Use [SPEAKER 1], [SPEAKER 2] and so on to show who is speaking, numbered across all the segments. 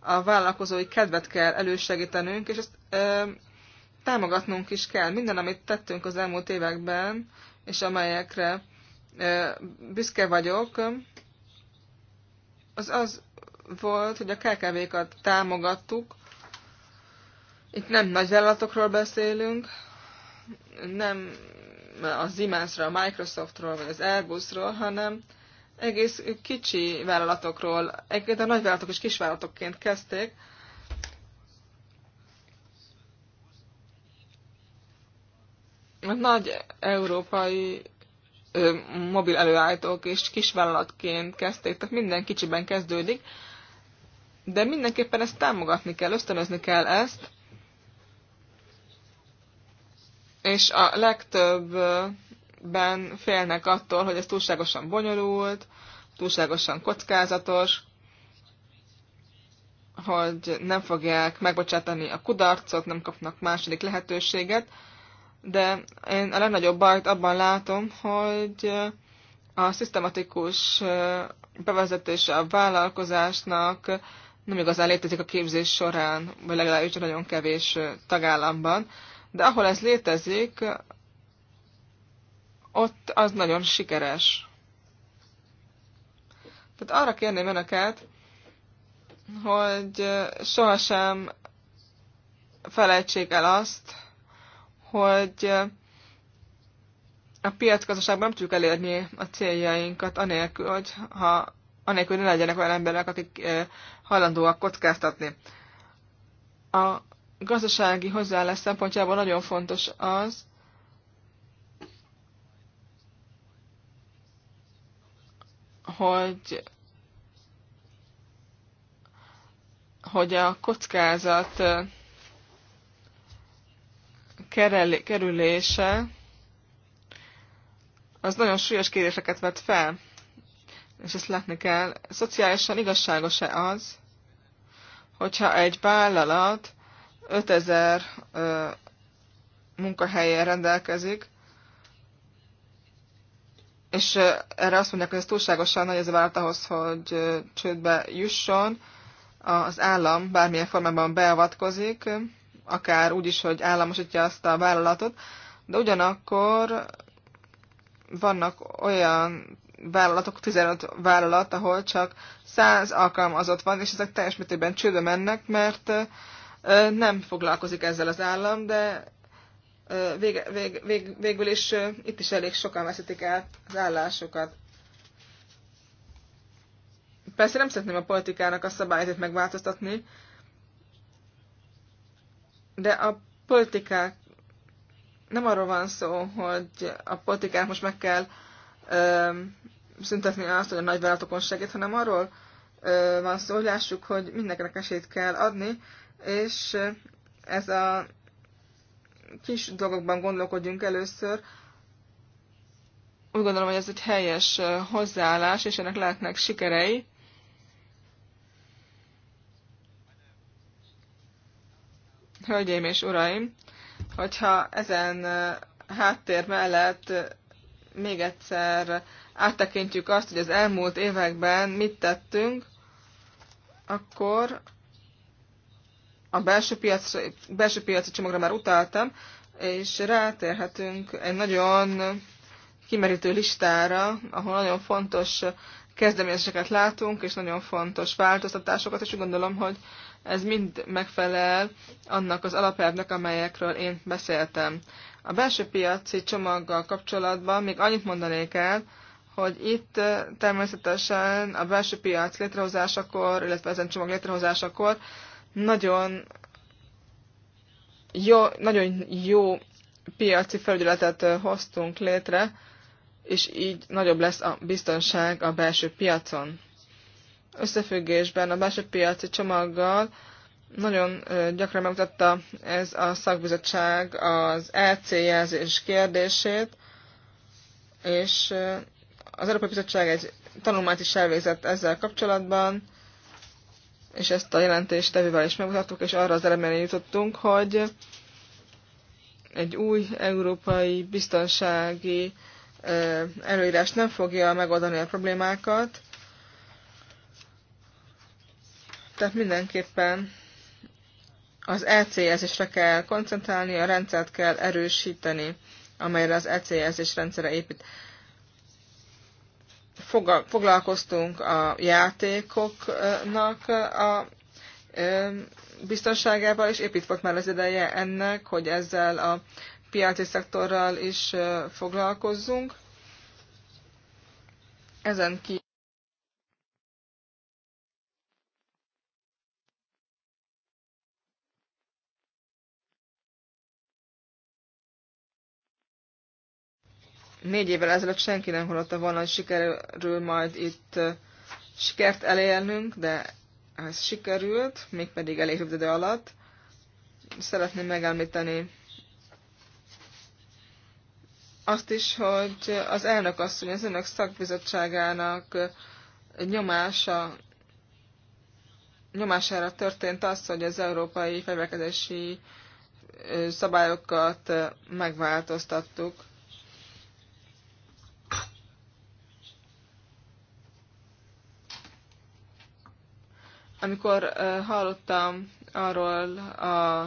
[SPEAKER 1] a vállalkozói kedvet kell elősegítenünk, és ezt ö, támogatnunk is kell. Minden, amit tettünk az elmúlt években, és amelyekre ö, büszke vagyok, az az volt, hogy a KKV-kat támogattuk. Itt nem nagy vállalatokról beszélünk, nem a Siemensről, a Microsoftról, vagy az Airbusról, hanem egész kicsi vállalatokról, egyébként a nagyvállalatok is kisvállalatokként kezdték, a nagy európai ö, mobil előállítók és kisvállalatként kezdték, tehát minden kicsiben kezdődik, de mindenképpen ezt támogatni kell, ösztönözni kell ezt, és a legtöbb ben félnek attól, hogy ez túlságosan bonyolult, túlságosan kockázatos, hogy nem fogják megbocsátani a kudarcot, nem kapnak második lehetőséget, de én a legnagyobb bajt abban látom, hogy a szisztematikus bevezetése a vállalkozásnak nem igazán létezik a képzés során, vagy legalábbis nagyon kevés tagállamban, de ahol ez létezik, ott az nagyon sikeres. Tehát arra kérném önöket, hogy sohasem felejtsék el azt, hogy a piacgazdaságban nem tudjuk elérni a céljainkat, anélkül, hogy ha, anélkül, hogy ne legyenek olyan emberek, akik hajlandóak kockáztatni. A gazdasági hozzáállás szempontjából nagyon fontos az, hogy hogy a kockázat kerülése az nagyon súlyos kérdéseket vet fel, és ezt látni kell. Szociálisan igazságos-e az, hogyha egy vállalat 5000 munkahelyen rendelkezik, és erre azt mondják, hogy ez túlságosan nagy ez a vált ahhoz, hogy csődbe jusson. Az állam bármilyen formában beavatkozik, akár úgy is, hogy államosítja azt a vállalatot, de ugyanakkor vannak olyan vállalatok, 15 vállalat, ahol csak 100 alkalmazott van, és ezek teljes mértékben csődbe mennek, mert nem foglalkozik ezzel az állam, de vég, vég, vég, végül is itt is elég sokan veszítik el az állásokat. Persze nem szeretném a politikának a szabályait megváltoztatni, de a politikák nem arról van szó, hogy a politikák most meg kell ö, szüntetni azt, hogy a nagyvállalatokon segít, hanem arról ö, van szó, hogy lássuk, hogy mindenkinek esélyt kell adni, és ez a kis dolgokban gondolkodjunk először. Úgy gondolom, hogy ez egy helyes hozzáállás, és ennek lehetnek sikerei. Hölgyeim és uraim, hogyha ezen háttér mellett még egyszer áttekintjük azt, hogy az elmúlt években mit tettünk, akkor a belső, piac, belső piaci csomagra már utaltam, és rátérhetünk egy nagyon kimerítő listára, ahol nagyon fontos kezdeményezéseket látunk, és nagyon fontos változtatásokat, és úgy gondolom, hogy ez mind megfelel annak az alapelvnek, amelyekről én beszéltem. A belső piaci csomaggal kapcsolatban még annyit mondanék el, hogy itt eh, természetesen a belső piac létrehozásakor, illetve ezen csomag létrehozásakor nagyon jó, nagyon jó piaci felügyeletet hoztunk létre, és így nagyobb lesz a biztonság a belső piacon. Összefüggésben a belső piaci csomaggal nagyon gyakran megmutatta ez a szakbizottság az EC jelzés kérdését, és az Európai Bizottság egy tanulmányt is elvégzett ezzel kapcsolatban, és ezt a jelentést tevővel is megmutattuk, és arra az elemére jutottunk, hogy egy új európai biztonsági előírás nem fogja megoldani a problémákat, tehát mindenképpen az ECS-esre kell koncentrálni, a rendszert kell erősíteni, amelyre az ECS-es rendszere épít foglalkoztunk a játékoknak a biztonságával, és épít volt már az ideje ennek, hogy ezzel a piaci szektorral is foglalkozzunk. Ezen ki négy évvel ezelőtt senki nem hallotta volna, hogy sikerül majd itt sikert elérnünk, de ez sikerült, mégpedig elég rövid idő alatt. Szeretném megelmíteni azt is, hogy az elnök asszony az önök szakbizottságának nyomása, nyomására történt az, hogy az európai fegyverkezési szabályokat megváltoztattuk. Amikor hallottam arról a,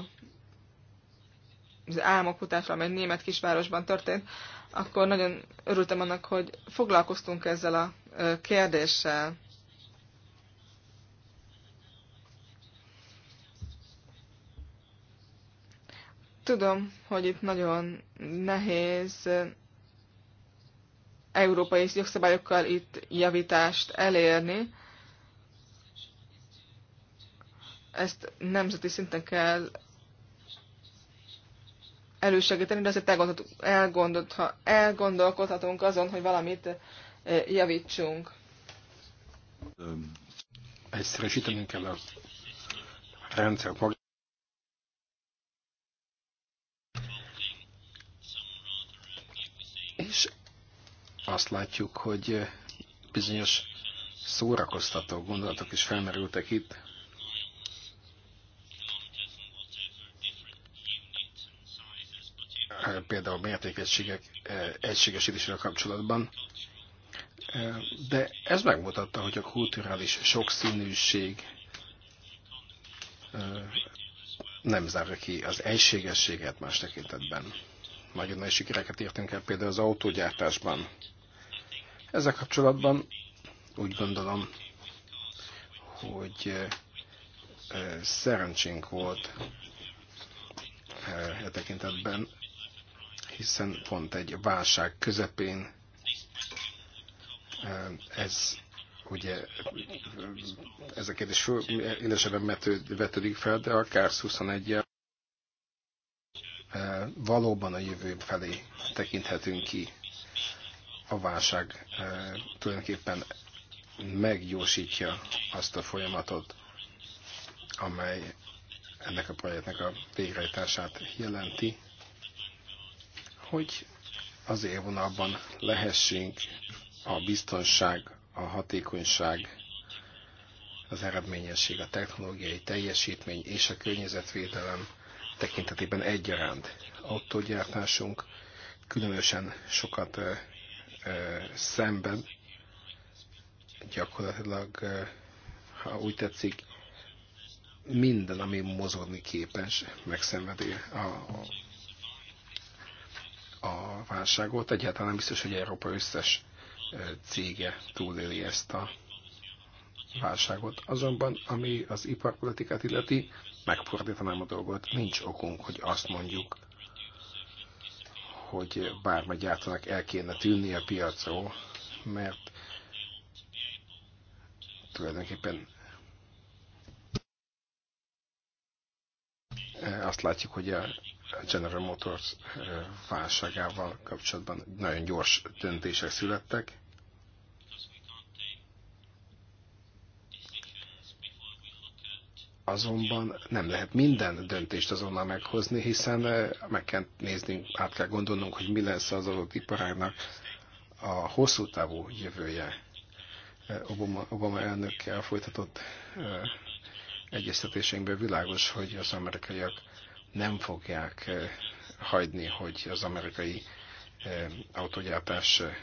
[SPEAKER 1] az álmokutásról, amely német kisvárosban történt, akkor nagyon örültem annak, hogy foglalkoztunk ezzel a kérdéssel. Tudom, hogy itt nagyon nehéz európai jogszabályokkal itt javítást elérni, ezt nemzeti szinten kell elősegíteni, de azért elgondolkodhatunk azon, hogy valamit eh, javítsunk.
[SPEAKER 2] Egyszerűsítenünk kell a rendszer És azt látjuk, hogy eh, bizonyos szórakoztató gondolatok is felmerültek itt, például mértékegységek eh, egységesítésével kapcsolatban. Eh, de ez megmutatta, hogy a kulturális sokszínűség eh, nem zárja ki az egységességet más tekintetben. Nagyon nagy sikereket értünk el például az autógyártásban. Ezzel kapcsolatban úgy gondolom, hogy szerencsénk volt e tekintetben hiszen pont egy válság közepén ez ugye ez a kérdés élesebben vetődik fel, de a KARS 21 -e valóban a jövő felé tekinthetünk ki. A válság tulajdonképpen megjósítja azt a folyamatot, amely ennek a projektnek a végrehajtását jelenti hogy az élvonalban lehessünk a biztonság, a hatékonyság, az eredményesség, a technológiai teljesítmény és a környezetvédelem tekintetében egyaránt. Autógyártásunk különösen sokat ö, ö, szemben, gyakorlatilag, ö, ha úgy tetszik, minden, ami mozogni képes, megszenvedi a, a a válságot. Egyáltalán nem biztos, hogy Európa összes cége túléli ezt a válságot. Azonban, ami az iparpolitikát illeti, megfordítanám a dolgot, nincs okunk, hogy azt mondjuk, hogy bármely gyártanak el kéne tűnni a piacról, mert tulajdonképpen azt látjuk, hogy a General Motors válságával kapcsolatban nagyon gyors döntések születtek. Azonban nem lehet minden döntést azonnal meghozni, hiszen meg kell nézni, át kell gondolnunk, hogy mi lesz az adott iparágnak a hosszú távú jövője. Obama, Obama elnökkel folytatott egyeztetéseinkből világos, hogy az amerikaiak nem fogják eh, hagyni, hogy az amerikai eh, autogyártás eh,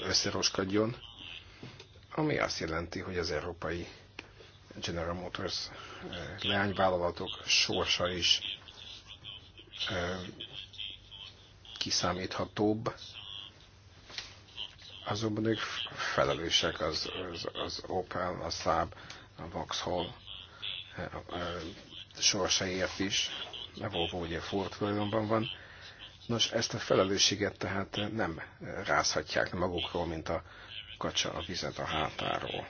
[SPEAKER 2] összeroskadjon, ami azt jelenti, hogy az európai General Motors leányvállalatok sorsa is kiszámíthatóbb, azonban ők felelősek az, az, az Opel, a Saab, a Vauxhall ért is. A Volvo ugye Ford van. Nos, ezt a felelősséget tehát nem rázhatják magukról, mint a kacsa a vizet a hátáról.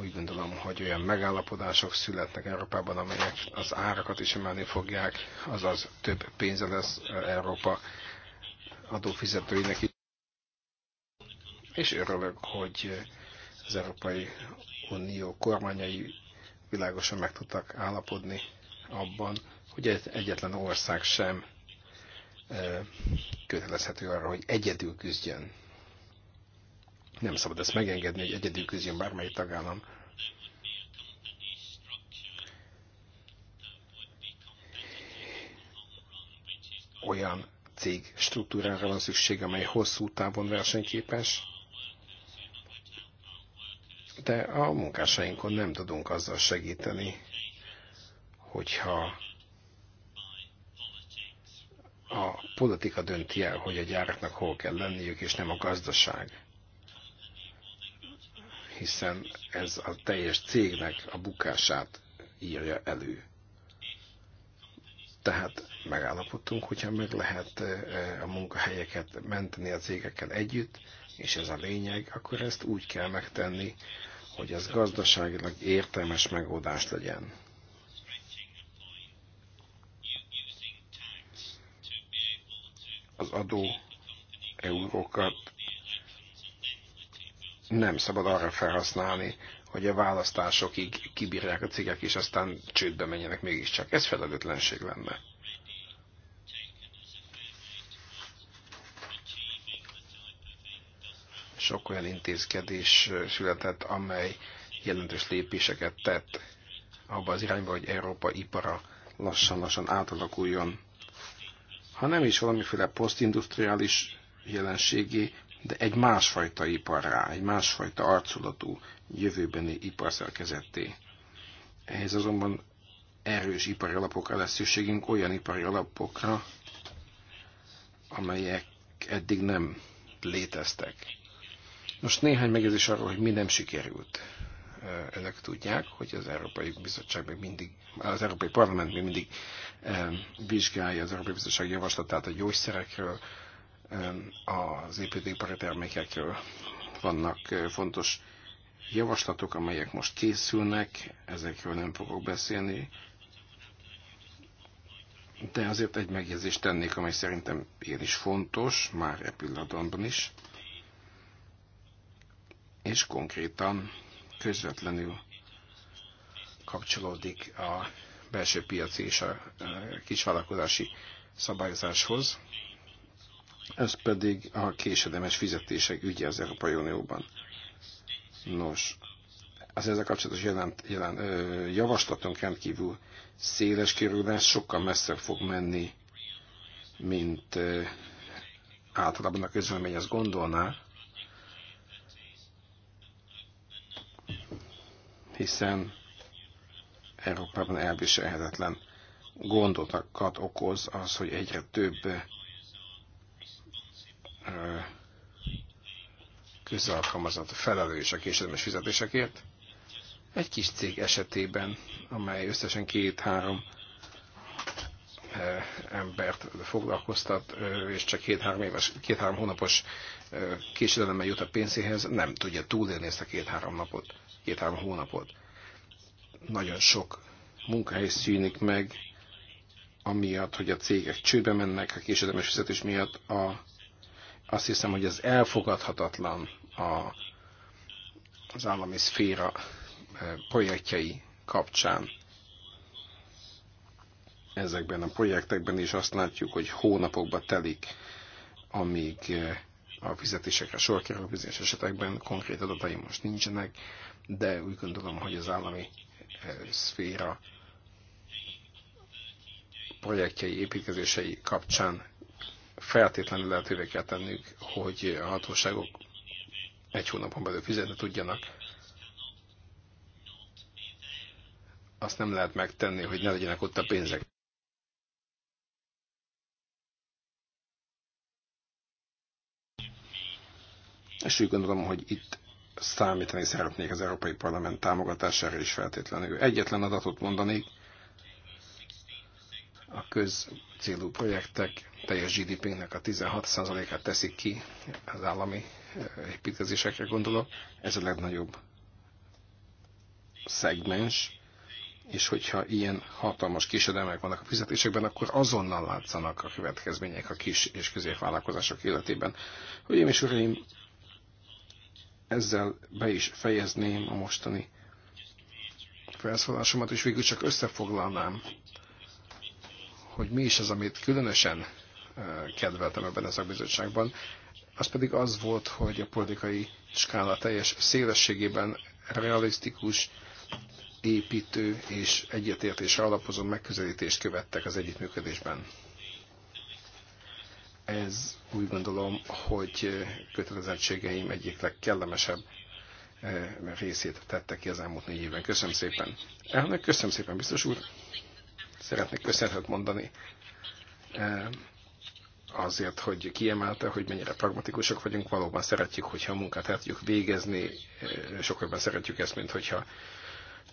[SPEAKER 2] Úgy gondolom, hogy olyan megállapodások születnek Európában, amelyek az árakat is emelni fogják, azaz több pénze lesz Európa adófizetőinek is. És örülök, hogy az Európai Unió kormányai világosan meg tudtak állapodni abban, hogy egyetlen ország sem kötelezhető arra, hogy egyedül küzdjön. Nem szabad ezt megengedni, hogy egyedül küzdjön bármelyik tagállam. Olyan cég struktúrára van szükség, amely hosszú távon versenyképes, de a munkásainkon nem tudunk azzal segíteni, hogyha a politika dönti el, hogy a gyáraknak hol kell lenniük, és nem a gazdaság. Hiszen ez a teljes cégnek a bukását írja elő. Tehát megállapodtunk, hogyha meg lehet eh, a munkahelyeket menteni a cégekkel együtt, és ez a lényeg, akkor ezt úgy kell megtenni, hogy ez gazdaságilag értelmes megoldás legyen. Az adó eurókat nem szabad arra felhasználni, hogy a választásokig kibírják a cégek, és aztán csődbe menjenek mégiscsak. Ez felelőtlenség lenne. sok olyan intézkedés született, amely jelentős lépéseket tett abba az irányba, hogy Európa ipara lassan-lassan átalakuljon. Ha nem is valamiféle posztindustriális jelenségé, de egy másfajta iparrá, egy másfajta arculatú jövőbeni iparszerkezetté. Ehhez azonban erős ipari alapokra lesz szükségünk, olyan ipari alapokra, amelyek eddig nem léteztek. Most néhány megjegyzés arról, hogy mi nem sikerült. Önök tudják, hogy az Európai Bizottság még mindig, az Európai Parlament még mindig vizsgálja az Európai Bizottság javaslatát a gyógyszerekről, az építőipari termékekről. Vannak fontos javaslatok, amelyek most készülnek, ezekről nem fogok beszélni, de azért egy megjegyzést tennék, amely szerintem én is fontos, már e pillanatban is és konkrétan közvetlenül kapcsolódik a belső piaci és a e, kisvállalkozási szabályozáshoz, ez pedig a késedemes fizetések ügye az Európai Unióban. Nos, az ezzel kapcsolatos jelent, jelent, ö, javaslatunk rendkívül széles körül sokkal messzebb fog menni, mint ö, általában a közlemény azt gondolná, hiszen Európában elviselhetetlen gondokat okoz az, hogy egyre több közalkalmazott felelős a késedelmes fizetésekért. Egy kis cég esetében, amely összesen két-három embert foglalkoztat, és csak két-három éves, két-három hónapos késedelemmel jut a pénzéhez, nem tudja túlélni ezt a két-három napot két-három hónapot. Nagyon sok munkahely szűnik meg, amiatt, hogy a cégek csődbe mennek a késedelmes fizetés miatt. A, azt hiszem, hogy ez elfogadhatatlan a, az állami szféra e, projektjei kapcsán. Ezekben a projektekben is azt látjuk, hogy hónapokba telik, amíg e, a fizetésekre sor kerül bizonyos esetekben, konkrét adataim most nincsenek, de úgy gondolom, hogy az állami eh, szféra projektjei, építkezései kapcsán feltétlenül lehetővé kell tennük, hogy a hatóságok egy hónapon belül fizetni tudjanak. Azt nem lehet megtenni, hogy ne legyenek ott a pénzek. és úgy gondolom, hogy itt számítani szeretnék az Európai Parlament támogatására is feltétlenül. Egyetlen adatot mondanék, a közcélú projektek teljes GDP-nek a 16%-át teszik ki, az állami eh, építkezésekre gondolok, ez a legnagyobb szegmens, és hogyha ilyen hatalmas késedelmek vannak a fizetésekben, akkor azonnal látszanak a következmények a kis és középvállalkozások életében. hogy én és uraim, ezzel be is fejezném a mostani felszólásomat, és végül csak összefoglalnám, hogy mi is az, amit különösen kedveltem ebben a bizottságban. az pedig az volt, hogy a politikai skála teljes szélességében realisztikus, építő és egyetértésre alapozó megközelítést követtek az együttműködésben. Ez úgy gondolom, hogy kötelezettségeim egyik legkellemesebb részét tette ki az elmúlt négy évben. Köszönöm szépen. Elnök, köszönöm szépen, biztos úr. Szeretnék köszönetet mondani azért, hogy kiemelte, hogy mennyire pragmatikusak vagyunk, valóban szeretjük, hogyha a munkát el tudjuk végezni, sokkal jobban szeretjük ezt, mint hogyha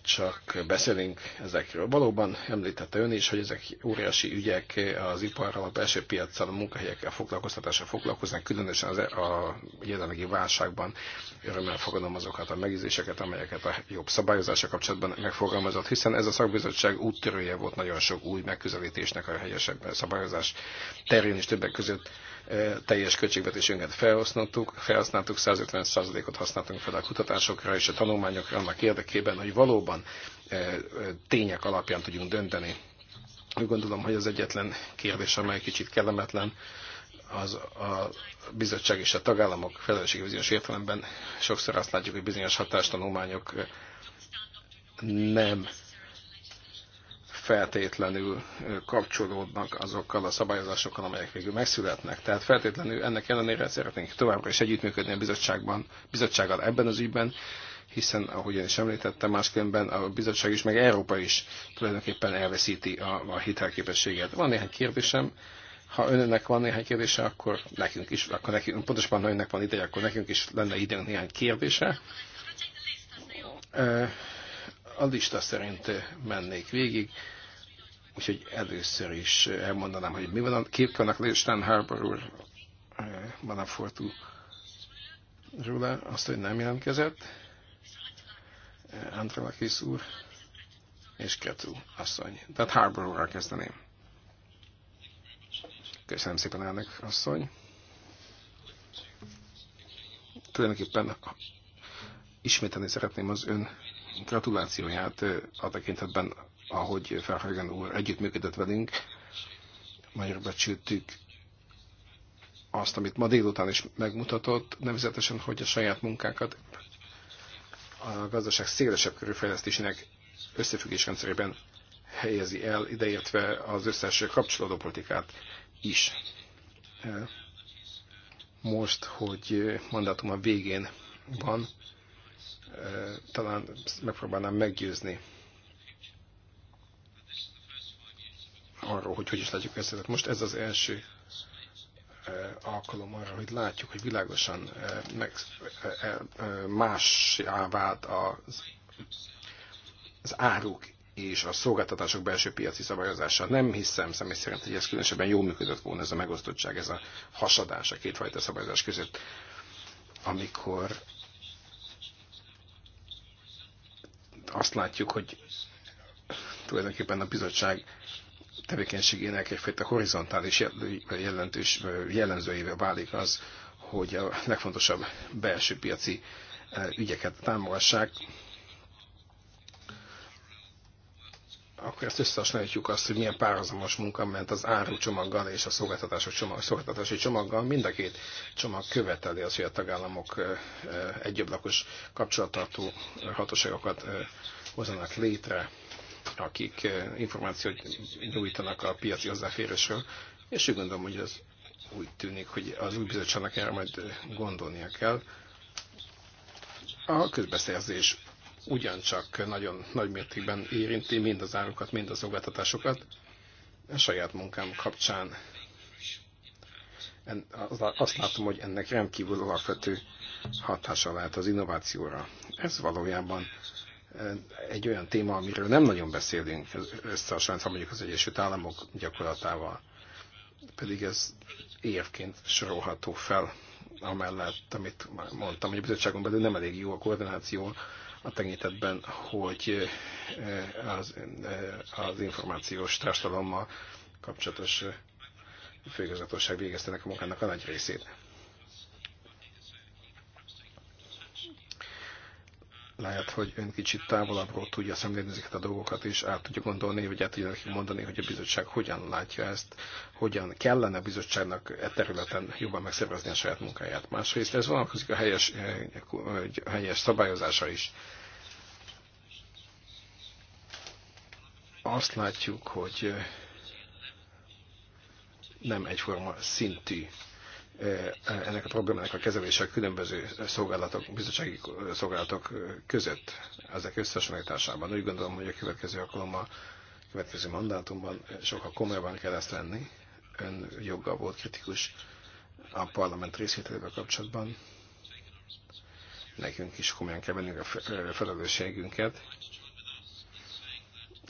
[SPEAKER 2] csak beszélünk ezekről. Valóban említette ön is, hogy ezek óriási ügyek az iparral, a belső piaccal, a munkahelyekkel, a foglalkoznak, különösen az, e- a jelenlegi válságban. Örömmel fogadom azokat a megjegyzéseket, amelyeket a jobb szabályozása kapcsolatban megfogalmazott, hiszen ez a szakbizottság úttörője volt nagyon sok új megközelítésnek a helyesebb szabályozás terén is többek között teljes költségvetésünket felhasználtuk, felhasználtuk 150%-ot használtunk fel a kutatásokra és a tanulmányokra annak érdekében, hogy valóban tények alapján tudjunk dönteni. Úgy gondolom, hogy az egyetlen kérdés, amely kicsit kellemetlen, az a bizottság és a tagállamok felelőssége bizonyos értelemben sokszor azt látjuk, hogy bizonyos hatástanulmányok nem feltétlenül kapcsolódnak azokkal a szabályozásokkal, amelyek végül megszületnek. Tehát feltétlenül ennek ellenére szeretnénk továbbra is együttműködni a bizottságban, bizottsággal ebben az ügyben, hiszen, ahogy én is említettem, máskülönben a bizottság is, meg Európa is tulajdonképpen elveszíti a, a hitelképességet. Van néhány kérdésem, ha önnek van néhány kérdése, akkor nekünk is, akkor nekünk, pontosabban, ha önnek van ideje, akkor nekünk is lenne időnk néhány kérdése. A lista szerint mennék végig. Úgyhogy először is elmondanám, hogy mi van a képkelnek Lőstán Harbor úr, eh, Manafortú róla, azt, hogy nem jelentkezett. Eh, Antralakis úr és Ketú asszony. Tehát Harbor úrral kezdeném. Köszönöm szépen, elnök asszony. Tulajdonképpen ismételni szeretném az ön gratulációját eh, a tekintetben, ahogy Ferhagen úr együttműködött velünk, nagyra becsültük azt, amit ma délután is megmutatott, nevezetesen, hogy a saját munkákat a gazdaság szélesebb körű fejlesztésének összefüggésrendszerében helyezi el, ideértve az összes kapcsolódó politikát is. Most, hogy mandátum a végén van, talán megpróbálnám meggyőzni arról, hogy hogy is látjuk ezt. Tehát most ez az első eh, alkalom arra, hogy látjuk, hogy világosan eh, meg, eh, mássá vált az, az áruk és a szolgáltatások belső piaci szabályozása. Nem hiszem személy szerint, hogy ez különösebben jól működött volna ez a megosztottság, ez a hasadás a kétfajta szabályozás között, amikor azt látjuk, hogy tulajdonképpen a bizottság tevékenységének egyfajta horizontális jelentős jellemzőjével válik az, hogy a legfontosabb belső piaci ügyeket támogassák, akkor ezt összehasonlítjuk azt, hogy milyen párhuzamos munka ment az árucsomaggal és a szolgáltatások csomag, szolgáltatási csomaggal. Mind a két csomag követeli az, hogy a tagállamok egyablakos kapcsolattartó hatóságokat hozzanak létre akik eh, információt nyújtanak a piaci hozzáférésről, és úgy gondolom, hogy ez úgy tűnik, hogy az új bizottságnak erre majd eh, gondolnia kell. A közbeszerzés ugyancsak nagyon nagy mértékben érinti mind az árukat, mind az szolgáltatásokat. A saját munkám kapcsán azt látom, hogy ennek rendkívül alapvető hatása lehet az innovációra. Ez valójában egy olyan téma, amiről nem nagyon beszélünk összehasonlítva mondjuk az Egyesült Államok gyakorlatával. Pedig ez évként sorolható fel amellett, amit mondtam, hogy a bizottságon belül nem elég jó a koordináció a tekintetben, hogy eh, az, eh, az információs társadalommal kapcsolatos főigazgatóság végezte a munkának a nagy részét. lehet, hogy ön kicsit távolabbról tudja szemlélni ezeket a dolgokat, és át tudja gondolni, vagy át tudja mondani, hogy a bizottság hogyan látja ezt, hogyan kellene a bizottságnak e területen jobban megszervezni a saját munkáját. Másrészt ez vonatkozik a helyes, eh, helyes szabályozása is. Azt látjuk, hogy eh, nem egyforma szintű ennek a problémának a kezelése a különböző szolgálatok, bizottsági szolgálatok között ezek összehasonlításában. Úgy gondolom, hogy a következő alkalommal, a következő mandátumban sokkal komolyabban kell ezt lenni. Ön joggal volt kritikus a parlament részvételével kapcsolatban. Nekünk is komolyan kell vennünk a felelősségünket.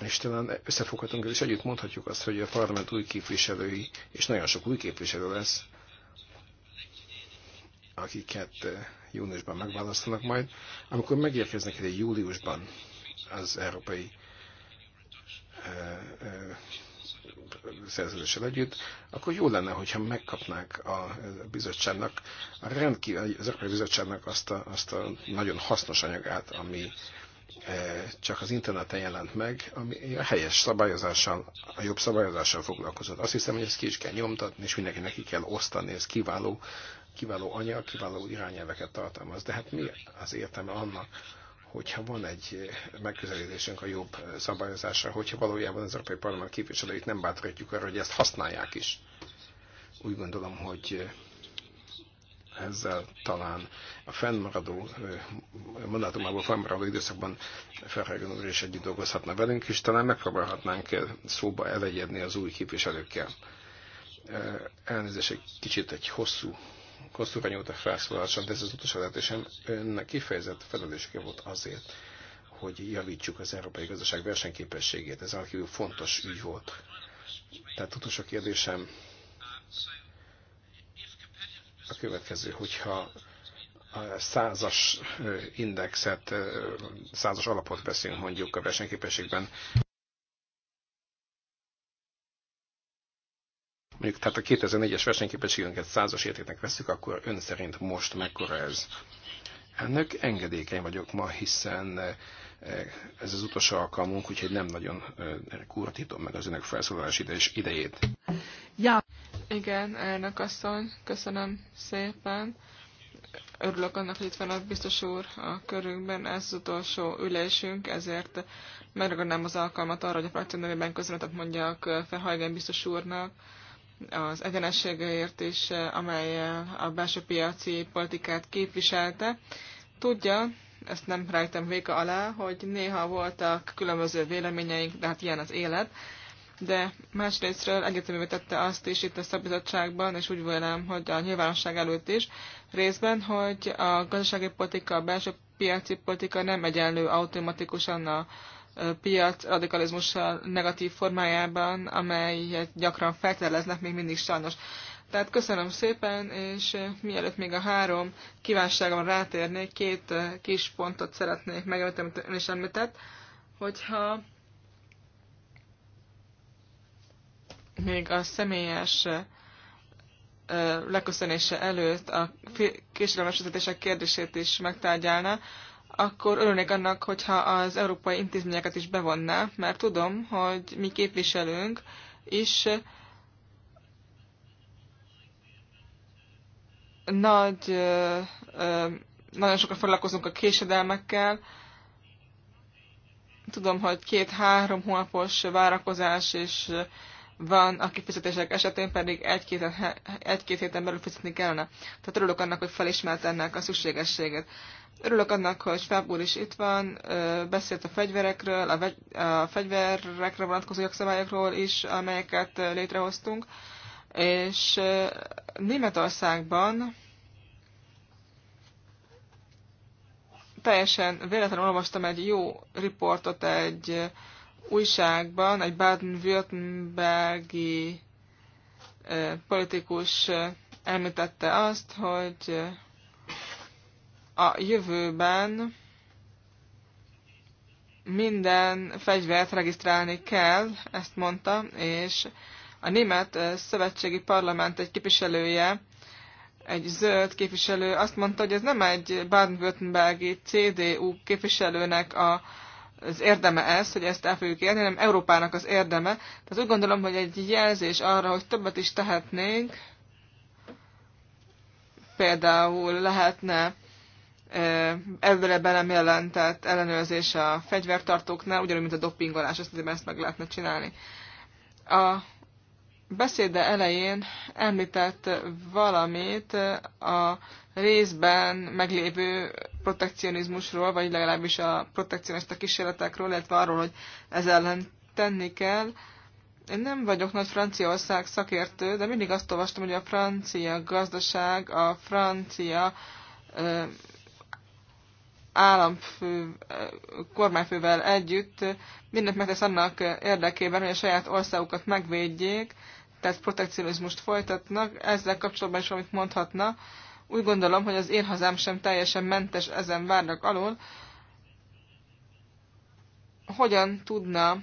[SPEAKER 2] És talán összefoghatunk, és együtt mondhatjuk azt, hogy a parlament új képviselői, és nagyon sok új képviselő lesz, akiket eh, júniusban megválasztanak majd, amikor megérkeznek ide júliusban az európai eh, eh, szerződéssel együtt, akkor jó lenne, hogyha megkapnák a bizottságnak, a rendkívül, az Európai Bizottságnak azt a, azt a nagyon hasznos anyagát, ami csak az interneten jelent meg, ami a helyes szabályozással, a jobb szabályozással foglalkozott. Azt hiszem, hogy ezt ki is kell nyomtatni, és mindenkinek ki kell osztani, ez kiváló kiváló anyag, kiváló irányelveket tartalmaz. De hát mi az értelme annak, hogyha van egy megközelítésünk a jobb szabályozásra, hogyha valójában az Európai Parlament képviselőit nem bátorítjuk arra, hogy ezt használják is. Úgy gondolom, hogy ezzel talán a fennmaradó eh, mandátumából fennmaradó időszakban Ferhagen úr is együtt dolgozhatna velünk, és talán megpróbálhatnánk szóba elegyedni az új képviselőkkel. Eh, elnézést, egy kicsit egy hosszú Hosszú nyújt a felszólalásom, de ez az utolsó lehetősen önnek kifejezett felelőssége volt azért, hogy javítsuk az európai gazdaság versenyképességét. Ez rendkívül fontos ügy volt. Tehát utolsó kérdésem a következő, hogyha a százas indexet, százas alapot beszélünk mondjuk a versenyképességben, mondjuk tehát a 2004-es versenyképességünket százas értéknek veszük, akkor ön szerint most mekkora ez? Ennek engedékeny vagyok ma, hiszen eh, ez az utolsó alkalmunk, úgyhogy nem nagyon eh, kurtítom meg az önök felszólalás idejét.
[SPEAKER 1] Ja. Igen, elnök asszony, köszönöm szépen. Örülök annak, hogy itt van a biztos úr a körünkben, ez az utolsó ülésünk, ezért megragadnám az alkalmat arra, hogy a frakció nevében köszönetet mondjak eh, Ferhajgen biztos úrnak, az egyenességeért is, amely a belső piaci politikát képviselte. Tudja, ezt nem rájtem véka alá, hogy néha voltak különböző véleményeink, de hát ilyen az élet, de másrésztről egyeteművé tette azt is itt a szabizottságban, és úgy vélem, hogy a nyilvánosság előtt is részben, hogy a gazdasági politika, a belső piaci politika nem egyenlő automatikusan a piac radikalizmussal negatív formájában, amelyet gyakran feltételeznek, még mindig sajnos. Tehát köszönöm szépen, és mielőtt még a három kívánságon rátérnék, két eh, kis pontot szeretnék megemlíteni, amit ön is említett, hogyha még a személyes eh, leköszönése előtt a késedelmes kérdését is megtárgyálna, akkor örülnék annak, hogyha az európai intézményeket is bevonná, mert tudom, hogy mi képviselünk, és nagy, nagyon sokat foglalkozunk a késedelmekkel. Tudom, hogy két-három hónapos várakozás és van, a kifizetések esetén pedig egy-két, egy-két héten belül fizetni kellene. Tehát örülök annak, hogy felismert ennek a szükségességet. Örülök annak, hogy Fábúr is itt van, beszélt a fegyverekről, a, vegy, a fegyverekre vonatkozó jogszabályokról is, amelyeket létrehoztunk, és Németországban teljesen véletlenül olvastam egy jó riportot egy újságban egy Baden-Württembergi politikus említette azt, hogy a jövőben minden fegyvert regisztrálni kell, ezt mondta, és a német szövetségi parlament egy képviselője, egy zöld képviselő azt mondta, hogy ez nem egy Baden-Württembergi CDU képviselőnek a az érdeme ez, hogy ezt el fogjuk érni, hanem Európának az érdeme. Tehát úgy gondolom, hogy egy jelzés arra, hogy többet is tehetnénk, például lehetne ebből be nem jelentett ellenőrzés a fegyvertartóknál, ugyanúgy, mint a dopingolás, azt hiszem, ezt meg lehetne csinálni. A beszéde elején említett valamit a részben meglévő protekcionizmusról, vagy legalábbis a protekcionista kísérletekről, illetve arról, hogy ez ellen tenni kell. Én nem vagyok nagy Franciaország szakértő, de mindig azt olvastam, hogy a francia gazdaság, a francia ö, államfő, kormányfővel együtt mindent megtesz annak érdekében, hogy a saját országukat megvédjék, tehát protekcionizmust folytatnak. Ezzel kapcsolatban is valamit mondhatna. Ö, úgy gondolom, hogy az én hazám sem teljesen mentes ezen várnak alól. Hogyan tudna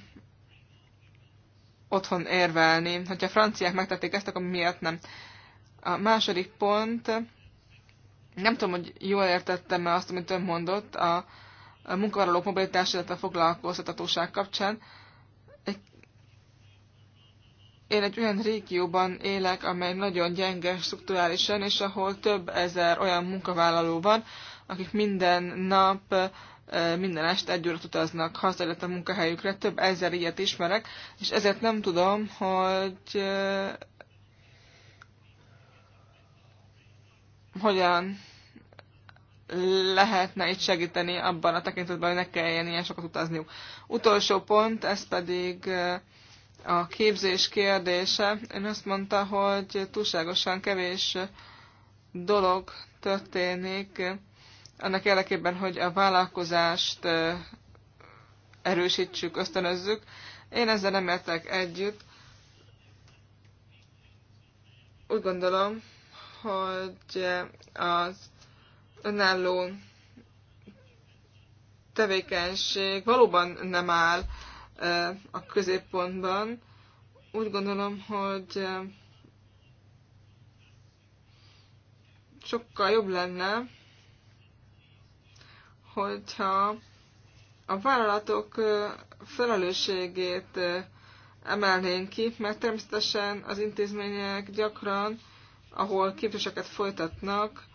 [SPEAKER 1] otthon érvelni? Hogyha a franciák megtették ezt, akkor miért nem? A második pont, nem tudom, hogy jól értettem-e azt, amit ön mondott, a, a munkavállalók mobilitás, illetve a foglalkoztatóság kapcsán én egy olyan régióban élek, amely nagyon gyenge strukturálisan, és ahol több ezer olyan munkavállaló van, akik minden nap, minden este egy órát utaznak haza, a munkahelyükre, több ezer ilyet ismerek, és ezért nem tudom, hogy hogyan lehetne itt segíteni abban a tekintetben, hogy ne kelljen ilyen sokat utazniuk. Utolsó pont, ez pedig a képzés kérdése. Ön azt mondta, hogy túlságosan kevés dolog történik annak érdekében, hogy a vállalkozást erősítsük, ösztönözzük. Én ezzel nem értek együtt. Úgy gondolom, hogy az önálló tevékenység valóban nem áll a középpontban. Úgy gondolom, hogy sokkal jobb lenne, hogyha a vállalatok felelősségét emelnénk ki, mert természetesen az intézmények gyakran, ahol képzéseket folytatnak,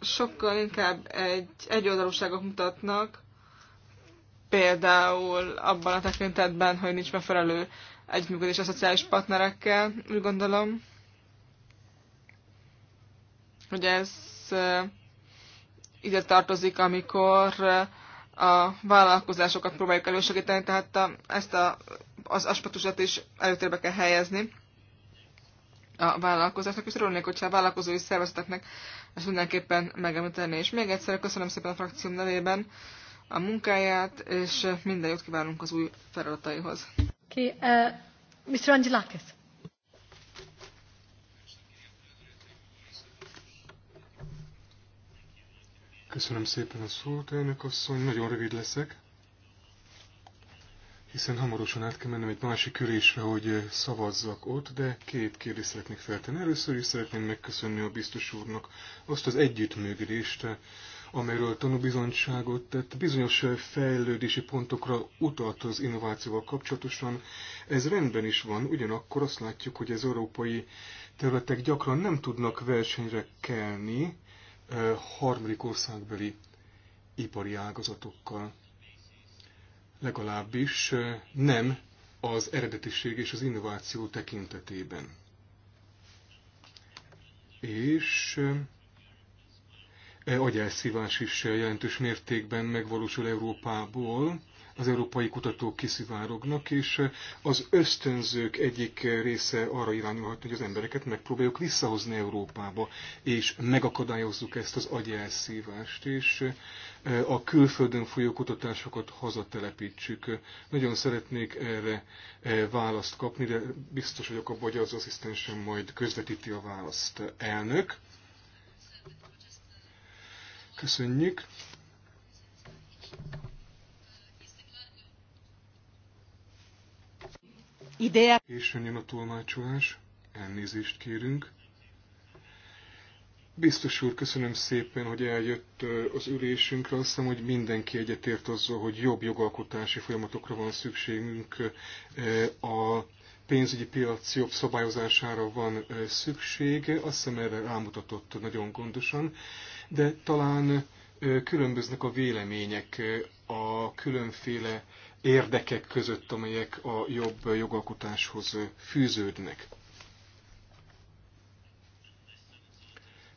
[SPEAKER 1] sokkal inkább egy egyoldalúságot mutatnak, például abban a tekintetben, hogy nincs megfelelő együttműködés a szociális partnerekkel, úgy gondolom, hogy ez eh, ide tartozik, amikor eh, a vállalkozásokat próbáljuk elősegíteni, tehát a, eh, ezt a, az aspektusat is előtérbe kell helyezni a vállalkozásnak, és örülnék, hogyha a vállalkozói szervezeteknek ezt mindenképpen megemlíteni. És még egyszer köszönöm szépen a frakcióm nevében a munkáját, és minden jót kívánunk az új feladataihoz.
[SPEAKER 2] Okay, uh, eh, Mr. Angelakis.
[SPEAKER 3] Köszönöm szépen a szót, elnök asszony, nagyon rövid leszek, hiszen hamarosan át kell mennem egy másik ülésre, hogy eh, szavazzak ott, de két kérdést szeretnék feltenni. Először is szeretném megköszönni a biztos úrnak azt az együttműködést, eh, amelyről tanúbizonyságot tett, bizonyos fejlődési pontokra utalt az innovációval kapcsolatosan. Ez rendben is van, ugyanakkor azt látjuk, hogy az európai területek gyakran nem tudnak versenyre kelni eh, harmadik országbeli ipari ágazatokkal. Legalábbis eh, nem az eredetiség és az innováció tekintetében. És eh, agyelszívás is jelentős mértékben megvalósul Európából, az európai kutatók kiszivárognak, és az ösztönzők egyik része arra irányulhat, hogy az embereket megpróbáljuk visszahozni Európába, és megakadályozzuk ezt az agyelszívást, és eh, a külföldön folyó kutatásokat hazatelepítsük. Nagyon szeretnék erre eh, választ kapni, de biztos vagyok abban, hogy az asszisztensem majd közvetíti a választ. Elnök. Köszönjük. Ideje. Későn jön a tolmácsolás. Elnézést kérünk. Biztos úr, köszönöm szépen, hogy eljött az ülésünkre. Azt hiszem, hogy mindenki egyetért azzal, hogy jobb jogalkotási folyamatokra van szükségünk. A pénzügyi piac jobb szabályozására van szükség. Azt hiszem, erre rámutatott nagyon gondosan de talán különböznek a vélemények a különféle érdekek között, amelyek a jobb jogalkotáshoz fűződnek.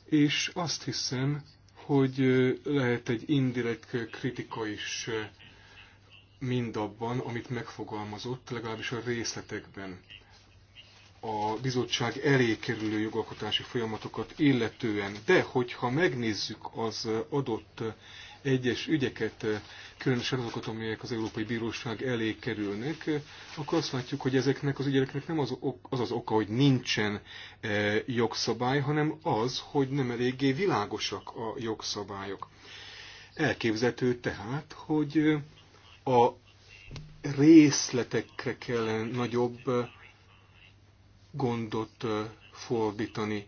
[SPEAKER 3] És azt hiszem, hogy lehet egy indirekt kritika is mindabban, amit megfogalmazott, legalábbis a részletekben a bizottság elé kerülő jogalkotási folyamatokat illetően. De hogyha megnézzük az adott egyes ügyeket, különösen azokat, amelyek az Európai Bíróság elé kerülnek, akkor azt látjuk, hogy ezeknek az ügyeknek nem az az, az oka, hogy nincsen e, jogszabály, hanem az, hogy nem eléggé világosak a jogszabályok. Elképzelhető tehát, hogy a részletekre kell nagyobb gondot fordítani.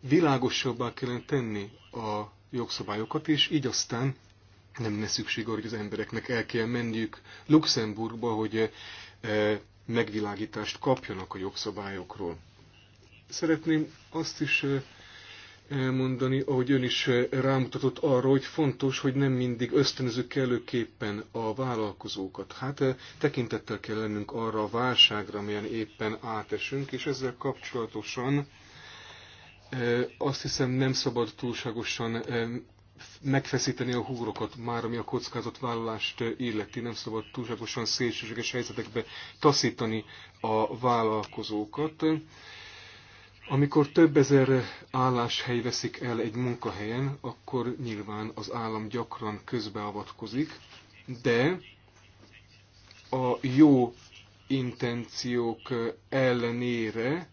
[SPEAKER 3] Világosabbá kellene tenni a jogszabályokat, és így aztán nem lesz szükség arra, hogy az embereknek el kell menniük Luxemburgba, hogy megvilágítást kapjanak a jogszabályokról. Szeretném azt is elmondani, ahogy ön is eh, rámutatott arra, hogy fontos, hogy nem mindig ösztönözük kellőképpen a vállalkozókat. Hát eh, tekintettel kell lennünk arra a válságra, amilyen éppen átesünk, és ezzel kapcsolatosan eh, azt hiszem nem szabad túlságosan megfeszíteni a húrokat, már ami a vállalást illeti, nem szabad túlságosan szélsőséges helyzetekbe taszítani a vállalkozókat. Amikor több ezer álláshely veszik el egy munkahelyen, akkor nyilván az állam gyakran közbeavatkozik, de a jó intenciók ellenére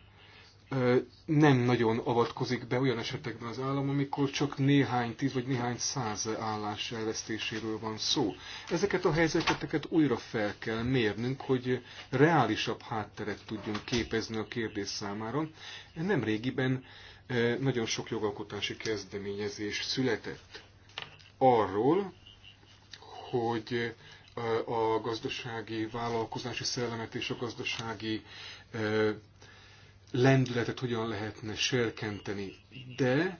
[SPEAKER 3] nem nagyon avatkozik be olyan esetekben az állam, amikor csak néhány tíz vagy néhány száz állás elvesztéséről van szó. Ezeket a helyzeteket újra fel kell mérnünk, hogy reálisabb hátteret tudjunk képezni a kérdés számára. Nem régiben nagyon sok jogalkotási kezdeményezés született arról, hogy a gazdasági vállalkozási szellemet és a gazdasági lendületet hogyan lehetne serkenteni. De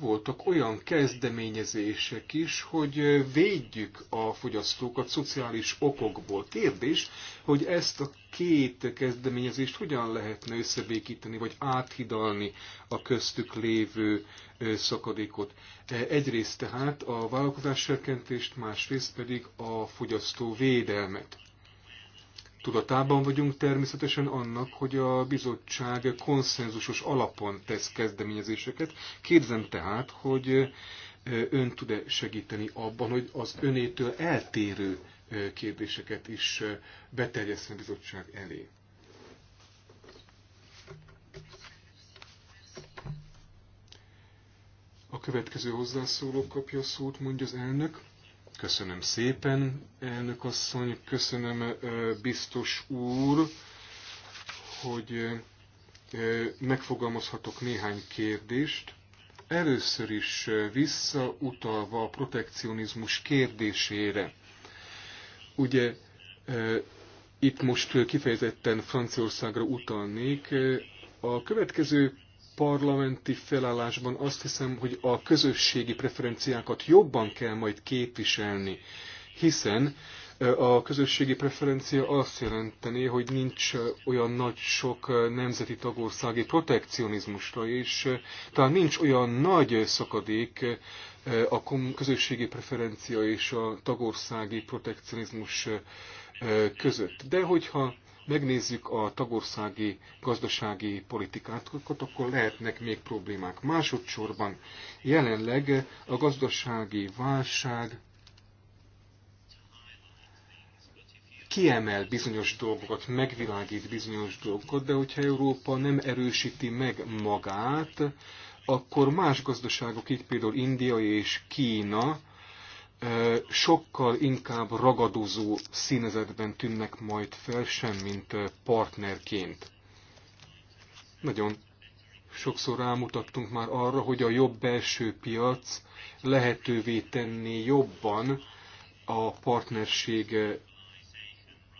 [SPEAKER 3] voltak olyan kezdeményezések is, hogy védjük a fogyasztókat szociális okokból. Kérdés, hogy ezt a két kezdeményezést hogyan lehetne összebékíteni, vagy áthidalni a köztük lévő szakadékot. E, egyrészt tehát a vállalkozás serkentést, másrészt pedig a fogyasztó védelmet. Tudatában vagyunk természetesen annak, hogy a bizottság konszenzusos alapon tesz kezdeményezéseket. Kérdezem tehát, hogy ön tud-e segíteni abban, hogy az önétől eltérő kérdéseket is beterjeszteni a bizottság elé. A következő hozzászóló kapja a szót, mondja az elnök. Köszönöm szépen, elnök asszony, köszönöm biztos úr, hogy megfogalmazhatok néhány kérdést. Először is visszautalva a protekcionizmus kérdésére. Ugye itt most kifejezetten Franciaországra utalnék. A következő parlamenti felállásban azt hiszem, hogy a közösségi preferenciákat jobban kell majd képviselni, hiszen a közösségi preferencia azt jelenteni, hogy nincs olyan nagy sok nemzeti tagországi protekcionizmusra, és talán nincs olyan nagy szakadék a közösségi preferencia és a tagországi protekcionizmus között. De hogyha megnézzük a tagországi gazdasági politikát, akkor lehetnek még problémák. Másodszorban jelenleg a gazdasági válság kiemel bizonyos dolgokat, megvilágít bizonyos dolgokat, de hogyha Európa nem erősíti meg magát, akkor más gazdaságok, így például India és Kína, sokkal inkább ragadozó színezetben tűnnek majd fel, sem mint partnerként. Nagyon sokszor rámutattunk már arra, hogy a jobb belső piac lehetővé tenné jobban a partnerség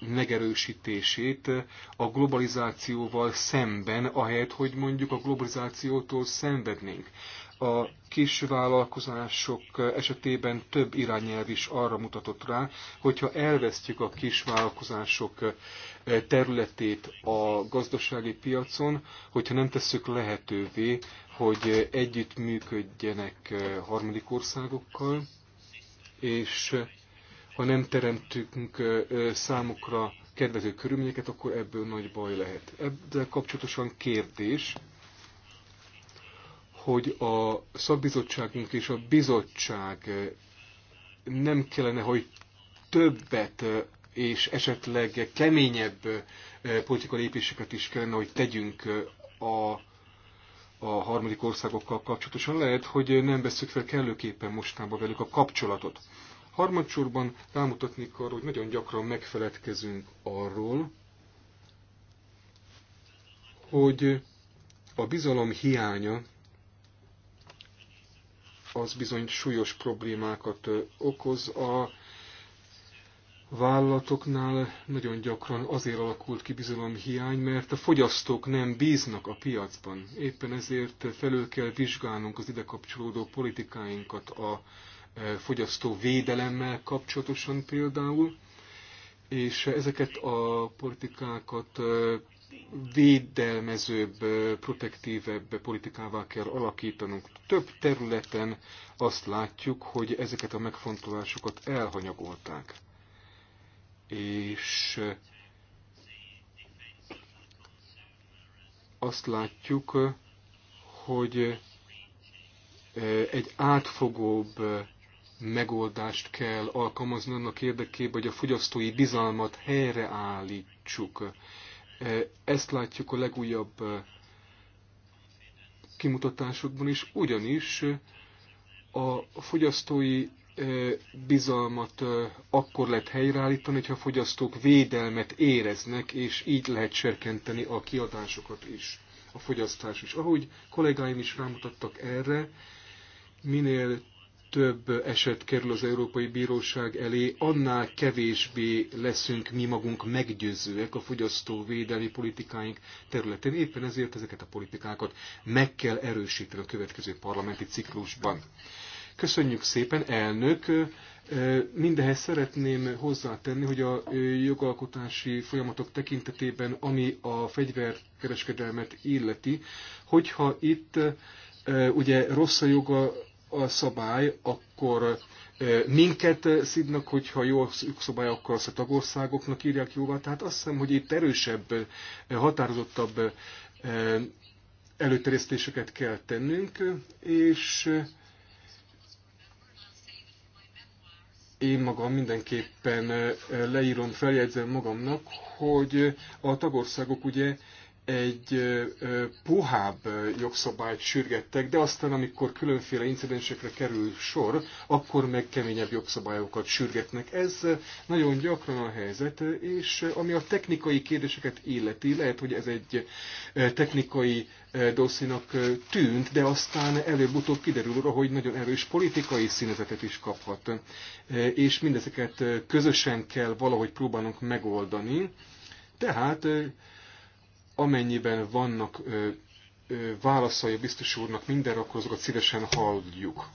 [SPEAKER 3] megerősítését a globalizációval szemben, ahelyett, hogy mondjuk a globalizációtól szenvednénk a kis vállalkozások esetében több irányelv is arra mutatott rá, hogyha elvesztjük a kis vállalkozások eh, területét a gazdasági piacon, hogyha nem tesszük lehetővé, hogy együtt működjenek eh, harmadik országokkal, és eh, ha nem teremtünk számukra kedvező körülményeket, akkor ebből nagy baj lehet. Ebből kapcsolatosan kérdés, hogy a szakbizottságunk és a bizottság nem kellene, hogy többet és esetleg keményebb politikai lépéseket is kellene, hogy tegyünk a a harmadik országokkal kapcsolatosan. Lehet, hogy nem veszük fel kellőképpen mostanában velük a kapcsolatot. Harmadsorban rámutatnék arra, hogy nagyon gyakran megfeledkezünk arról, hogy a bizalom hiánya az bizony súlyos problémákat okoz. A vállalatoknál nagyon gyakran azért alakult ki bizalomhiány, mert a fogyasztók nem bíznak a piacban. Éppen ezért felül kell vizsgálnunk az ide kapcsolódó politikáinkat a fogyasztó védelemmel kapcsolatosan például, és ezeket a politikákat védelmezőbb, protektívebb politikává kell alakítanunk. Több területen azt látjuk, hogy ezeket a megfontolásokat elhanyagolták. És azt látjuk, hogy e, egy átfogóbb megoldást kell alkalmazni annak érdekében, hogy a fogyasztói bizalmat helyreállítsuk ezt látjuk a legújabb kimutatásokban is, ugyanis a fogyasztói bizalmat akkor lehet helyreállítani, hogyha a fogyasztók védelmet éreznek, és így lehet serkenteni a kiadásokat is, a fogyasztás is. Ahogy kollégáim is rámutattak erre, minél több eset kerül az Európai Bíróság elé, annál kevésbé leszünk mi magunk meggyőzőek a fogyasztóvédelmi politikáink területén. Éppen ezért ezeket a politikákat meg kell erősíteni a következő parlamenti ciklusban. Köszönjük szépen, elnök! Mindehez szeretném hozzátenni, hogy a jogalkotási folyamatok tekintetében, ami a fegyverkereskedelmet illeti, hogyha itt ugye rossz a joga, a szabály, akkor e, minket szidnak, hogyha jó szabály, akkor azt a tagországoknak írják jóvá. Tehát azt hiszem, hogy itt erősebb, e, határozottabb e, előterjesztéseket kell tennünk, és én magam mindenképpen leírom, feljegyzem magamnak, hogy a tagországok ugye egy puhább jogszabályt sürgettek, de aztán, amikor különféle incidensekre kerül sor, akkor meg keményebb jogszabályokat sürgetnek. Ez nagyon gyakran a helyzet, és ami a technikai kérdéseket illeti, lehet, hogy ez egy technikai dosszinak tűnt, de aztán előbb-utóbb kiderül, hogy nagyon erős politikai színezetet is kaphat. És mindezeket közösen kell valahogy próbálnunk megoldani. Tehát amennyiben vannak ö, ö, válaszai a biztos úrnak mindenre, akkor azokat szívesen halljuk.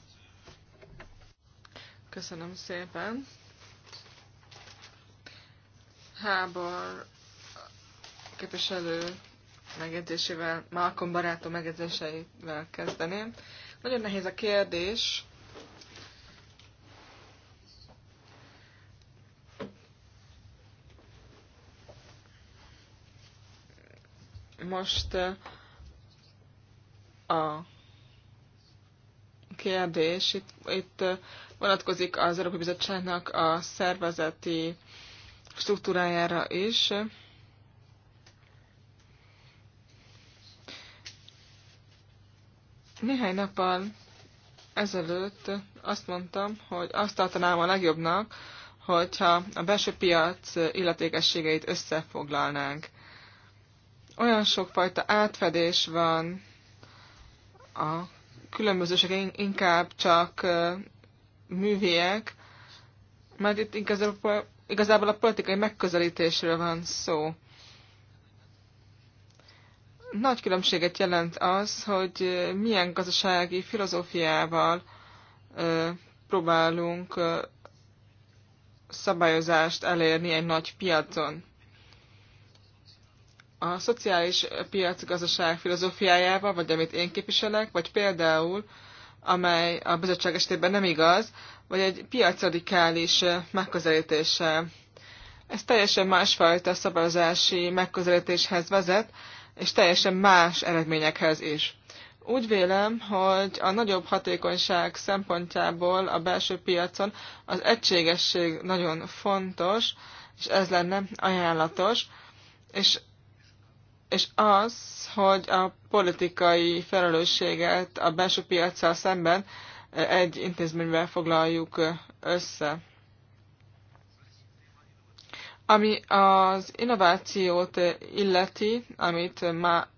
[SPEAKER 1] Köszönöm szépen. Hábor képviselő megjegyzésével, Malcolm barátom megjegyzéseivel kezdeném. Nagyon nehéz a kérdés, Most a kérdés itt, itt vonatkozik az Európai Bizottságnak a szervezeti struktúrájára is. Néhány nappal ezelőtt azt mondtam, hogy azt tartanám a legjobbnak, hogyha a belső piac illetékességeit összefoglalnánk olyan sokfajta átfedés van, a különbözőség inkább csak művék, mert itt igazából a politikai megközelítésről van szó. Nagy különbséget jelent az, hogy milyen gazdasági filozófiával próbálunk szabályozást elérni egy nagy piacon a szociális gazdaság filozófiájával, vagy amit én képviselek, vagy például, amely a bizottság esetében nem igaz, vagy egy piacradikális megközelítése. Ez teljesen másfajta szabályozási megközelítéshez vezet, és teljesen más eredményekhez is. Úgy vélem, hogy a nagyobb hatékonyság szempontjából a belső piacon az egységesség nagyon fontos, és ez lenne ajánlatos, és és az, hogy a politikai felelősséget a belső piacsal szemben eh, egy intézményben foglaljuk eh, össze. Ami az innovációt eh, illeti, amit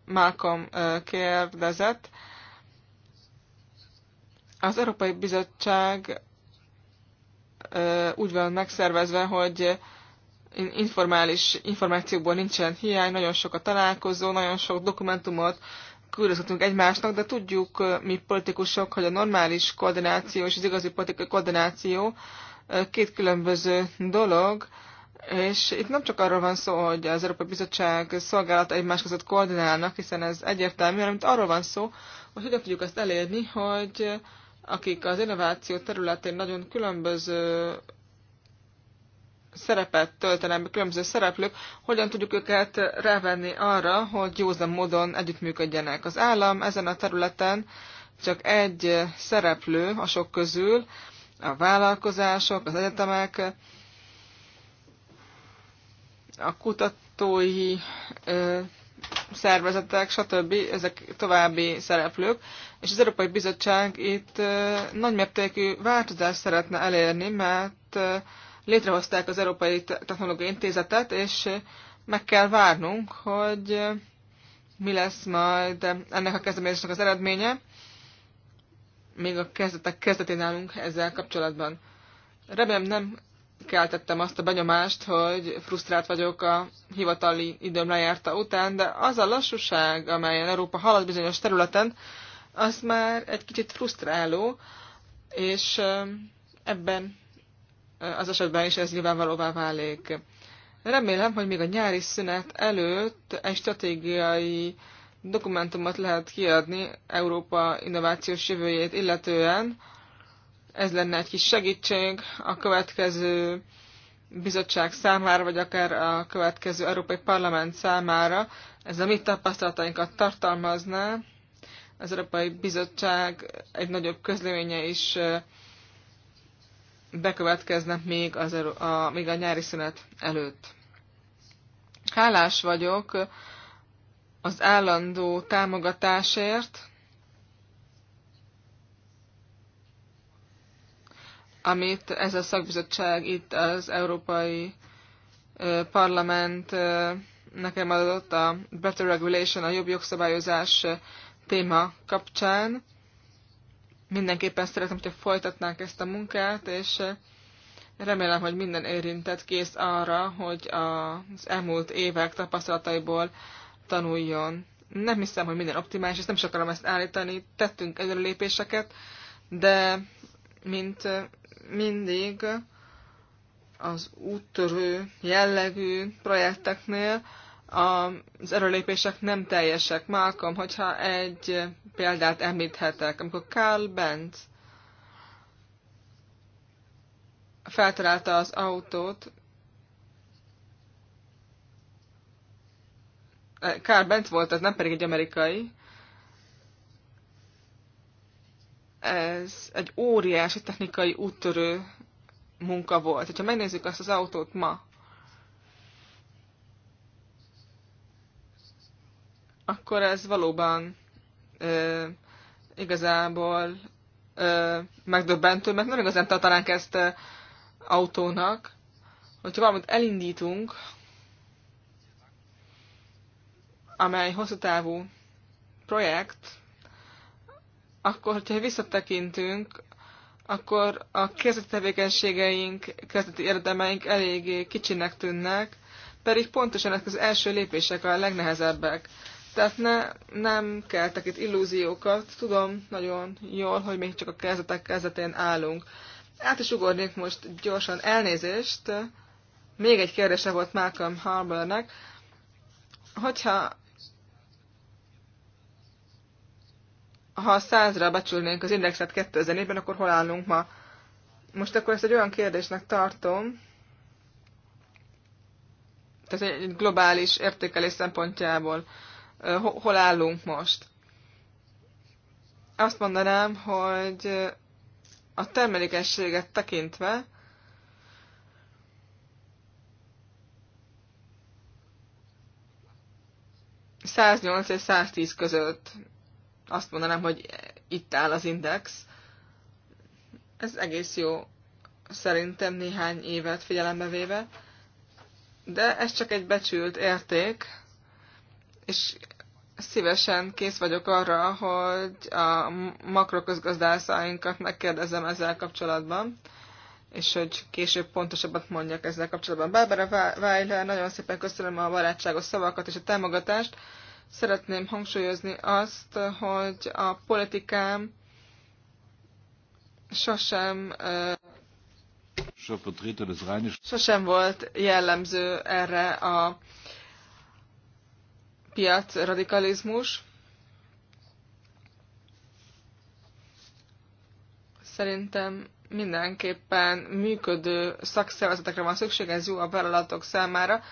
[SPEAKER 1] Malcolm kérdezett, az Európai Bizottság úgy van megszervezve, hogy informális információkból nincsen hiány, nagyon sok a találkozó, nagyon sok dokumentumot küldözhetünk egymásnak, de tudjuk mi politikusok, hogy a normális koordináció és az igazi politikai koordináció két különböző dolog, és itt nem csak arról van szó, hogy az Európai Bizottság szolgálata egymás között koordinálnak, hiszen ez egyértelmű, hanem itt arról van szó, hogy hogyan tudjuk ezt elérni, hogy akik az innováció területén nagyon különböző szerepet töltenek be különböző szereplők, hogyan tudjuk őket rávenni arra, hogy józan módon együttműködjenek. Az állam ezen a területen csak egy szereplő a sok közül, a vállalkozások, az egyetemek, a kutatói ö, szervezetek, stb. ezek további szereplők, és az Európai Bizottság itt nagymértékű változást szeretne elérni, mert ö, létrehozták az Európai Technológiai Intézetet, és meg kell várnunk, hogy mi lesz majd ennek a kezdeményezésnek az eredménye. Még a kezdetek kezdetén állunk ezzel kapcsolatban. Remélem nem keltettem azt a benyomást, hogy frusztrált vagyok a hivatali időm lejárta után, de az a lassúság, amelyen Európa halad bizonyos területen, az már egy kicsit frusztráló, és ebben az esetben is ez nyilvánvalóvá válik. Remélem, hogy még a nyári szünet előtt egy stratégiai dokumentumot lehet kiadni Európa innovációs jövőjét illetően. Ez lenne egy kis segítség a következő bizottság számára, vagy akár a következő Európai Parlament számára. Ez a mi tapasztalatainkat tartalmazná. Az Európai Bizottság egy nagyobb közleménye is bekövetkeznek még, az, a, még a nyári szünet előtt. Hálás vagyok az állandó támogatásért, amit ez a szakbizottság itt az Európai Parlament nekem adott a Better Regulation, a jobb jogszabályozás téma kapcsán mindenképpen szeretném, hogyha folytatnánk ezt a munkát, és eh, remélem, hogy minden érintett kész arra, hogy az elmúlt évek tapasztalataiból tanuljon. Nem hiszem, hogy minden optimális, és nem is akarom ezt állítani. Tettünk lépéseket, de mint eh, mindig az úttörő jellegű projekteknél az erőlépések nem teljesek. Malcolm, hogyha egy példát említhetek, amikor Carl Benz feltalálta az autót, Carl eh, Benz volt, az nem pedig egy amerikai, ez egy óriási technikai úttörő munka volt. Ha megnézzük azt az autót ma, akkor ez valóban ö, igazából ö, megdöbbentő, mert nem igazán tartanánk ezt ö, autónak. Hogyha valamit elindítunk, amely hosszú távú projekt, akkor, hogyha visszatekintünk, akkor a kezdeti tevékenységeink, kezdeti érdemeink eléggé kicsinek tűnnek, pedig pontosan ezek az első lépések a legnehezebbek. Tehát ne, nem keltek itt illúziókat, tudom nagyon jól, hogy még csak a kezdetek kezdetén állunk. Át is ugornék most gyorsan elnézést. Még egy kérdése volt Malcolm Harbournek. Hogyha ha százra becsülnénk az indexet 2004-ben, akkor hol állunk ma? Most akkor ezt egy olyan kérdésnek tartom, tehát egy globális értékelés szempontjából hol állunk most. Azt mondanám, hogy a termelékenységet tekintve ...108 és 110 között azt mondanám, hogy itt áll az index. Ez egész jó szerintem néhány évet figyelembe véve, de ez csak egy becsült érték, és szívesen kész vagyok arra, hogy a makroközgazdászainkat megkérdezem ezzel kapcsolatban, és hogy később pontosabbat mondjak ezzel kapcsolatban. Barbara Weiler, nagyon szépen köszönöm a barátságos szavakat és a támogatást. Szeretném hangsúlyozni azt, hogy a politikám sosem sosem volt jellemző erre a piacradikalizmus. Szerintem mindenképpen működő szakszervezetekre van szükség, ez jó a vállalatok számára,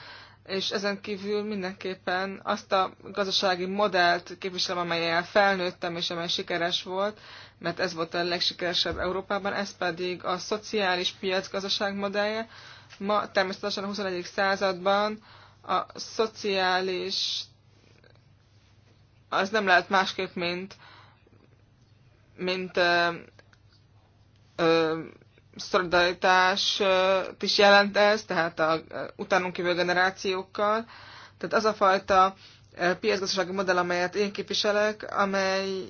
[SPEAKER 1] és ezen kívül mindenképpen azt a gazdasági modellt képviselem, amelyel felnőttem, és amely sikeres volt, mert ez volt a legsikeresebb Európában, ez pedig a szociális piacgazdaság modellje. Ma természetesen a 21. században a szociális az nem lehet másképp, mint, mint ö, ö, szolidaritás is jelent ez, tehát a utánunk jövő generációkkal. Tehát az a fajta piacgazdasági modell, amelyet én képviselek, amelynek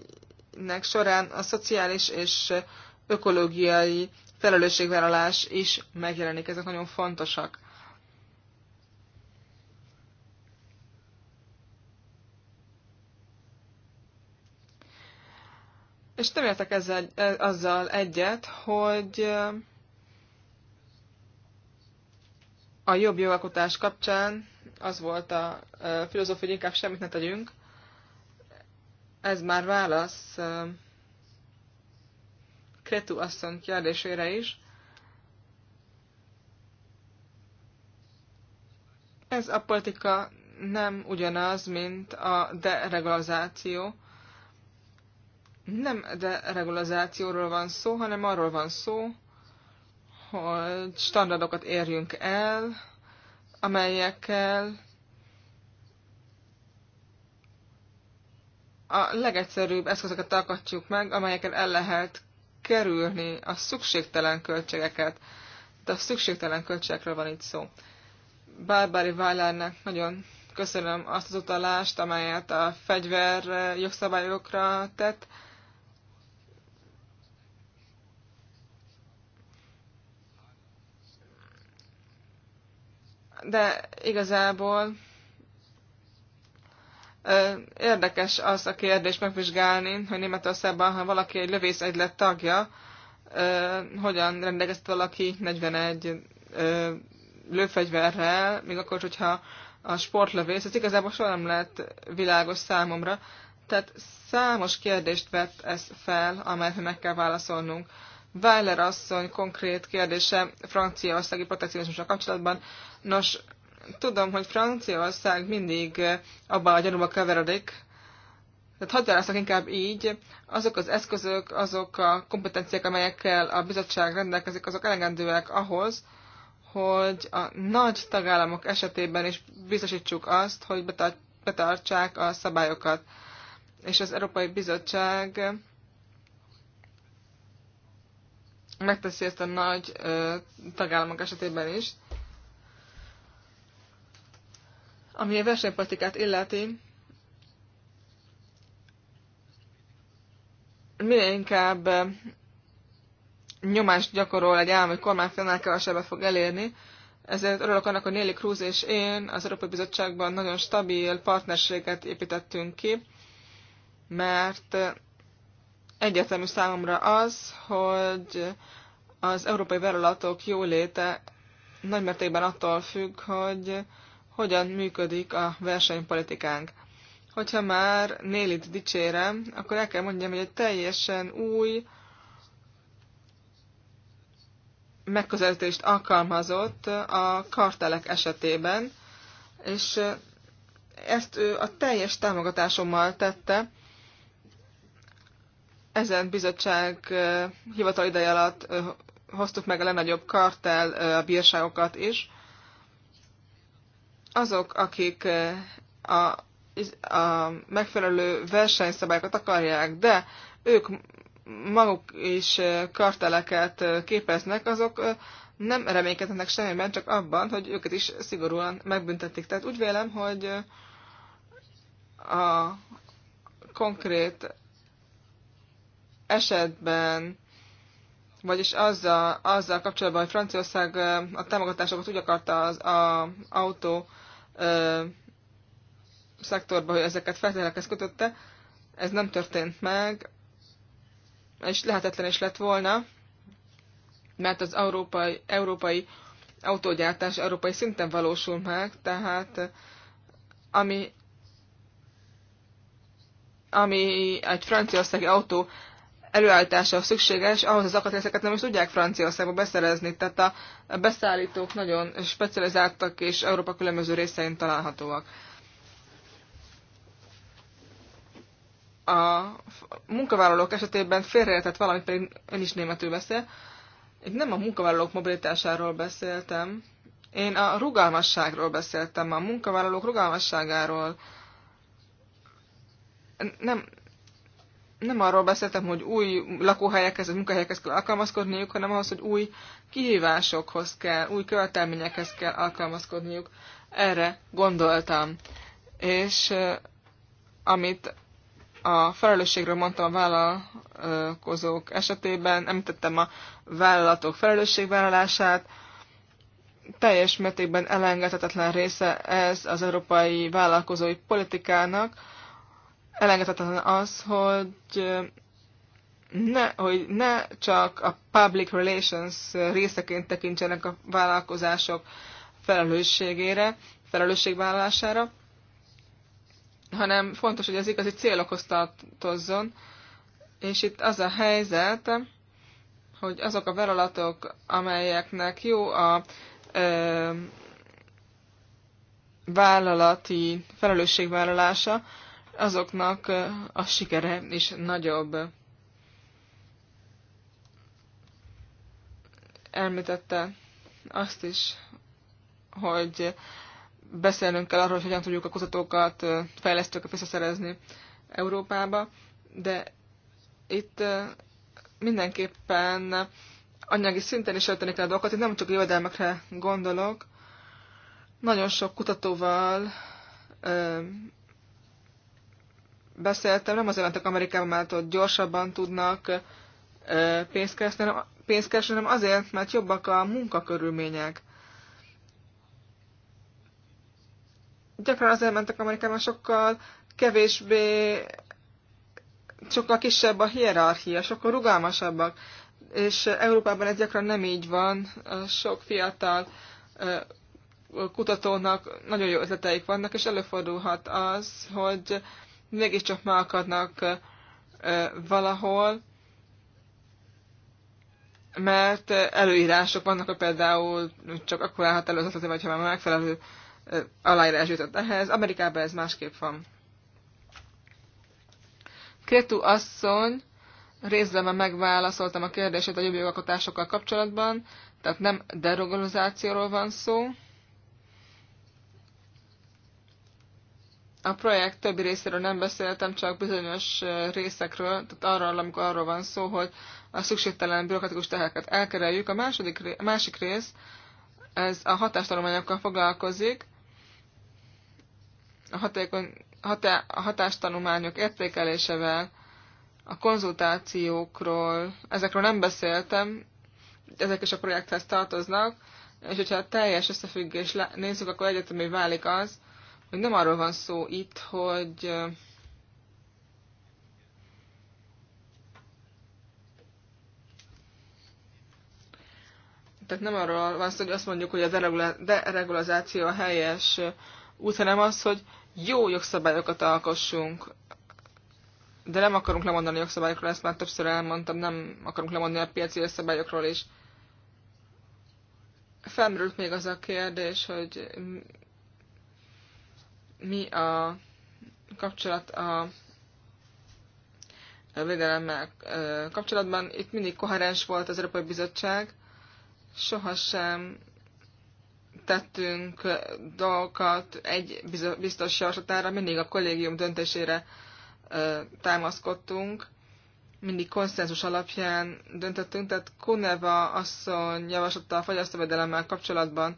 [SPEAKER 1] során a szociális és ökológiai felelősségvállalás is megjelenik. Ezek nagyon fontosak. És nem értek ezzel, e, azzal egyet, hogy e, a jobb jogalkotás kapcsán az volt a e, filozófia, hogy inkább semmit ne tegyünk. Ez már válasz Kretu asszony kérdésére is. Ez a politika nem ugyanaz, mint a deregalizáció. Nem de deregulizációról van szó, hanem arról van szó, hogy standardokat érjünk el, amelyekkel a legegyszerűbb eszközöket alkotjuk meg, amelyekkel el lehet kerülni a szükségtelen költségeket. De a szükségtelen költségekről van itt szó. Bárbári Vállárnak nagyon köszönöm azt az utalást, amelyet a fegyver jogszabályokra tett, de igazából érdekes az a kérdés megvizsgálni, hogy Németországban, ha valaki egy lövészegylet tagja, hogyan rendelkezett valaki 41 lőfegyverrel, még akkor, hogyha a sportlövész, ez igazából soha nem lett világos számomra. Tehát számos kérdést vett ez fel, amelyet meg kell válaszolnunk. Weiler asszony konkrét kérdése franciaországi protekcionizmusra kapcsolatban. Nos, tudom, hogy Franciaország mindig eh, abban a gyanúba keveredik, tehát határoztak inkább így, azok az eszközök, azok a kompetenciák, amelyekkel a bizottság rendelkezik, azok elegendőek ahhoz, hogy a nagy tagállamok esetében is biztosítsuk azt, hogy betartsák a szabályokat. És az Európai Bizottság megteszi ezt a nagy ö, tagállamok esetében is. Ami a versenypolitikát illeti, minél inkább nyomást gyakorol egy állam, hogy kormány fennel kevesebbet fog elérni, ezért örülök annak, hogy Néli Krúz és én az Európai Bizottságban nagyon stabil partnerséget építettünk ki, mert Egyértelmű számomra az, hogy az európai vállalatok jóléte nagymértékben attól függ, hogy hogyan működik a versenypolitikánk. Hogyha már Nélit dicsérem, akkor el kell mondjam, hogy egy teljesen új megközelítést alkalmazott a kartelek esetében, és ezt ő a teljes támogatásommal tette, ezen bizottság hivatal ideje alatt hoztuk meg a legnagyobb kartel a bírságokat is. Azok, akik a, a megfelelő versenyszabályokat akarják, de ők maguk is karteleket képeznek, azok nem reménykedhetnek semmiben, csak abban, hogy őket is szigorúan megbüntetik. Tehát úgy vélem, hogy a konkrét esetben, vagyis azzal, azzal kapcsolatban, hogy Franciaország a támogatásokat úgy akarta az a, autó ö, szektorba, hogy ezeket feltételekhez kötötte, ez nem történt meg, és lehetetlen is lett volna, mert az európai, európai autógyártás európai szinten valósul meg, tehát ami, ami egy franciaországi autó előállítása szükséges, ahhoz az akatrészeket nem is tudják Franciaországba beszerezni, tehát a beszállítók nagyon specializáltak és Európa különböző részein találhatóak. A munkavállalók esetében félreértett valamit, pedig ön is németül beszél. Én nem a munkavállalók mobilitásáról beszéltem, én a rugalmasságról beszéltem, a munkavállalók rugalmasságáról. Nem, nem arról beszéltem, hogy új lakóhelyekhez, vagy munkahelyekhez kell alkalmazkodniuk, hanem ahhoz, hogy új kihívásokhoz kell, új követelményekhez kell alkalmazkodniuk. Erre gondoltam. És amit a felelősségről mondtam a vállalkozók esetében, említettem a vállalatok felelősségvállalását, teljes mértékben elengedhetetlen része ez az európai vállalkozói politikának, elengedhetetlen az, hogy ne, hogy ne csak a public relations részeként tekintsenek a vállalkozások felelősségére, felelősségvállalására, hanem fontos, hogy az igazi célokhoz tartozzon, és itt az a helyzet, hogy azok a vállalatok, amelyeknek jó a ö, vállalati felelősségvállalása, azoknak a sikere is nagyobb. Elmítette azt is, hogy beszélnünk kell arról, hogy hogyan tudjuk a kutatókat, fejlesztőket visszaszerezni Európába, de itt mindenképpen anyagi szinten is ölteni kell a dolgokat, itt nem csak jövedelmekre gondolok, nagyon sok kutatóval beszéltem, nem azért mentek Amerikába, mert ott gyorsabban tudnak pénzt keresni, hanem, pénzt keresni, hanem azért, mert jobbak a munkakörülmények. Gyakran azért mentek Amerikába, sokkal kevésbé, sokkal kisebb a hierarchia, sokkal rugalmasabbak. És Európában ez gyakran nem így van. Sok fiatal kutatónak nagyon jó ötleteik vannak, és előfordulhat az, hogy mégiscsak megakadnak valahol, mert előírások vannak, például csak akkor állhat elő az vagy ha már megfelelő aláírás jutott ehhez. Amerikában ez másképp van. Kretu asszony részben megválaszoltam a kérdését a jobb jogalkotásokkal kapcsolatban, tehát nem derogalizációról van szó, A projekt többi részéről nem beszéltem, csak bizonyos részekről, tehát arról, amikor arról van szó, hogy a szükségtelen bürokratikus teheket elkereljük. A második, másik rész, ez a hatástanulmányokkal foglalkozik, a, hatékony, hatá, a hatástanulmányok értékelésevel, a konzultációkról, ezekről nem beszéltem, ezek is a projekthez tartoznak, és hogyha a teljes összefüggés nézzük, akkor egyetemi válik az, hogy nem arról van szó itt, hogy tehát nem arról van szó, hogy azt mondjuk, hogy a deregulizáció a helyes út, hanem az, hogy jó jogszabályokat alkossunk. De nem akarunk lemondani a jogszabályokról, ezt már többször elmondtam, nem akarunk lemondani a piaci jogszabályokról is. Felmerült még az a kérdés, hogy mi a kapcsolat a védelemmel kapcsolatban. Itt mindig koherens volt az Európai Bizottság, sohasem tettünk dolgokat egy biztos javaslatára, mindig a kollégium döntésére támaszkodtunk, mindig konszenzus alapján döntöttünk, tehát Kuneva asszony javaslata a fogyasztóvédelemmel kapcsolatban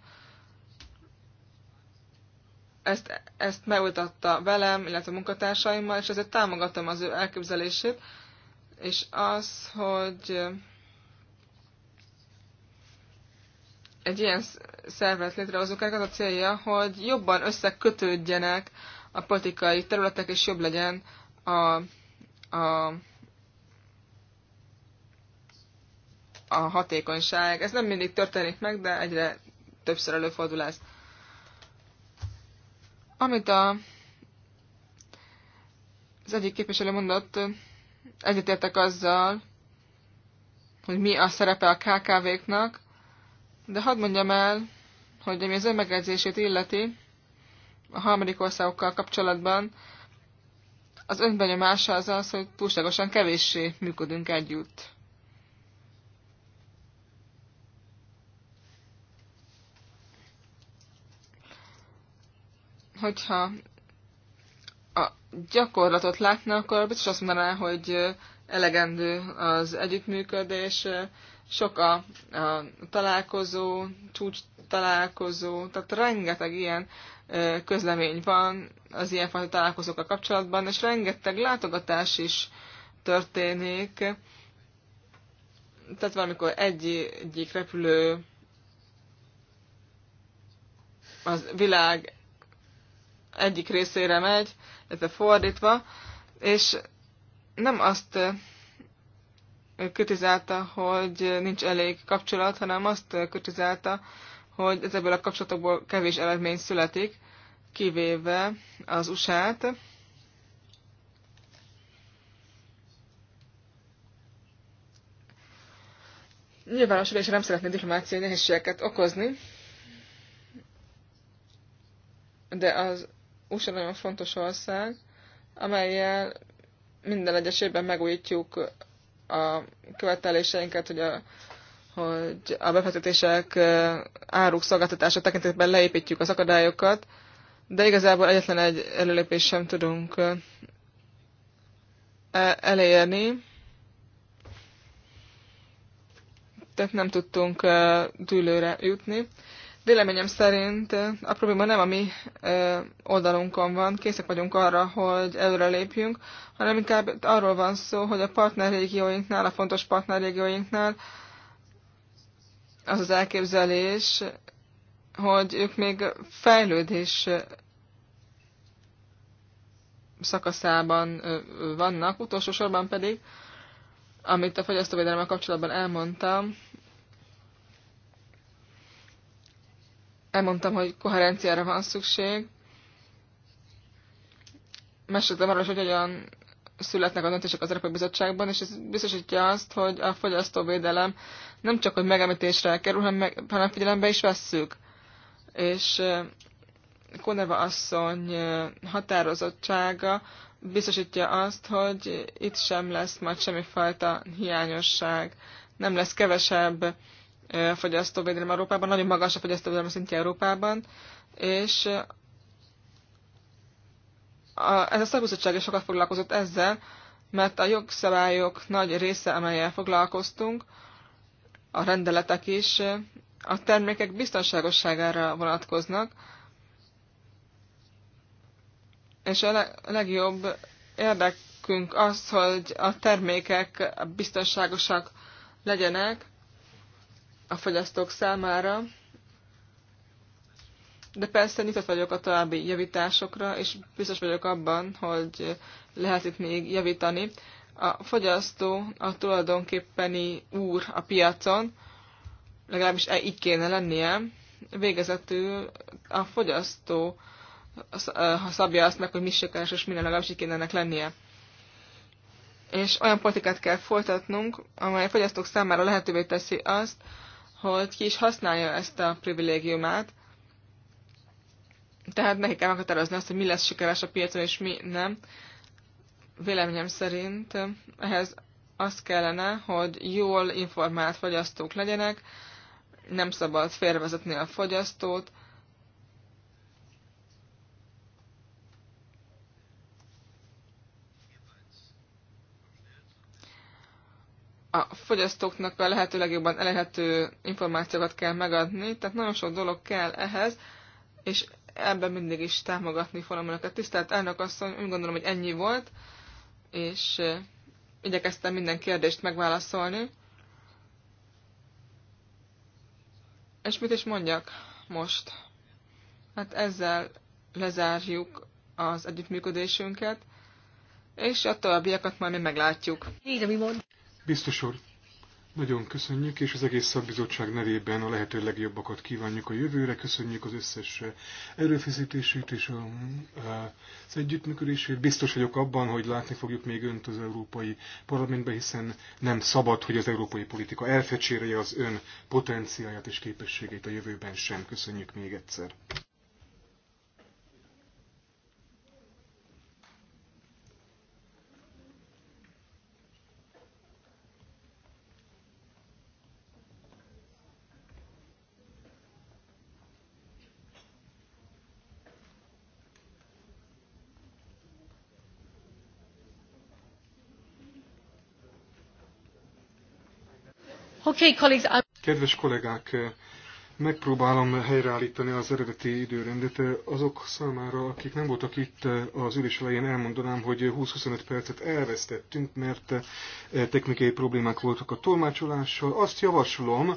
[SPEAKER 1] ezt, ezt megmutatta velem, illetve a munkatársaimmal, és ezért támogatom az ő elképzelését, és az, hogy egy ilyen szervet létrehozunk, az a célja, hogy jobban összekötődjenek a politikai területek, és jobb legyen a, a, a hatékonyság. Ez nem mindig történik meg, de egyre többször előfordul ez. Amit a, az egyik képviselő mondott, egyetértek azzal, hogy mi a szerepe a KKV-knak, de hadd mondjam el, hogy ami az önmegedzését illeti, a harmadik országokkal kapcsolatban, az önbenyomása az az, hogy túlságosan kevéssé működünk együtt. hogyha a gyakorlatot látna, akkor biztos azt mondaná, hogy elegendő az együttműködés, sok a, a találkozó, csúcs találkozó, tehát rengeteg ilyen közlemény van az ilyenfajta találkozókkal kapcsolatban, és rengeteg látogatás is történik. Tehát valamikor egy, egyik repülő az világ egyik részére megy, ez a fordítva, és nem azt kritizálta, hogy nincs elég kapcsolat, hanem azt kritizálta, hogy ezekből a kapcsolatokból kevés eredmény születik, kivéve az USA-t. Nyilvánosul és nem szeretné diplomáciai nehézségeket okozni, de az USA nagyon fontos ország, amelyel minden egyes évben megújítjuk a követeléseinket, hogy a, hogy a befektetések áruk szolgáltatása tekintetben leépítjük az akadályokat, de igazából egyetlen egy előlépés sem tudunk e, elérni. Tehát nem tudtunk dűlőre jutni. Véleményem szerint a probléma nem a mi oldalunkon van, készek vagyunk arra, hogy előre lépjünk, hanem inkább arról van szó, hogy a partnerrégióinknál, a fontos partnerrégióinknál az az elképzelés, hogy ők még fejlődés szakaszában vannak, utolsó sorban pedig, amit a fogyasztóvédelemmel kapcsolatban elmondtam, elmondtam, hogy koherenciára van szükség. Meséltem arról, hogy hogyan születnek a döntések az Európai Bizottságban, és ez biztosítja azt, hogy a fogyasztóvédelem nem csak, hogy megemlítésre kerül, hanem, meg, hanem figyelembe is vesszük. És Koneva asszony határozottsága biztosítja azt, hogy itt sem lesz majd semmifajta hiányosság, nem lesz kevesebb fogyasztóvédelem Európában, nagyon magas a fogyasztóvédelem szintje Európában, és a, ez a szakbizottság is sokat foglalkozott ezzel, mert a jogszabályok nagy része, amelyel foglalkoztunk, a rendeletek is a termékek biztonságosságára vonatkoznak, és a legjobb érdekünk az, hogy a termékek biztonságosak legyenek, a fogyasztók számára, de persze nyitott vagyok a további javításokra, és biztos vagyok abban, hogy lehet itt még javítani. A fogyasztó a tulajdonképpeni úr a piacon, legalábbis e- így kéne lennie. Végezetül a fogyasztó ha szabja azt meg, hogy mi sikeres és minden legalábbis így kéne ennek lennie. És olyan politikát kell folytatnunk, amely a fogyasztók számára lehetővé teszi azt, hogy ki is használja ezt a privilégiumát. Tehát neki kell meghatározni azt, hogy mi lesz sikeres a piacon, és mi nem. Véleményem szerint ehhez az kellene, hogy jól informált fogyasztók legyenek, nem szabad félrevezetni a fogyasztót, a fogyasztóknak a lehető legjobban elérhető információkat kell megadni, tehát nagyon sok dolog kell ehhez, és ebben mindig is támogatni fogom önöket. Tisztelt elnök asszony, úgy gondolom, hogy ennyi volt, és igyekeztem minden kérdést megválaszolni. És mit is mondjak most? Hát ezzel lezárjuk az együttműködésünket, és a továbbiakat majd mi meglátjuk. Így, ami mond.
[SPEAKER 3] Biztos úr, nagyon köszönjük, és az egész szakbizottság nevében a lehető legjobbakat kívánjuk a jövőre. Köszönjük az összes eh, erőfeszítését és eh, az együttműködését. Biztos vagyok abban, hogy látni fogjuk még önt az Európai Parlamentben, hiszen nem szabad, hogy az európai politika elfecsérje az ön potenciáját és képességét a jövőben sem. Köszönjük még egyszer. Okay, colleagues, I'm... Kedves kollégák, megpróbálom helyreállítani az eredeti időrendet. Azok számára, akik nem voltak itt az ülés elején, elmondanám, hogy 20-25 percet elvesztettünk, mert technikai problémák voltak a tolmácsolással. Azt javaslom,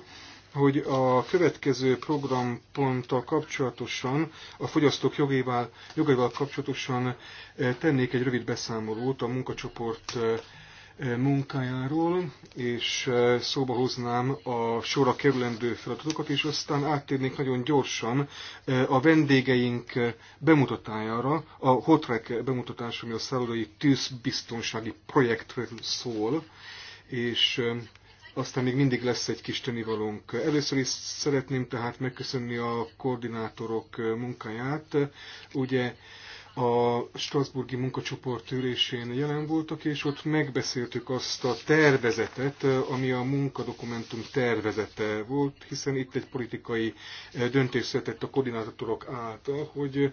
[SPEAKER 3] hogy a következő programponttal kapcsolatosan, a fogyasztók jogaival, jogaival kapcsolatosan tennék egy rövid beszámolót a munkacsoport munkájáról, és szóba hoznám a sorra kerülendő feladatokat, és aztán áttérnék nagyon gyorsan a vendégeink bemutatájára, a Hotrek bemutatás, ami a szállodai tűzbiztonsági projektről szól, és aztán még mindig lesz egy kis tönivalónk. Először is szeretném tehát megköszönni a koordinátorok munkáját. Ugye a Strasburgi munkacsoport ülésén jelen voltak, és ott megbeszéltük azt a tervezetet, ami a munkadokumentum tervezete volt, hiszen itt egy politikai eh, döntés született a koordinátorok által, hogy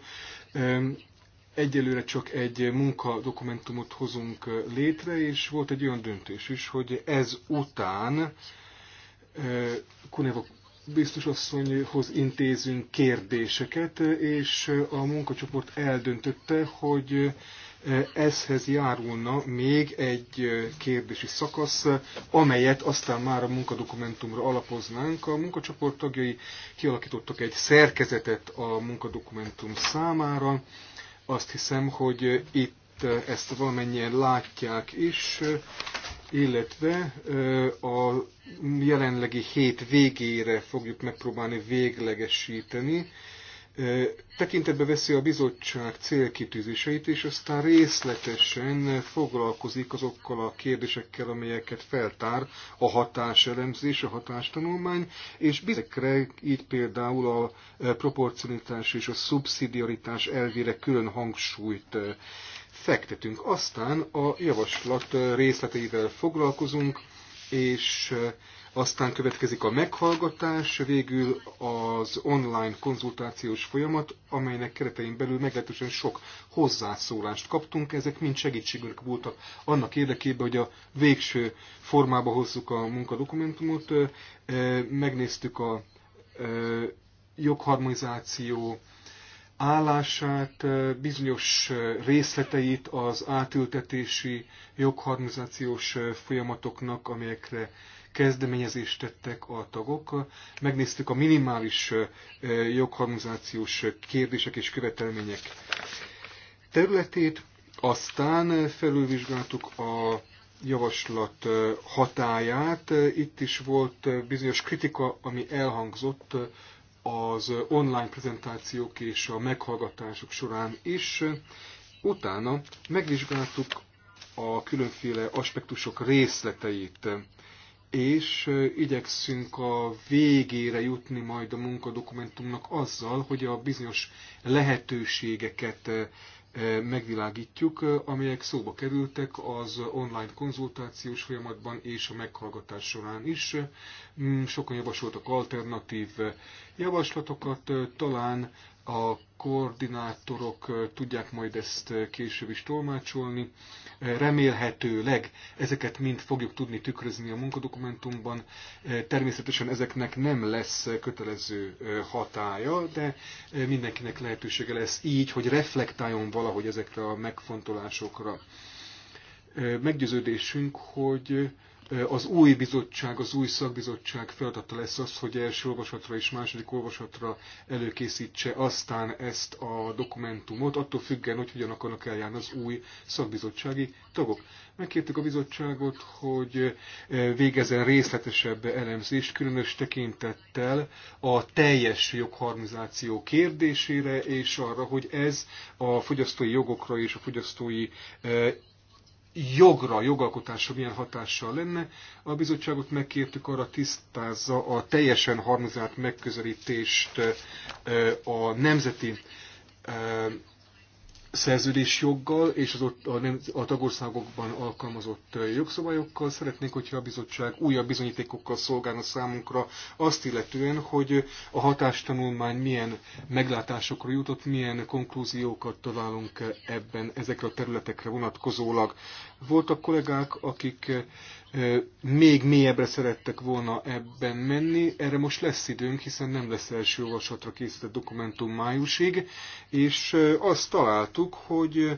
[SPEAKER 3] egyelőre csak egy munkadokumentumot hozunk eh, létre, és volt egy olyan döntés is, hogy ez után eh, Kuneva biztos asszonyhoz intézünk kérdéseket, és a munkacsoport eldöntötte, hogy ezhez járulna még egy kérdési szakasz, amelyet aztán már a munkadokumentumra alapoznánk. A munkacsoport tagjai kialakítottak egy szerkezetet a munkadokumentum számára. Azt hiszem, hogy itt ezt valamennyien látják is illetve a jelenlegi hét végére fogjuk megpróbálni véglegesíteni. Tekintetbe veszi a bizottság célkitűzéseit, és aztán részletesen foglalkozik azokkal a kérdésekkel, amelyeket feltár a hatáselemzés, a hatástanulmány, és bizekre így például a proporcionitás és a szubszidiaritás elvére külön hangsúlyt fektetünk. Aztán a javaslat részleteivel foglalkozunk, és eh, aztán következik a meghallgatás, végül az online konzultációs folyamat, amelynek keretein belül meglehetősen sok hozzászólást kaptunk. Ezek mind segítségünk voltak annak érdekében, hogy a végső formába hozzuk a munkadokumentumot. Eh, megnéztük a eh, jogharmonizáció állását, bizonyos részleteit az átültetési jogharmonizációs folyamatoknak, amelyekre kezdeményezést tettek a tagok. Megnéztük a minimális jogharmonizációs kérdések és követelmények területét, aztán felülvizsgáltuk a javaslat hatáját. Itt is volt bizonyos kritika, ami elhangzott az online prezentációk és a meghallgatások során is. Utána megvizsgáltuk a különféle aspektusok részleteit, és igyekszünk a végére jutni majd a munkadokumentumnak azzal, hogy a bizonyos lehetőségeket megvilágítjuk, amelyek szóba kerültek az online konzultációs folyamatban és a meghallgatás során is. Mm, sokan javasoltak alternatív javaslatokat, talán a koordinátorok tudják majd ezt később is tolmácsolni. Remélhetőleg ezeket mind fogjuk tudni tükrözni a munkadokumentumban. Természetesen ezeknek nem lesz kötelező hatája, de mindenkinek lehetősége lesz így, hogy reflektáljon valahogy ezekre a megfontolásokra. Meggyőződésünk, hogy az új bizottság, az új szakbizottság feladata lesz az, hogy első olvasatra és második olvasatra előkészítse aztán ezt a dokumentumot, attól függően, hogy hogyan akarnak eljárni az új szakbizottsági tagok. Megkértük a bizottságot, hogy e, végezzen részletesebb elemzést, különös tekintettel a teljes jogharmonizáció kérdésére, és arra, hogy ez a fogyasztói jogokra és a fogyasztói e, jogra, jogalkotásra milyen hatással lenne. A bizottságot megkértük arra tisztázza a teljesen harmonizált megközelítést a nemzeti szerződésjoggal és az ott a, nem, a tagországokban alkalmazott jogszabályokkal. Szeretnék, hogyha a bizottság újabb bizonyítékokkal szolgálna számunkra azt illetően, hogy a hatástanulmány milyen meglátásokra jutott, milyen konklúziókat találunk ebben ezekre a területekre vonatkozólag. Voltak kollégák, akik még mélyebbre szerettek volna ebben menni. Erre most lesz időnk, hiszen nem lesz első olvasatra készített dokumentum májusig, és azt találtuk, hogy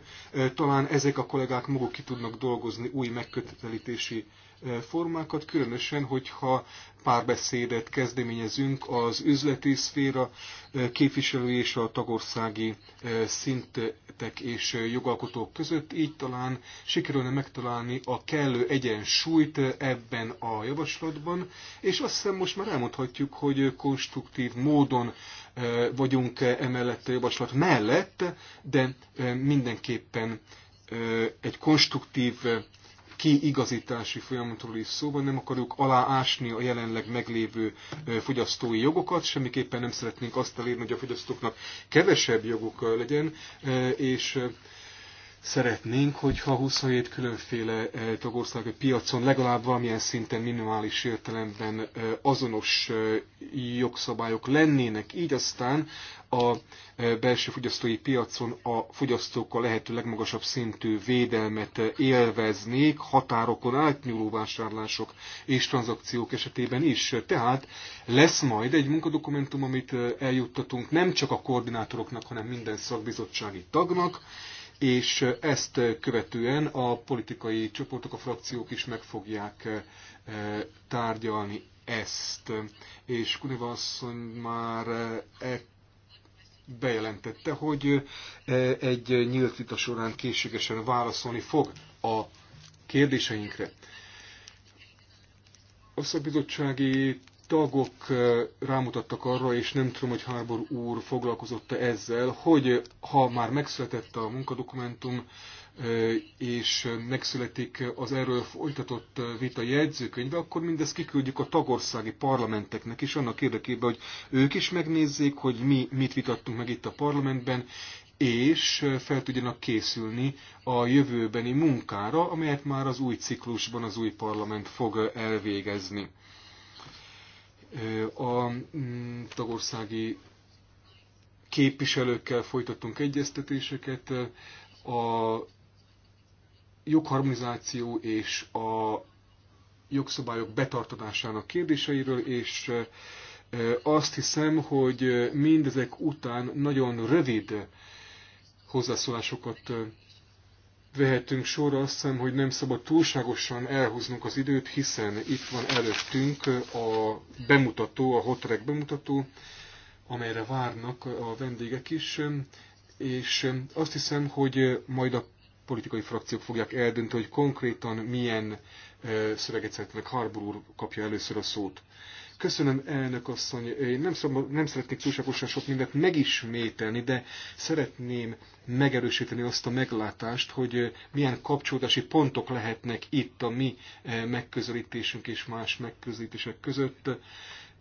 [SPEAKER 3] talán ezek a kollégák maguk ki tudnak dolgozni új megkötetelítési formákat, különösen, hogyha párbeszédet kezdeményezünk az üzleti szféra képviselői és a tagországi szintek és jogalkotók között. Így talán sikerülne megtalálni a kellő egyensúlyt ebben a javaslatban, és azt hiszem most már elmondhatjuk, hogy konstruktív módon vagyunk emellett a javaslat mellett, de mindenképpen egy konstruktív kiigazítási folyamatról is szó van, nem akarjuk aláásni a jelenleg meglévő fogyasztói jogokat, semmiképpen nem szeretnénk azt elérni, hogy a fogyasztóknak kevesebb joguk legyen, és szeretnénk, hogyha 27 különféle eh, tagország piacon legalább valamilyen szinten minimális értelemben eh, azonos eh, jogszabályok lennének, így aztán a belső fogyasztói piacon a fogyasztók a lehető legmagasabb szintű védelmet élveznék, határokon átnyúló vásárlások és tranzakciók esetében is. Tehát lesz majd egy munkadokumentum, amit eljuttatunk nem csak a koordinátoroknak, hanem minden szakbizottsági tagnak, és ezt követően a politikai csoportok, a frakciók is meg fogják eh, tárgyalni ezt. És Kuneva asszony már eh, e- bejelentette, hogy eh, egy nyílt vita során készségesen válaszolni fog a kérdéseinkre. A szakbizottsági tagok rámutattak arra, és nem tudom, hogy Harbor úr foglalkozott-e ezzel, hogy ha már megszületett a munkadokumentum, és megszületik az erről folytatott vita jegyzőkönyve, akkor mindezt kiküldjük a tagországi parlamenteknek is, annak érdekében, hogy ők is megnézzék, hogy mi mit vitattunk meg itt a parlamentben, és fel tudjanak készülni a jövőbeni munkára, amelyet már az új ciklusban az új parlament fog elvégezni. A mm, tagországi képviselőkkel folytattunk egyeztetéseket. A jogharmonizáció és a jogszabályok betartatásának kérdéseiről, és e, azt hiszem, hogy mindezek után nagyon rövid hozzászólásokat vehetünk sorra, azt hiszem, hogy nem szabad túlságosan elhúznunk az időt, hiszen itt van előttünk a bemutató, a hotrek bemutató, amelyre várnak a vendégek is, és azt hiszem, hogy majd a politikai frakciók fogják eldönteni, hogy konkrétan milyen eh, szöveget szeretnek. Harbour úr kapja először a szót. Köszönöm, elnök asszony. Én nem, szom, nem szeretnék túlságosan sok mindent megismételni, de szeretném megerősíteni azt a meglátást, hogy eh, milyen kapcsolódási pontok lehetnek itt a mi eh, megközelítésünk és más megközelítések között.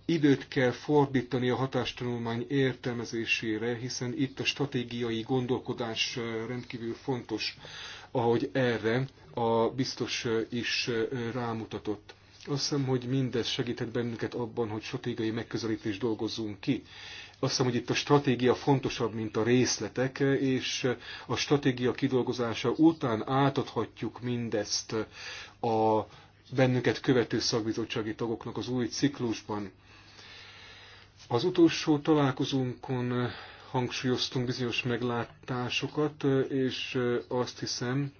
[SPEAKER 3] Időt kell fordítani a hatástanulmány értelmezésére, hiszen itt a stratégiai gondolkodás eh, rendkívül fontos, ahogy erre a biztos is rámutatott azt hiszem, hogy mindez segített bennünket abban, hogy stratégiai megközelítést dolgozzunk ki. Azt hiszem, hogy itt a stratégia fontosabb, mint a részletek, és a stratégia kidolgozása után átadhatjuk mindezt a bennünket követő szakbizottsági tagoknak az új ciklusban. Az utolsó találkozónkon hangsúlyoztunk bizonyos meglátásokat, és azt hiszem,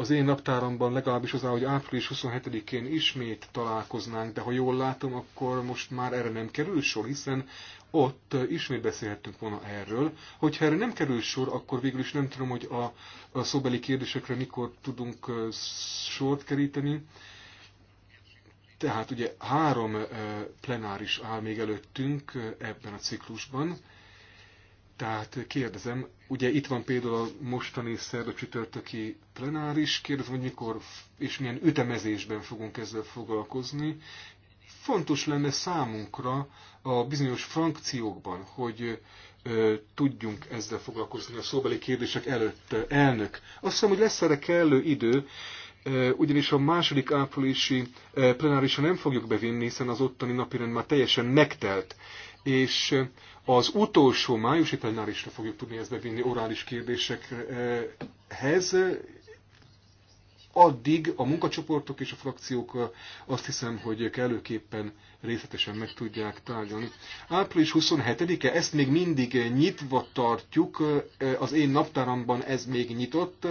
[SPEAKER 3] az én naptáramban legalábbis az áll, hogy április 27-én ismét találkoznánk, de ha jól látom, akkor most már erre nem kerül sor, hiszen ott ismét beszélhettünk volna erről. Hogyha erre nem kerül sor, akkor végül is nem tudom, hogy a, a szóbeli kérdésekre mikor tudunk sort keríteni. Tehát ugye három plenáris áll még előttünk ebben a ciklusban. Tehát kérdezem, ugye itt van például a mostani szerda csütörtöki plenáris, kérdezem, hogy mikor és milyen ütemezésben fogunk ezzel foglalkozni. Fontos lenne számunkra a bizonyos frankciókban, hogy ö, tudjunk ezzel foglalkozni a szóbeli kérdések előtt. Elnök, azt hiszem, hogy lesz erre kellő idő, ugyanis a második áprilisi plenárisra nem fogjuk bevinni, hiszen az ottani napirend már teljesen megtelt és az utolsó májusi plenárisra fogjuk tudni ezt bevinni orális kérdésekhez. Addig a munkacsoportok és a frakciók azt hiszem, hogy kellőképpen részletesen meg tudják tárgyalni. Április 27-e, ezt még mindig nyitva tartjuk, az én naptáramban ez még nyitott.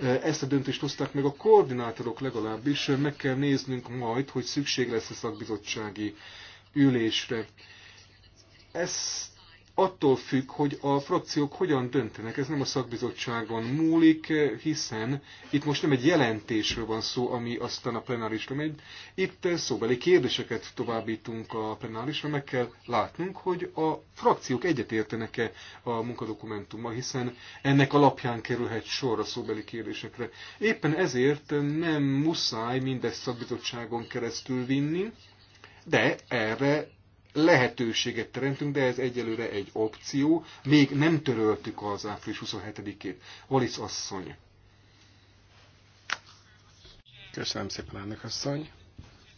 [SPEAKER 3] Ezt a döntést hozták meg a koordinátorok legalábbis, meg kell néznünk majd, hogy szükség lesz a szakbizottsági ülésre. Ez attól függ, hogy a frakciók hogyan döntenek. Ez nem a szakbizottságon múlik, hiszen itt most nem egy jelentésről van szó, ami aztán a plenárisra megy. Itt szóbeli kérdéseket továbbítunk a plenárisra, meg kell látnunk, hogy a frakciók egyetértenek-e a munkadokumentummal, hiszen ennek alapján kerülhet sor a szóbeli kérdésekre. Éppen ezért nem muszáj mindezt szakbizottságon keresztül vinni, de erre lehetőséget teremtünk, de ez egyelőre egy opció. Még nem töröltük az április 27-ét. Valisz asszony.
[SPEAKER 2] Köszönöm szépen, elnök asszony.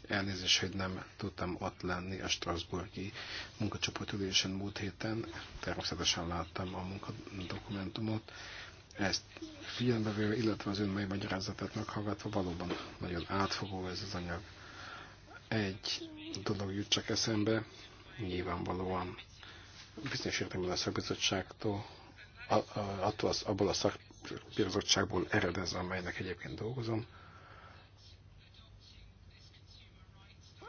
[SPEAKER 2] Elnézést, hogy nem tudtam ott lenni a Strasburgi munkacsoport ülésen múlt héten. Természetesen láttam a munkadokumentumot. Ezt figyelembe véve, illetve az ön mai magyarázatát meghallgatva valóban nagyon átfogó ez az anyag. Egy dolog jut csak eszembe, nyilvánvalóan bizonyos értelemben a szakbizottságtól, a, attól az, abból a szakbizottságból eredez, amelynek egyébként dolgozom,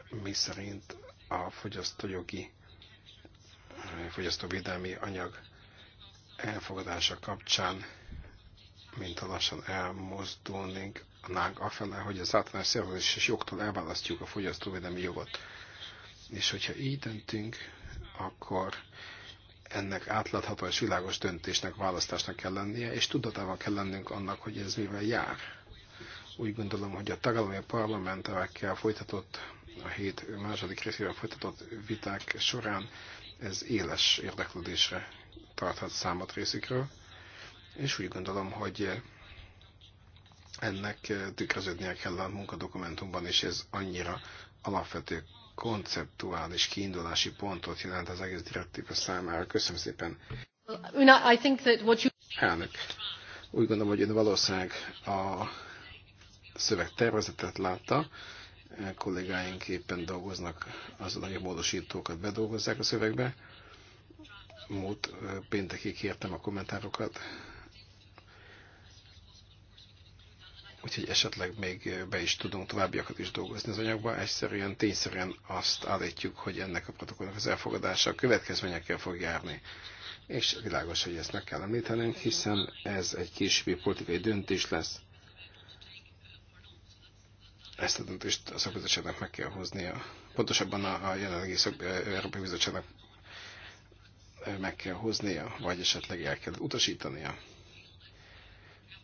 [SPEAKER 2] mi szerint a fogyasztójogi, fogyasztóvédelmi anyag elfogadása kapcsán, mint a lassan elmozdulnénk haladnánk afele, hogy az általános szervezés és jogtól elválasztjuk a fogyasztóvédelmi jogot. És hogyha így döntünk, akkor ennek átlátható és világos döntésnek, választásnak kell lennie, és tudatában kell lennünk annak, hogy ez mivel jár. Úgy gondolom, hogy a tagállami parlamenterekkel folytatott, a hét második részével folytatott viták során ez éles érdeklődésre tarthat számot részükről, és úgy gondolom, hogy ennek eh, tükröződnie kell a munkadokumentumban, és ez annyira alapvető konceptuális kiindulási pontot jelent az egész direktíva számára. Köszönöm szépen. I think that what you... Elnök, úgy gondolom, hogy ön valószínűleg a szövegtervezetet látta, kollégáink éppen dolgoznak azon, hogy a módosítókat bedolgozzák a szövegbe. Múlt eh, péntekig kértem a kommentárokat, úgyhogy esetleg még be is tudunk továbbiakat is dolgozni az anyagba. Egyszerűen, tényszerűen azt állítjuk, hogy ennek a protokollnak az elfogadása a következményekkel fog járni. És világos, hogy ezt meg kell említenünk, hiszen ez egy későbbi politikai döntés lesz. Ezt a döntést a szakbizottságnak meg kell hoznia. Pontosabban a, jelenlegi szak, Európai Bizottságnak meg kell hoznia, vagy esetleg el kell utasítania.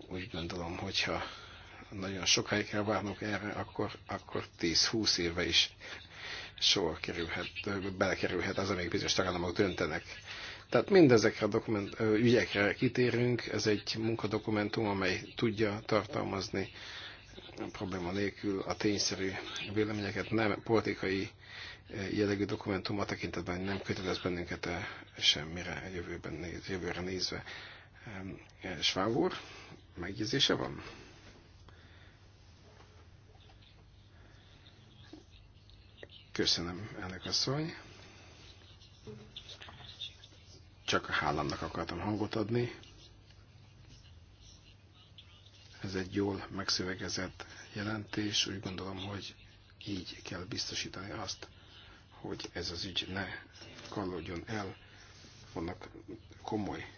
[SPEAKER 2] Úgy gondolom, hogyha nagyon sokáig kell várnunk erre, akkor, akkor 10-20 éve is sor kerülhet, belekerülhet az, amíg bizonyos tagállamok döntenek. Tehát mindezekre a dokument, ügyekre kitérünk, ez egy munkadokumentum, amely tudja tartalmazni probléma nélkül a tényszerű véleményeket, nem politikai jellegű dokumentum a tekintetben, hogy nem kötelez bennünket -e semmire jövőben, néz jövőre nézve. Schwab úr, megjegyzése van? Köszönöm, elnök asszony. Csak a hálámnak akartam hangot adni. Ez egy jól megszövegezett jelentés. Úgy gondolom, hogy így kell biztosítani azt, hogy ez az ügy ne kallódjon el. Vannak komoly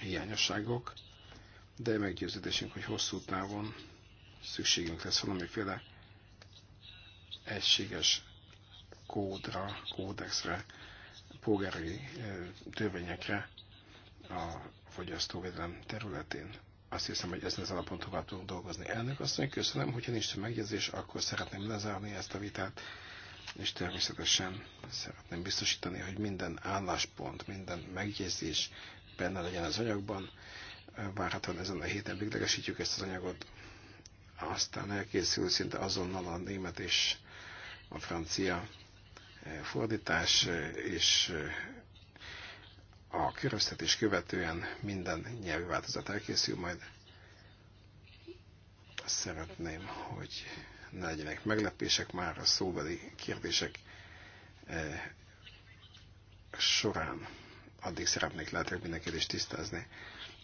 [SPEAKER 2] hiányosságok, de meggyőződésünk, hogy hosszú távon szükségünk lesz valamiféle egységes kódra, kódexre, polgári eh, törvényekre a fogyasztóvédelem területén. Azt hiszem, hogy ezen az alapon tovább tudunk dolgozni. Elnök mondja, köszönöm, hogyha nincs több megjegyzés, akkor szeretném lezárni ezt a vitát, és természetesen szeretném biztosítani, hogy minden álláspont, minden megjegyzés benne legyen az anyagban. Várhatóan ezen a héten véglegesítjük ezt az anyagot, aztán elkészül szinte azonnal a német és a francia eh, fordítás, eh, és eh, a köröztetés követően minden nyelvi változat elkészül majd. Szeretném, hogy ne legyenek meglepések már a szóbeli kérdések során. Addig szeretnék lehetőleg mindenkit is tisztázni.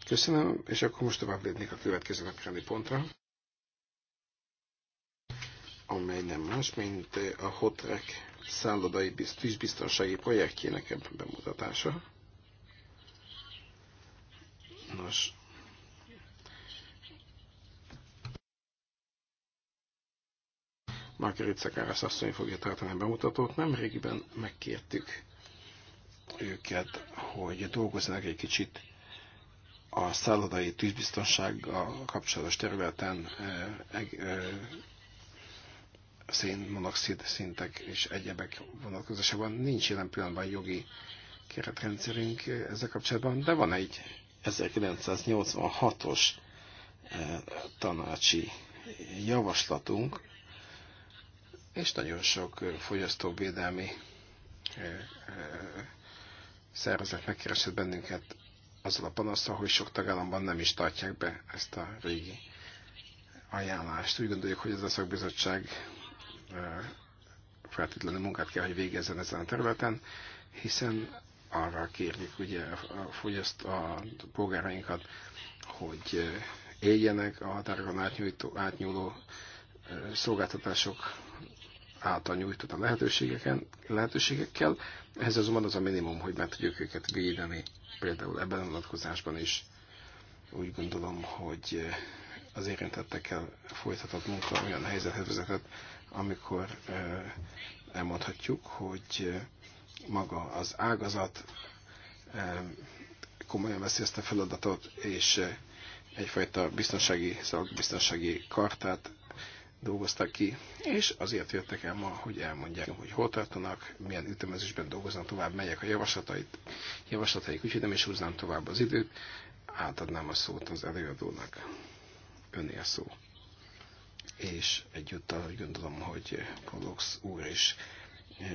[SPEAKER 2] Köszönöm, és akkor most tovább lépnék a következő napi pontra amely nem más, mint eh, a Hotrek szállodai tűzbiztonsági projektjének bemutatása. Nos, Margaret Szakárász asszony fogja tartani a bemutatót. Nemrégiben megkértük őket, hogy dolgoznak egy kicsit a szállodai tűzbiztonsággal kapcsolatos területen eh, eh, szénmonoxid szintek és egyebek vonatkozásában nincs jelen pillanatban jogi keretrendszerünk ezzel kapcsolatban, de van egy 1986-os eh, tanácsi javaslatunk, és nagyon sok eh, fogyasztóvédelmi eh, szervezet megkeresett bennünket azzal a panaszsal, hogy sok tagállamban nem is tartják be ezt a régi ajánlást. Úgy gondoljuk, hogy ez a szakbizottság feltétlenül munkát kell, hogy végezzen ezen a területen, hiszen arra kérjük ugye a, fogyaszt, a polgárainkat, hogy éljenek a határokon átnyújtó, átnyúló szolgáltatások által nyújtott a lehetőségeken, lehetőségekkel. Ez azonban az a minimum, hogy meg tudjuk őket védeni. Például ebben a vonatkozásban is úgy gondolom, hogy az érintettekkel folytatott munka olyan helyzethez vezetett, amikor elmondhatjuk, hogy maga az ágazat komolyan veszi ezt a feladatot, és egyfajta biztonsági, biztonsági kartát dolgoztak ki, és azért jöttek el ma, hogy elmondják, hogy hol tartanak, milyen ütemezésben dolgoznak tovább, melyek a javaslatait, javaslataik, úgyhogy nem is húznám tovább az időt, átadnám a szót az előadónak. Önél szó és egyúttal úgy gondolom, hogy Pollux úr is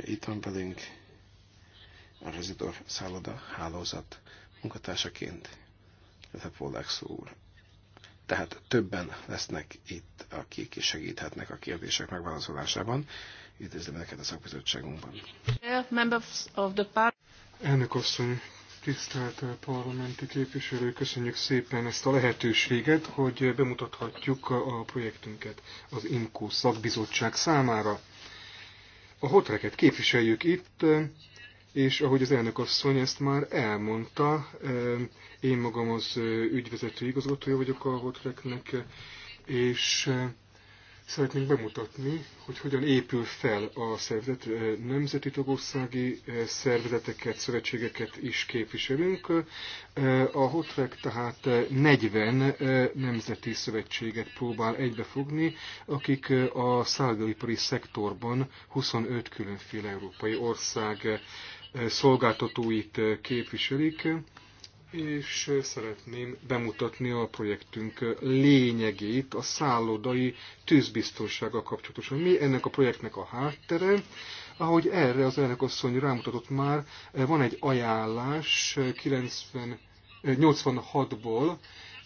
[SPEAKER 2] itt van velünk, a Rezidor szálloda hálózat munkatársaként, illetve Pollux úr. Tehát többen lesznek itt, akik segíthetnek a kérdések megválaszolásában. Üdvözlöm neked a szakbizottságunkban.
[SPEAKER 3] Elnök asszony, Tisztelt parlamenti képviselő, köszönjük szépen ezt a lehetőséget, hogy bemutathatjuk a projektünket az IMCO szakbizottság számára. A hotreket képviseljük itt, és ahogy az elnök asszony ezt már elmondta, eh, én magam az eh, ügyvezető igazgatója vagyok a hotreknek, és eh, Szeretnénk bemutatni, hogy hogyan épül fel a szervezet. Nemzeti tagországi szervezeteket, szövetségeket is képviselünk. A Hotrek tehát 40 nemzeti szövetséget próbál egybefogni, akik a szállodalipari szektorban 25 különféle európai ország szolgáltatóit képviselik és szeretném bemutatni a projektünk lényegét, a szállodai tűzbiztonsága kapcsolatosan. Mi ennek a projektnek a háttere? Ahogy erre az elnök asszony rámutatott már, van egy ajánlás 90, 86-ból,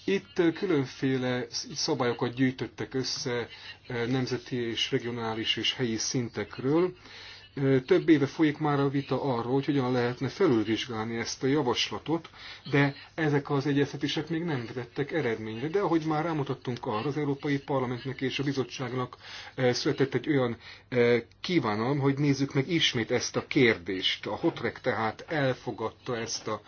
[SPEAKER 3] itt különféle szabályokat gyűjtöttek össze nemzeti és regionális és helyi szintekről, több éve folyik már a vita arról, hogy hogyan lehetne felülvizsgálni ezt a javaslatot, de ezek az egyeztetések még nem vezettek eredményre. De ahogy már rámutattunk arra, az Európai Parlamentnek és a bizottságnak született egy olyan kívánalom, hogy nézzük meg ismét ezt a kérdést. A Hotrek tehát elfogadta ezt a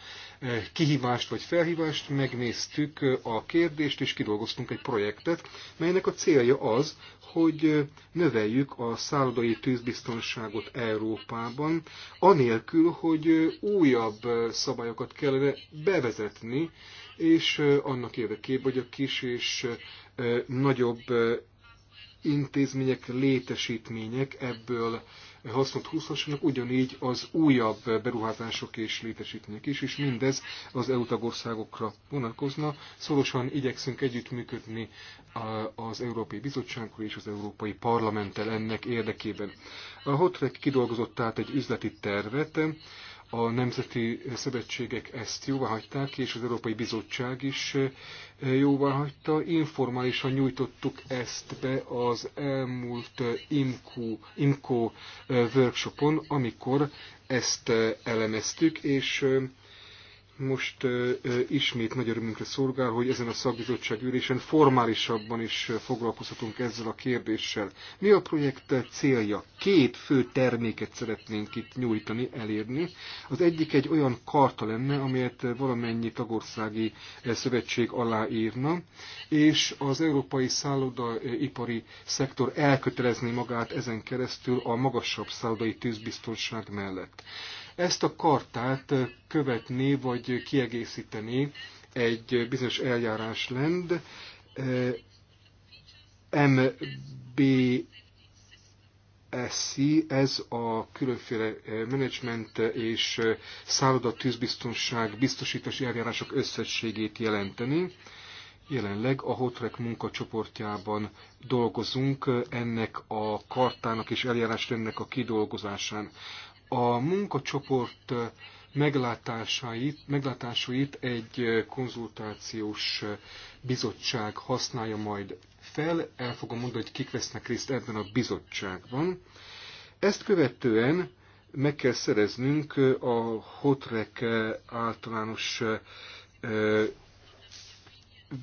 [SPEAKER 3] kihívást vagy felhívást, megnéztük a kérdést, és kidolgoztunk egy projektet, melynek a célja az, hogy növeljük a szállodai tűzbiztonságot Európában, anélkül, hogy újabb szabályokat kellene bevezetni, és annak érdekében, hogy a kis és nagyobb intézmények, létesítmények ebből hasznot húzhassanak, ugyanígy az újabb beruházások és létesítmények is, és mindez az EU tagországokra vonatkozna. Szorosan igyekszünk együttműködni az Európai Bizottsággal és az Európai Parlamenttel ennek érdekében. A Hotrek kidolgozott tehát egy üzleti tervet, a nemzeti szövetségek ezt jóvá hagyták, és az Európai Bizottság is e, jóvá hagyta. Informálisan nyújtottuk ezt be az elmúlt e, IMCO, IMCO e, workshopon, amikor ezt elemeztük, és most ismét nagy örömünkre szolgál, hogy ezen a szakbizottság ülésen formálisabban is foglalkozhatunk ezzel a kérdéssel. Mi a projekt célja? Két fő terméket szeretnénk itt nyújtani, elérni. Az egyik egy olyan karta lenne, amelyet valamennyi tagországi szövetség aláírna, és az európai szállodaipari szektor elkötelezné magát ezen keresztül a magasabb szállodai tűzbiztonság mellett. Ezt a kartát követni vagy kiegészíteni egy bizonyos eljárás lend, eh, MBSI, ez a különféle eh, menedzsment és eh, szállodatűzbiztonság biztosítási eljárások összességét jelenteni. Jelenleg a Hotrek munkacsoportjában dolgozunk ennek a kartának és eljárásrendnek a kidolgozásán. A munkacsoport meglátásait, meglátásait egy konzultációs bizottság használja majd fel. El fogom mondani, hogy kik vesznek részt ebben a bizottságban. Ezt követően meg kell szereznünk a Hotrek általános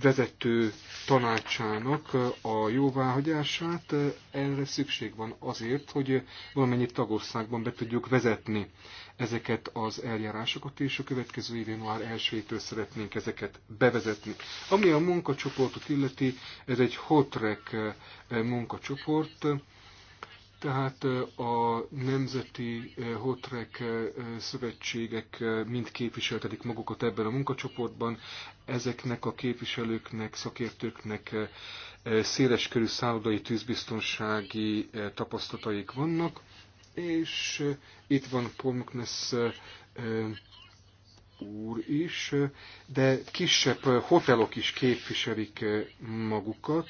[SPEAKER 3] vezető tanácsának a jóváhagyását. Erre szükség van azért, hogy valamennyi tagországban be tudjuk vezetni ezeket az eljárásokat, és a következő év január 1 szeretnénk ezeket bevezetni. Ami a munkacsoportot illeti, ez egy hotrek munkacsoport, tehát a nemzeti hotrek szövetségek mind képviseltetik magukat ebben a munkacsoportban. Ezeknek a képviselőknek, szakértőknek széles körű szállodai tűzbiztonsági tapasztalataik vannak, és itt van Pomknesz úr is, de kisebb hotelok is képviselik magukat,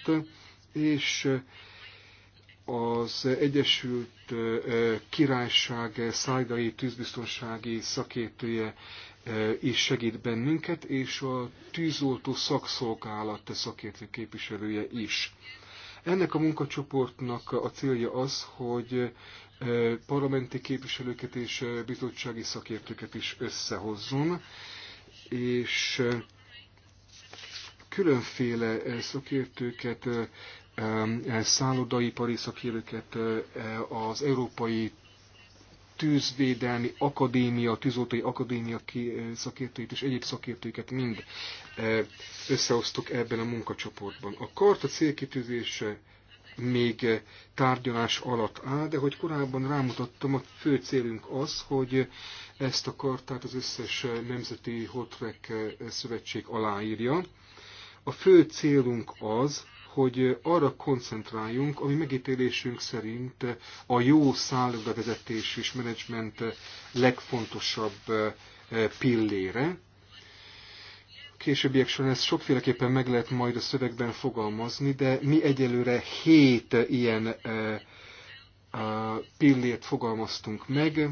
[SPEAKER 3] és az Egyesült Királyság szájdai tűzbiztonsági szakértője is segít bennünket, és a tűzoltó szakszolgálat szakértő képviselője is. Ennek a munkacsoportnak a célja az, hogy parlamenti képviselőket és bizottsági szakértőket is összehozzon, és különféle szakértőket szállodaipari szakérőket, az Európai Tűzvédelmi Akadémia, Tűzoltói Akadémia szakértőit és egyéb szakértőiket mind összeosztok ebben a munkacsoportban. A karta célkitűzése még tárgyalás alatt áll, de hogy korábban rámutattam, a fő célunk az, hogy ezt a kartát az összes nemzeti hotrek szövetség aláírja. A fő célunk az, hogy arra koncentráljunk, ami megítélésünk szerint a jó szállóvezetés és menedzsment legfontosabb eh, pillére. Későbbiek során ezt sokféleképpen meg lehet majd a szövegben fogalmazni, de mi egyelőre hét eh, ilyen eh, pillért fogalmaztunk meg.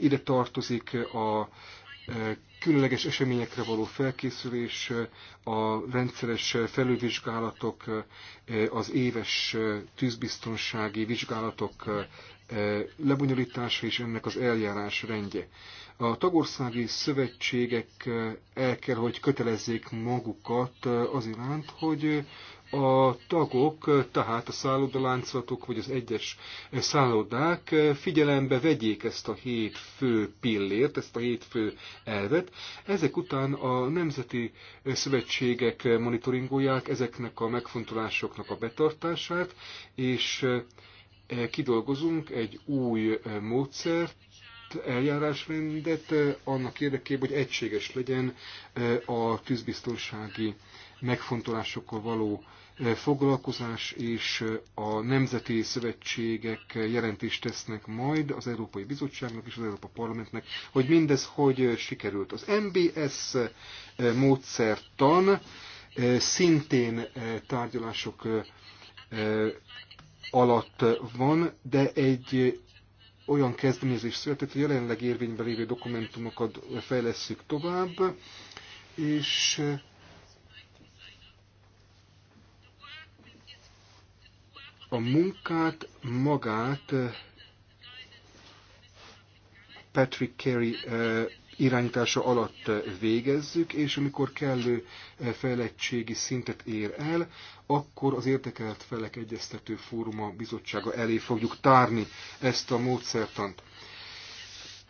[SPEAKER 3] Ide tartozik a különleges eseményekre való felkészülés, a rendszeres felülvizsgálatok, az éves tűzbiztonsági vizsgálatok lebonyolítása és ennek az eljárás rendje. A tagországi szövetségek el kell, hogy kötelezzék magukat az iránt, hogy a tagok, tehát a szállodaláncolatok vagy az egyes szállodák figyelembe vegyék ezt a hét fő pillért, ezt a hét fő elvet. Ezek után a nemzeti szövetségek monitoringolják ezeknek a megfontolásoknak a betartását, és e, kidolgozunk egy új e, módszert, eljárásrendet e, annak érdekében, hogy egységes legyen a tűzbiztonsági megfontolásokkal való foglalkozás, és a nemzeti szövetségek jelentést tesznek majd az Európai Bizottságnak és az Európa Parlamentnek, hogy mindez hogy sikerült. Az MBS módszertan eh, szintén eh, tárgyalások eh, alatt van, de egy olyan kezdeményezés született, hogy jelenleg érvényben lévő dokumentumokat fejlesszük tovább, és a munkát magát eh, Patrick Carey eh, irányítása alatt eh, végezzük, és amikor kellő fejlettségi szintet ér el, akkor az értekelt felek egyeztető fóruma bizottsága elé fogjuk tárni ezt a módszertant.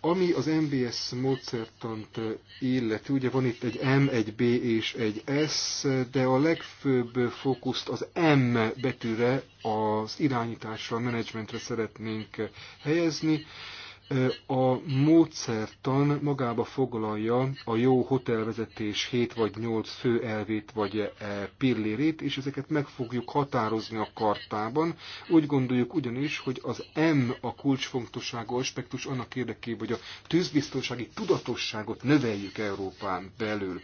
[SPEAKER 3] Ami az MBS módszertant illeti, ugye van itt egy M, egy B és egy S, de a legfőbb fókuszt az M betűre, az irányításra, a menedzsmentre szeretnénk helyezni a módszertan magába foglalja a jó hotelvezetés 7 vagy 8 fő elvét vagy e, e, pillérét, és ezeket meg fogjuk határozni a kartában. Úgy gondoljuk ugyanis, hogy az M a kulcsfontosságú aspektus annak érdekében, hogy a tűzbiztonsági tudatosságot növeljük Európán belül.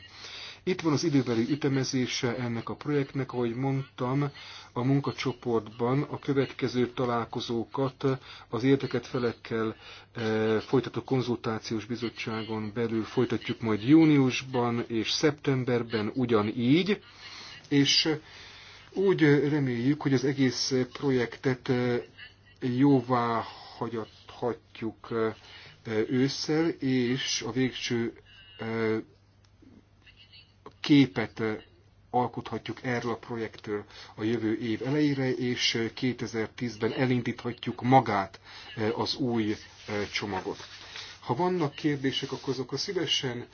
[SPEAKER 3] Itt van az időbeli ütemezése ennek a projektnek, ahogy mondtam, a munkacsoportban a következő találkozókat az érdeket felekkel e, folytató konzultációs bizottságon belül folytatjuk majd júniusban és szeptemberben ugyanígy, és úgy reméljük, hogy az egész projektet e, jóvá hagyathatjuk e, ősszel, és a végső képet alkothatjuk erről a projektről a jövő év elejére, és 2010-ben elindíthatjuk magát az új csomagot. Ha vannak kérdések, akkor azokra szívesen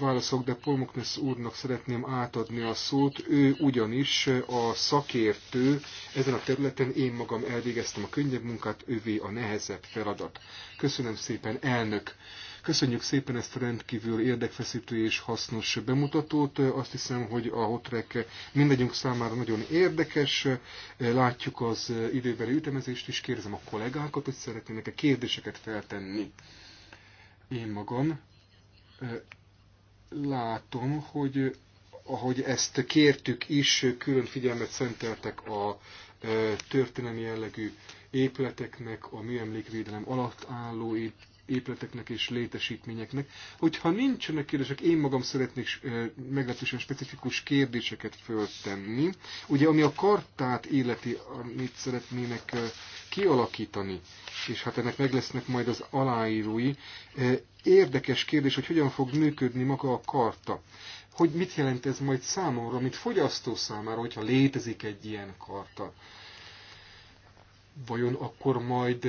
[SPEAKER 3] válaszok, de Polmoknes úrnak szeretném átadni a szót. Ő ugyanis a szakértő ezen a területen, én magam elvégeztem a könnyebb munkát, ővé a nehezebb feladat. Köszönöm szépen, elnök Köszönjük szépen ezt a rendkívül érdekfeszítő és hasznos bemutatót. Azt hiszem, hogy a hotrek mindegyünk számára nagyon érdekes. Látjuk az időbeli ütemezést is. Kérdezem a kollégákat, hogy szeretnének-e kérdéseket feltenni. Én magam eh, látom, hogy ahogy ezt kértük is, külön figyelmet szenteltek a eh, történelmi jellegű épületeknek, a műemlékvédelem alatt álló épületeknek és létesítményeknek. Hogyha nincsenek kérdések, én magam szeretnék meglehetősen specifikus kérdéseket föltenni. Ugye, ami a kartát életi, amit szeretnének kialakítani, és hát ennek meg lesznek majd az aláírói. Érdekes kérdés, hogy hogyan fog működni maga a karta. Hogy mit jelent ez majd számomra, mint fogyasztó számára, hogyha létezik egy ilyen karta vajon akkor majd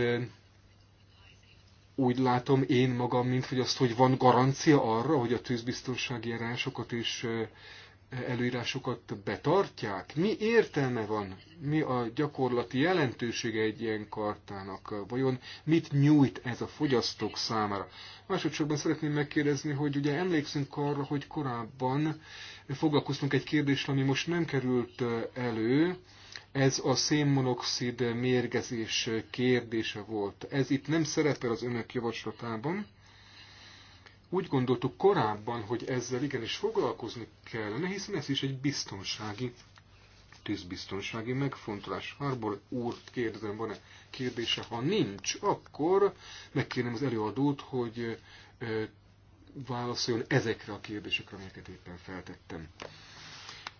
[SPEAKER 3] úgy látom én magam, mint hogy azt, hogy van garancia arra, hogy a tűzbiztonsági járásokat és előírásokat betartják? Mi értelme van? Mi a gyakorlati jelentősége egy ilyen kartának? Vajon mit nyújt ez a fogyasztók számára? Másodszorban szeretném megkérdezni, hogy ugye emlékszünk arra, hogy korábban foglalkoztunk egy kérdéssel, ami most nem került elő, ez a szénmonoxid mérgezés kérdése volt. Ez itt nem szerepel az önök javaslatában. Úgy gondoltuk korábban, hogy ezzel igenis foglalkozni kellene, hiszen ez is egy biztonsági, tűzbiztonsági megfontolás. Harbor úr, kérdezem, van-e kérdése? Ha nincs, akkor megkérném az előadót, hogy válaszoljon ezekre a kérdésekre, amelyeket éppen feltettem.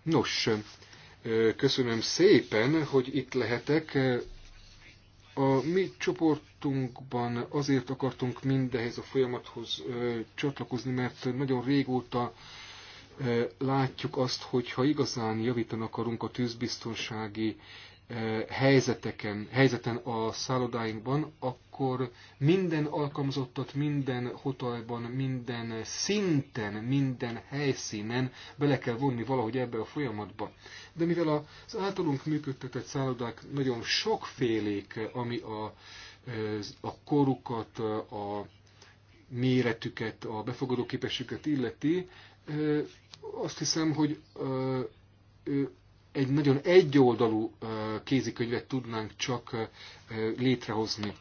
[SPEAKER 3] Nos, Köszönöm szépen, hogy itt lehetek. A mi csoportunkban azért akartunk mindehhez a folyamathoz csatlakozni, mert nagyon régóta látjuk azt, hogy ha igazán javítanak akarunk a tűzbiztonsági helyzeteken, helyzeten a szállodáinkban, akkor minden alkalmazottat, minden hotelban, minden szinten, minden helyszínen bele kell vonni valahogy ebbe a folyamatba. De mivel az általunk működtetett szállodák nagyon sokfélék, ami a, a korukat, a méretüket, a befogadóképességüket illeti, azt hiszem, hogy egy nagyon egyoldalú kézikönyvet tudnánk csak létrehozni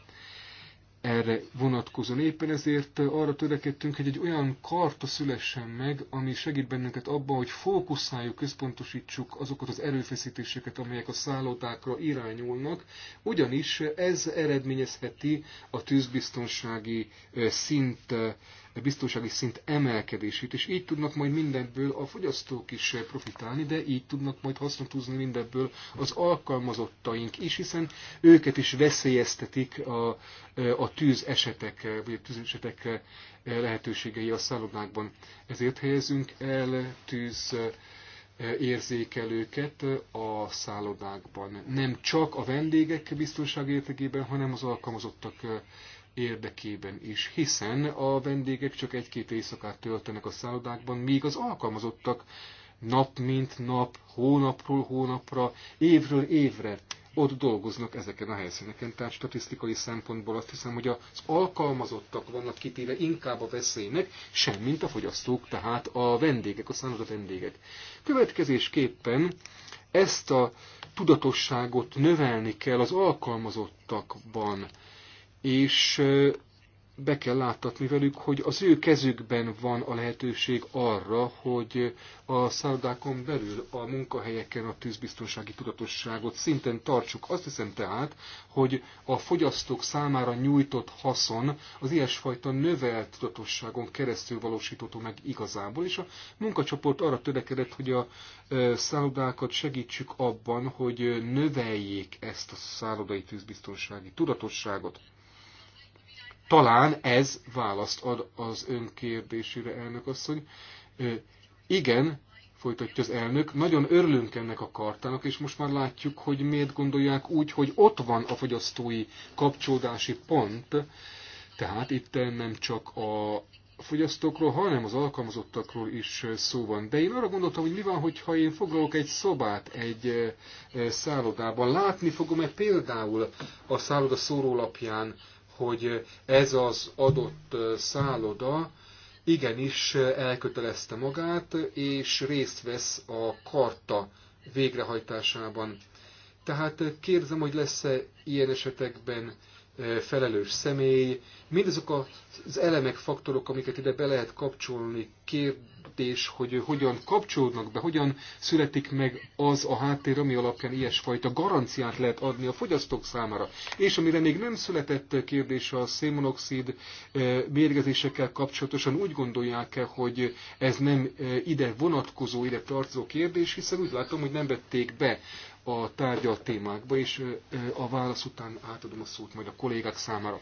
[SPEAKER 3] erre vonatkozóan. Éppen ezért arra törekedtünk, hogy egy olyan karta szülessen meg, ami segít bennünket abban, hogy fókuszáljuk, központosítsuk azokat az erőfeszítéseket, amelyek a szállodákra irányulnak, ugyanis ez eredményezheti a tűzbiztonsági szint biztonsági szint emelkedését, és így tudnak majd mindenből a fogyasztók is profitálni, de így tudnak majd hasznot húzni mindenből az alkalmazottaink is, hiszen őket is veszélyeztetik a, a tűz esetek, vagy a tűz esetek lehetőségei a szállodákban. Ezért helyezünk el tűz érzékelőket a szállodákban. Nem csak a vendégek biztonsági értekében, hanem az alkalmazottak érdekében is, hiszen a vendégek csak egy-két éjszakát töltenek a szállodákban, míg az alkalmazottak nap mint nap, hónapról hónapra, évről évre ott dolgoznak ezeken a helyszíneken. Tehát statisztikai szempontból azt hiszem, hogy az alkalmazottak vannak kitéve inkább a veszélynek, sem mint a fogyasztók, tehát a vendégek, a szálloda vendégek. Következésképpen ezt a tudatosságot növelni kell az alkalmazottakban, és be kell láttatni velük, hogy az ő kezükben van a lehetőség arra, hogy a szállodákon belül a munkahelyeken a tűzbiztonsági tudatosságot szinten tartsuk. Azt hiszem tehát, hogy a fogyasztók számára nyújtott haszon az ilyesfajta növelt tudatosságon keresztül valósítható meg igazából, és a munkacsoport arra törekedett, hogy a szállodákat segítsük abban, hogy növeljék ezt a szállodai tűzbiztonsági tudatosságot. Talán ez választ ad az ön kérdésére, elnök asszony. Igen, folytatja az elnök, nagyon örülünk ennek a kartának, és most már látjuk, hogy miért gondolják úgy, hogy ott van a fogyasztói kapcsolódási pont, tehát itt nem csak a fogyasztókról, hanem az alkalmazottakról is szó van. De én arra gondoltam, hogy mi van, hogyha én foglalok egy szobát egy szállodában. Látni fogom-e például a szálloda szórólapján hogy ez az adott szálloda igenis elkötelezte magát, és részt vesz a karta végrehajtásában. Tehát kérdezem, hogy lesz-e ilyen esetekben felelős személy. Mindezok az elemek, faktorok, amiket ide be lehet kapcsolni, kérdezem, döntés, hogy hogyan kapcsolódnak be, hogyan születik meg az a háttér, ami alapján ilyesfajta garanciát lehet adni a fogyasztók számára. És amire még nem született kérdés a szénmonoxid eh, mérgezésekkel kapcsolatosan, úgy gondolják-e, hogy ez nem eh, ide vonatkozó, ide tartozó kérdés, hiszen úgy látom, hogy nem vették be a tárgyalt témákba, és eh, a válasz után átadom a szót majd a kollégák számára.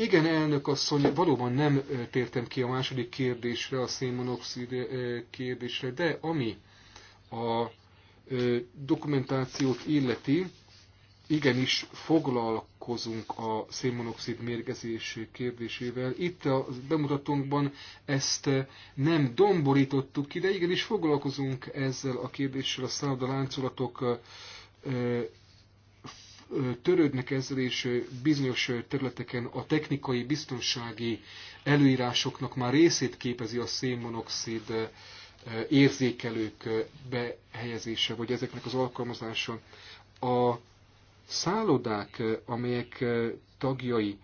[SPEAKER 3] Igen, elnök asszony, valóban nem tértem ki a második kérdésre, a szénmonoxid kérdésre, de ami a dokumentációt illeti, igenis foglalkozunk a szénmonoxid mérgezés kérdésével. Itt a bemutatónkban ezt nem domborítottuk ki, de igenis foglalkozunk ezzel a kérdéssel a szállodaláncolatok törődnek ezzel, és bizonyos területeken a technikai biztonsági előírásoknak már részét képezi a szénmonoxid érzékelők behelyezése, vagy ezeknek az alkalmazása. A szállodák, amelyek tagjai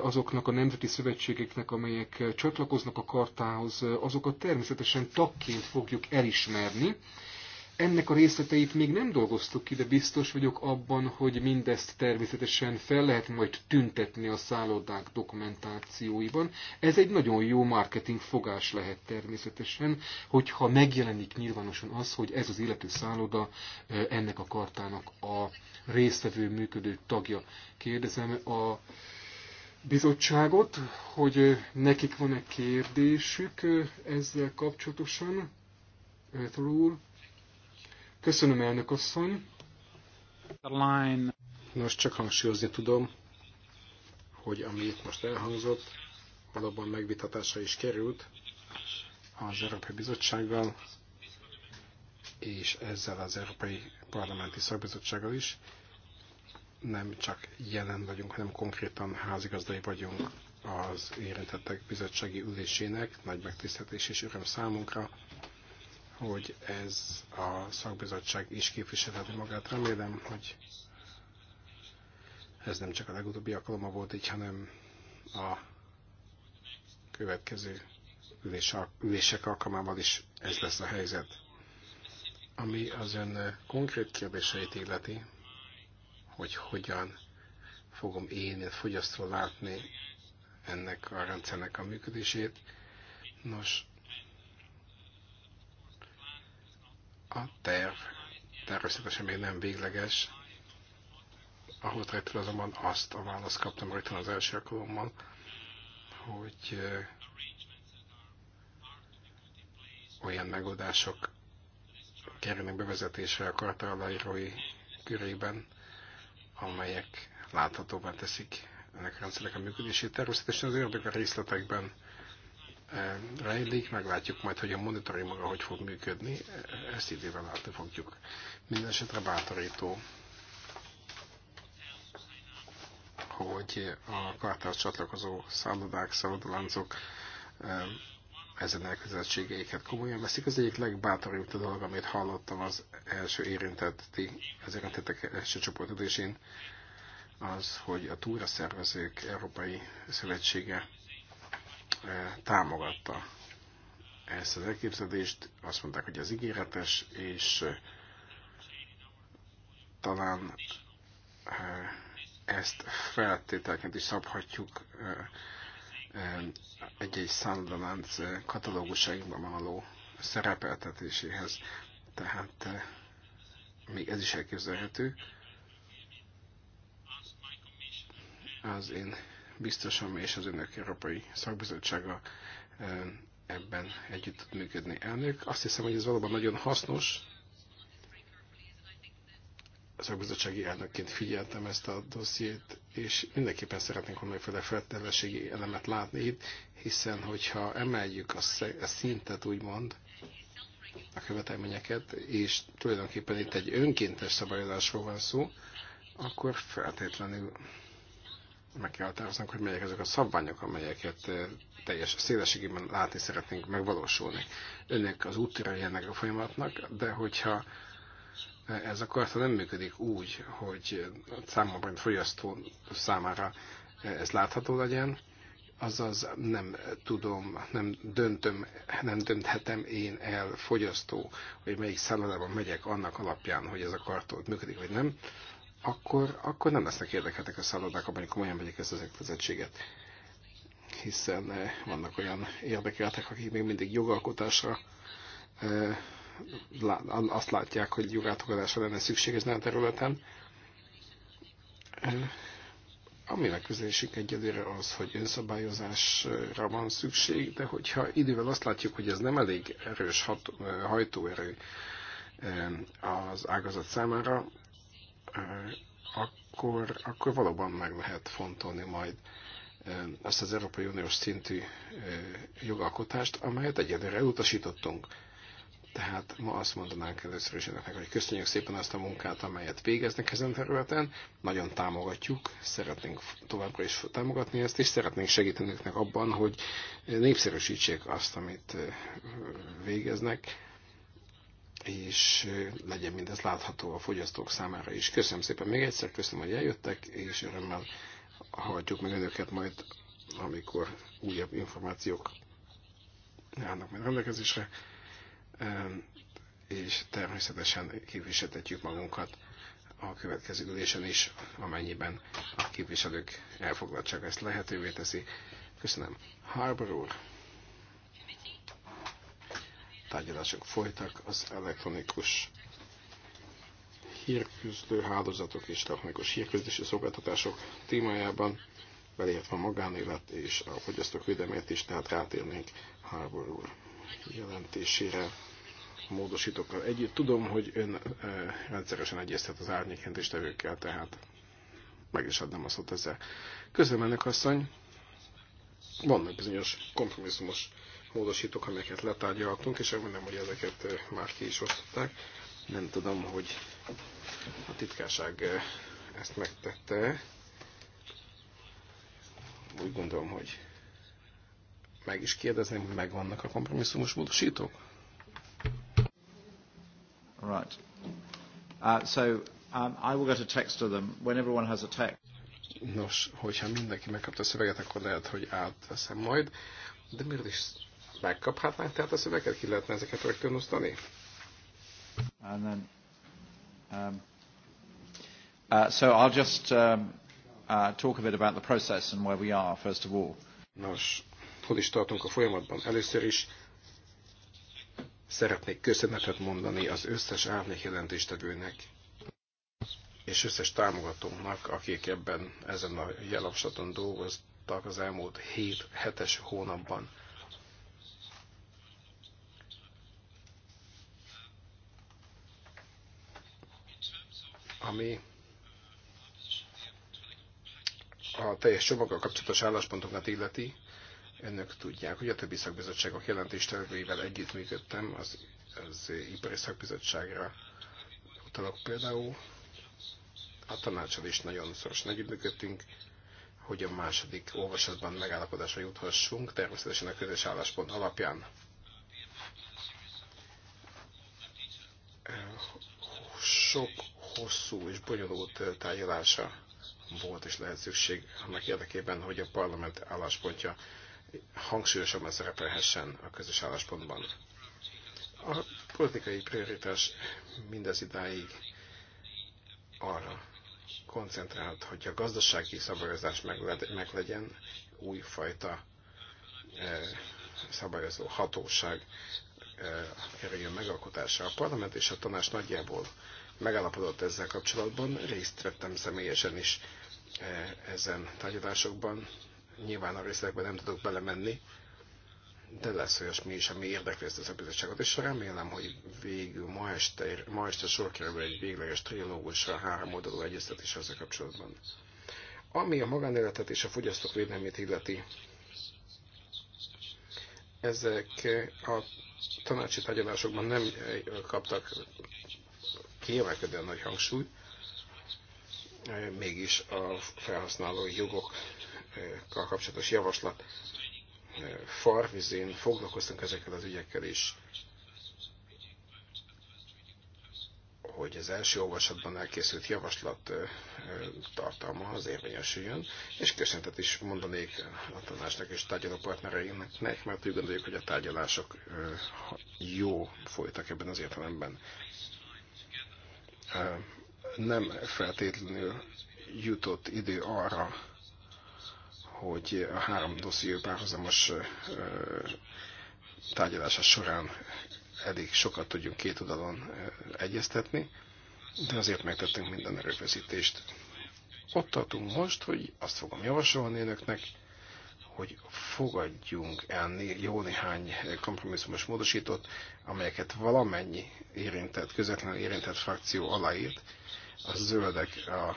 [SPEAKER 3] azoknak a nemzeti szövetségeknek, amelyek csatlakoznak a kartához, azokat természetesen tagként fogjuk elismerni, ennek a részleteit még nem dolgoztuk ki, de biztos vagyok abban, hogy mindezt természetesen fel lehet majd tüntetni a szállodák dokumentációiban. Ez egy nagyon jó marketing fogás lehet természetesen, hogyha megjelenik nyilvánosan az, hogy ez az illető szálloda e, ennek a kartának a résztvevő működő tagja. Kérdezem a bizottságot, hogy e, nekik van-e kérdésük e, ezzel kapcsolatosan. Ötről. Köszönöm, elnök asszony.
[SPEAKER 2] Nos, csak hangsúlyozni tudom, hogy ami itt most elhangzott, valóban megvitatásra is került az Európai Bizottsággal, és ezzel az Európai Parlamenti Szakbizottsággal is. Nem csak jelen vagyunk, hanem konkrétan házigazdai vagyunk az érintettek bizottsági ülésének. Nagy megtiszteltés és öröm számunkra, hogy ez a szakbizottság is képviselheti magát. Remélem, hogy ez nem csak a legutóbbi alkalommal volt így, hanem a következő ülések alkalmával is ez lesz a helyzet. Ami az ön konkrét kérdéseit illeti, hogy hogyan fogom én, fogyasztó látni ennek a rendszernek a működését. Nos, A terv természetesen még nem végleges. Ahhoz Hotrejtől azonban azt a választ kaptam rögtön az első alkalommal, hogy eh, olyan megoldások kerülnek bevezetésre a karta körében, amelyek láthatóvá teszik ennek a rendszerek a működését. Természetesen az érdek a részletekben rejlik, meglátjuk majd, hogy a monitoring maga hogy fog működni, ezt idővel látni fogjuk. Mindenesetre bátorító, hogy a kartához csatlakozó szállodák, szállodaláncok eh, ezen elközeltségeiket komolyan veszik. Az egyik legbátorabb dolog, amit hallottam az első érintetti, az érintettek első csoportodésén, az, hogy a túraszervezők Európai Szövetsége E, támogatta ezt az elképzelést, azt mondták, hogy az ígéretes, és e, talán e, ezt feltételként is szabhatjuk egy-egy szállodalánc katalógusainkban való szerepeltetéséhez. Tehát még ez is elképzelhető. Az én biztosom és az önök Európai Szakbizottsága ebben együtt tud működni. Elnök, azt hiszem, hogy ez valóban nagyon hasznos. A szakbizottsági elnökként figyeltem ezt a dossziét, és mindenképpen szeretnénk valamiféle feltelességi elemet látni itt, hiszen hogyha emeljük a, a szintet, úgymond, a követelményeket, és tulajdonképpen itt egy önkéntes szabályozásról van szó, akkor feltétlenül meg kell határoznunk, hogy melyek azok a szabványok, amelyeket eh, teljes szélességében látni szeretnénk megvalósulni. Önök az útra ennek a folyamatnak, de hogyha eh, ez a karta nem működik úgy, hogy eh, számomra, mint fogyasztó számára ez látható legyen, azaz nem tudom, nem döntöm, nem dönthetem én el fogyasztó, hogy melyik szállodában megyek annak alapján, hogy ez a kartót működik, vagy nem akkor, akkor nem lesznek érdekeltek a szállodák, abban komolyan vegyék ezt az egyfezettséget. Hiszen eh, vannak olyan érdekeltek, akik még mindig jogalkotásra eh, azt látják, hogy jogátogatásra lenne szükség ezen a területen. Eh, a mi megközelésünk egyedülre az, hogy önszabályozásra van szükség, de hogyha idővel azt látjuk, hogy ez nem elég erős hat, hajtóerő az ágazat számára, akkor, akkor valóban meg lehet fontolni majd ezt az Európai Uniós szintű jogalkotást, amelyet egyedülre elutasítottunk. Tehát ma azt mondanánk először is önöknek, hogy köszönjük szépen azt a munkát, amelyet végeznek ezen területen, nagyon támogatjuk, szeretnénk továbbra is támogatni ezt, és szeretnénk segíteni önöknek abban, hogy népszerűsítsék azt, amit végeznek és legyen mindez látható a fogyasztók számára is. Köszönöm szépen még egyszer, köszönöm, hogy eljöttek, és örömmel hagyjuk meg önöket majd, amikor újabb információk állnak meg rendelkezésre, és természetesen képviseltetjük magunkat a következő ülésen is, amennyiben a képviselők elfoglaltsága ezt lehetővé teszi. Köszönöm. Harbor úr tárgyalások folytak az elektronikus hírküzdő hálózatok és technikus hírküzdési szolgáltatások témájában, beleértve a magánélet és a fogyasztók védelmét is, tehát rátérnénk háború jelentésére módosítókkal együtt. Tudom, hogy ön e, rendszeresen egyeztet az tevőkkel, tehát meg is adnám a szót ezzel. Köszönöm, ennek asszony. Vannak bizonyos kompromisszumos módosítok, amelyeket letárgyaltunk, és remélem, hogy ezeket eh, már ki is osztották. Nem tudom, hogy a titkárság eh, ezt megtette. Úgy gondolom, hogy meg is kérdezném, hogy megvannak a kompromisszumos módosítók. Right. Uh, so um, I will get a text to them when everyone has a text. Nos, hogyha mindenki megkapta a szöveget, akkor lehet, hogy átveszem majd. De miért is Megkaphatnánk tehát a szöveget? Ki lehetne ezeket rögtön osztani? And then, um, uh, so I'll just um, uh, talk a bit about the process and where we are, first of all. Nos, hol is tartunk a folyamatban? Először is szeretnék köszönetet mondani az összes jelentéstevőnek és összes támogatónak, akik ebben ezen a jelapsaton dolgoztak az elmúlt 7 hetes hónapban. ami a teljes csomaggal kapcsolatos álláspontokat illeti, önök tudják, hogy a többi szakbizottságok jelentéstevőivel együttműködtem, az, az ipari szakbizottságra utalok például. A tanácsal is nagyon szorosan együttműködtünk, hogy a második olvasatban megállapodásra juthassunk, természetesen a közös álláspont alapján. Sok hosszú és bonyolult tárgyalása volt és lehet szükség annak érdekében, hogy a parlament álláspontja hangsúlyosabban szerepelhessen a közös álláspontban. A politikai prioritás mindez idáig arra koncentrált, hogy a gazdasági szabályozás meglegyen, újfajta szabályozó hatóság kerüljön megalkotásra. A parlament és a tanács nagyjából megállapodott ezzel kapcsolatban, részt vettem személyesen is eh, ezen tárgyalásokban. Nyilván a részletekben nem tudok belemenni, de lesz olyasmi is, ami érdekli ezt a bizottságot, és remélem, hogy végül ma este, ma este sor kerül egy végleges trilógusra, három oldalú egyeztetés ezzel kapcsolatban. Ami a magánéletet és a fogyasztók védelmét illeti, ezek a tanácsi tárgyalásokban nem eh, kaptak kiemelkedően nagy hangsúly, e, mégis a felhasználói jogokkal kapcsolatos javaslat e, farvizén foglalkoztunk ezekkel az ügyekkel is, hogy az első olvasatban elkészült javaslat e, tartalma az érvényesüljön, és köszöntet is mondanék a tanácsnak és tárgyaló partnereinknek, mert úgy gondoljuk, hogy a tárgyalások jó folytak ebben az értelemben nem feltétlenül jutott idő arra, hogy a három dosszió párhuzamos tárgyalása során elég sokat tudjunk két oldalon egyeztetni, de azért megtettünk minden erőfeszítést. Ott tartunk most, hogy azt fogom javasolni önöknek, hogy fogadjunk el jó néhány kompromisszumos módosítót, amelyeket valamennyi érintett, közvetlenül érintett frakció aláírt. A zöldek a,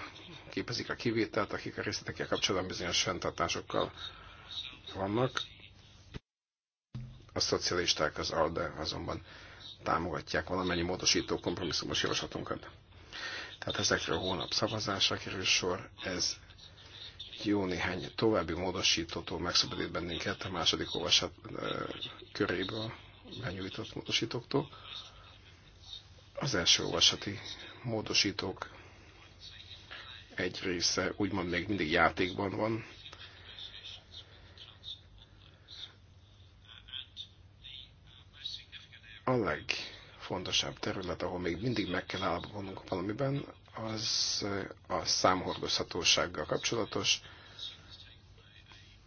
[SPEAKER 2] képezik a kivételt, akik a részletekkel kapcsolatban bizonyos fenntartásokkal vannak. A szocialisták, az ALDE azonban támogatják valamennyi módosító kompromisszumos javaslatunkat. Tehát ezekre a hónap szavazásra kerül sor, ez jó néhány további módosítótól megszabadít bennünket a második olvasat köréből benyújtott módosítóktól. Az első olvasati módosítók egy része úgymond még mindig játékban van, a legfontosabb terület, ahol még mindig meg kell állapodnunk valamiben, az a számhordozhatósággal kapcsolatos,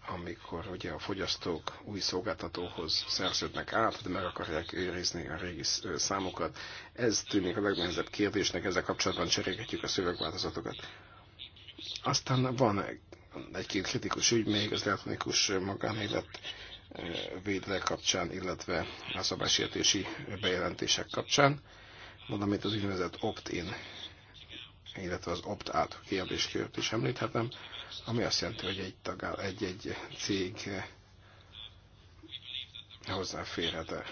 [SPEAKER 2] amikor ugye a fogyasztók új szolgáltatóhoz szerződnek át, de meg akarják őrizni a régi számokat. Ez tűnik a legnehezebb kérdésnek, ezzel kapcsolatban cserélgetjük a szövegváltozatokat. Aztán van egy-két kritikus ügy még az elektronikus magánélet védele kapcsán, illetve a szabásértési bejelentések kapcsán. Mondom, az úgynevezett opt-in illetve az opt-out kérdéskört is említhetem, ami azt jelenti, hogy egy, tagál, egy, egy cég hozzáférhet -e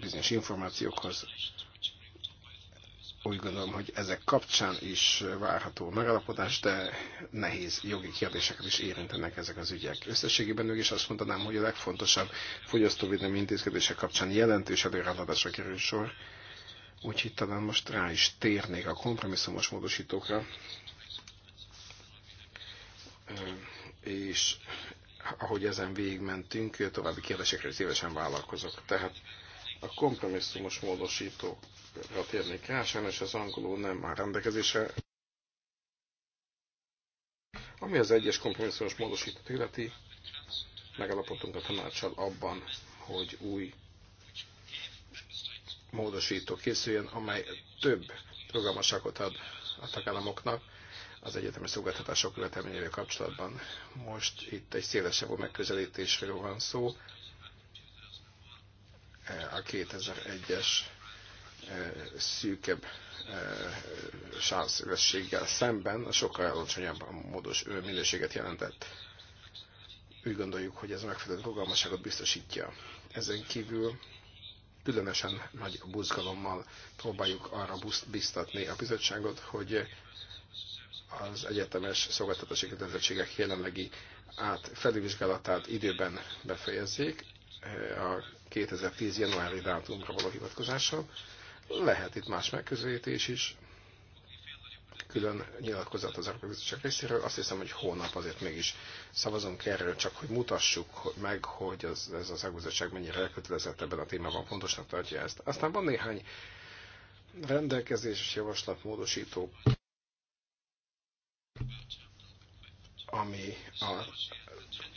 [SPEAKER 2] bizonyos információkhoz. Úgy gondolom, hogy ezek kapcsán is várható megalapodás, de nehéz jogi kérdéseket is érintenek ezek az ügyek. Összességében mégis azt mondanám, hogy a legfontosabb fogyasztóvédelmi intézkedések kapcsán jelentős előrehaladásra kerül sor, Úgyhogy talán most rá is térnék a kompromisszumos módosítókra. És ahogy ezen végigmentünk, további kérdésekre szívesen vállalkozok. Tehát a kompromisszumos módosítókra térnék rá, sajnos az angolul nem már rendelkezésre. Ami az egyes kompromisszumos módosítót illeti, megalapodtunk a tanácssal abban, hogy új módosító készüljön, amely több programosakot ad a tagállamoknak az egyetemi szolgáltatások követelményével kapcsolatban. Most itt egy szélesebb megközelítésről van szó, e, a 2001-es e, szűkebb e, sávszövességgel szemben a sokkal alacsonyabb a módos minőséget jelentett. Úgy gondoljuk, hogy ez megfelelő rugalmasságot biztosítja. Ezen kívül különösen nagy buzgalommal próbáljuk arra biztatni a bizottságot, hogy az egyetemes szolgáltatási kötelezettségek jelenlegi át felülvizsgálatát időben befejezzék eh, a 2010. januári dátumra való hivatkozással. Lehet itt más megközelítés is, külön nyilatkozat az Európai részéről. Azt hiszem, hogy hónap azért mégis szavazunk erről, csak hogy mutassuk meg, hogy az, ez az Bizottság mennyire elkötelezett ebben a témában, fontosnak tartja ezt. Aztán van néhány rendelkezéses javaslat módosító, ami a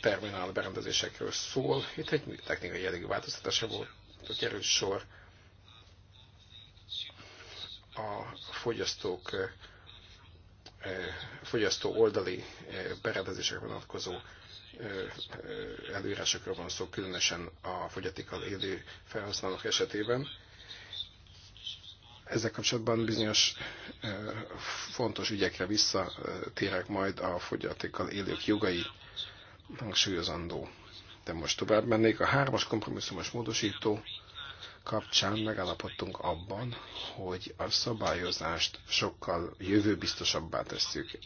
[SPEAKER 2] terminál berendezésekről szól. Itt egy technikai jellegű változtatása volt, került sor a fogyasztók fogyasztó oldali berendezések vonatkozó előírásokról van szó, különösen a fogyatékkal élő felhasználók esetében. Ezzel kapcsolatban bizonyos fontos ügyekre visszatérek majd a fogyatékkal élők jogai hangsúlyozandó. De most tovább mennék. A hármas kompromisszumos módosító kapcsán megállapodtunk abban, hogy a szabályozást sokkal jövőbiztosabbá tesszük,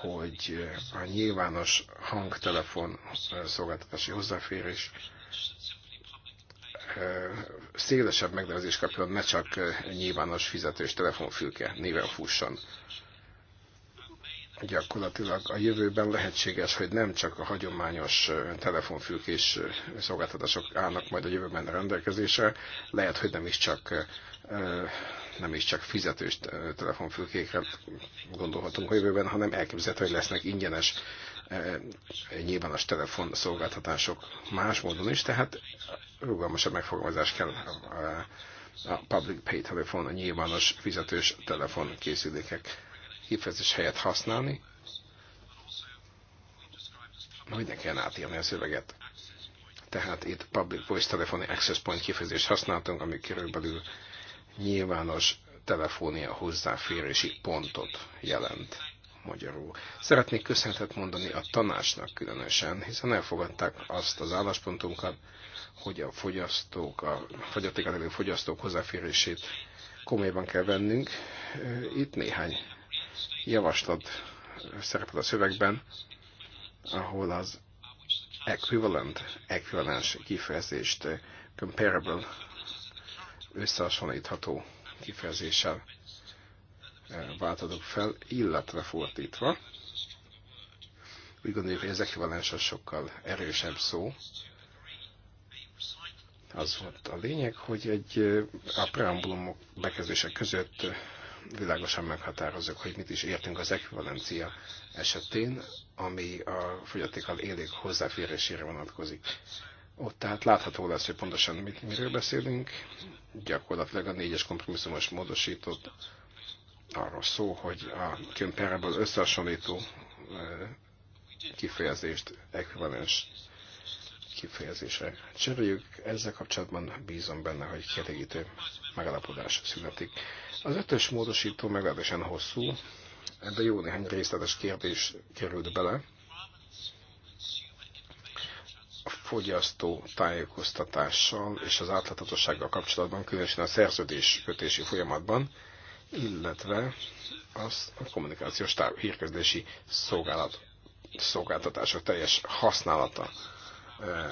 [SPEAKER 2] hogy a nyilvános hangtelefon szolgáltatási hozzáférés szélesebb megnevezés kapjon, ne csak nyilvános fizetős telefonfülke néven fusson gyakorlatilag a jövőben lehetséges, hogy nem csak a hagyományos telefonfülkés szolgáltatások állnak majd a jövőben a rendelkezésre, lehet, hogy nem is csak nem is csak fizetős telefonfülkékre gondolhatunk a jövőben, hanem elképzelhető, hogy lesznek ingyenes nyilvános telefon szolgáltatások más módon is, tehát rugalmasabb megfogalmazás kell a public pay telefon, a nyilvános fizetős telefon készülékek kifejezés helyet használni, kell átírni a szöveget. Tehát itt Public Voice telefoni Access Point kifejezést használtunk, ami körülbelül nyilvános telefónia hozzáférési pontot jelent magyarul. Szeretnék köszönetet mondani a tanácsnak különösen, hiszen elfogadták azt az álláspontunkat, hogy a fogyasztók, a fogyatékkal fogyasztók hozzáférését komolyban kell vennünk. Itt néhány javaslat szerepel a szövegben, ahol az equivalent, equivalens kifejezést comparable, összehasonlítható kifejezéssel eh, váltadok fel, illetve fordítva. Úgy gondoljuk, hogy az equivalens az sokkal erősebb szó. Az volt a lényeg, hogy egy, eh, a preambulumok bekezdések között világosan meghatározzuk, hogy mit is értünk az ekvivalencia esetén, ami a fogyatékkal élők hozzáférésére vonatkozik. Ott tehát látható lesz, hogy pontosan mit, miről beszélünk. Gyakorlatilag a négyes kompromisszumos módosított arról szó, hogy a comparable összehasonlító kifejezést, ekvivalens kifejezésre cseréljük. Ezzel kapcsolatban bízom benne, hogy kielégítő megállapodás születik. Az ötös módosító meglehetősen hosszú, de jó néhány részletes kérdés került bele. A fogyasztó tájékoztatással és az átláthatósággal kapcsolatban, különösen a szerződés kötési folyamatban, illetve az a kommunikációs táv hírközlési szolgálat, szolgáltatások teljes használata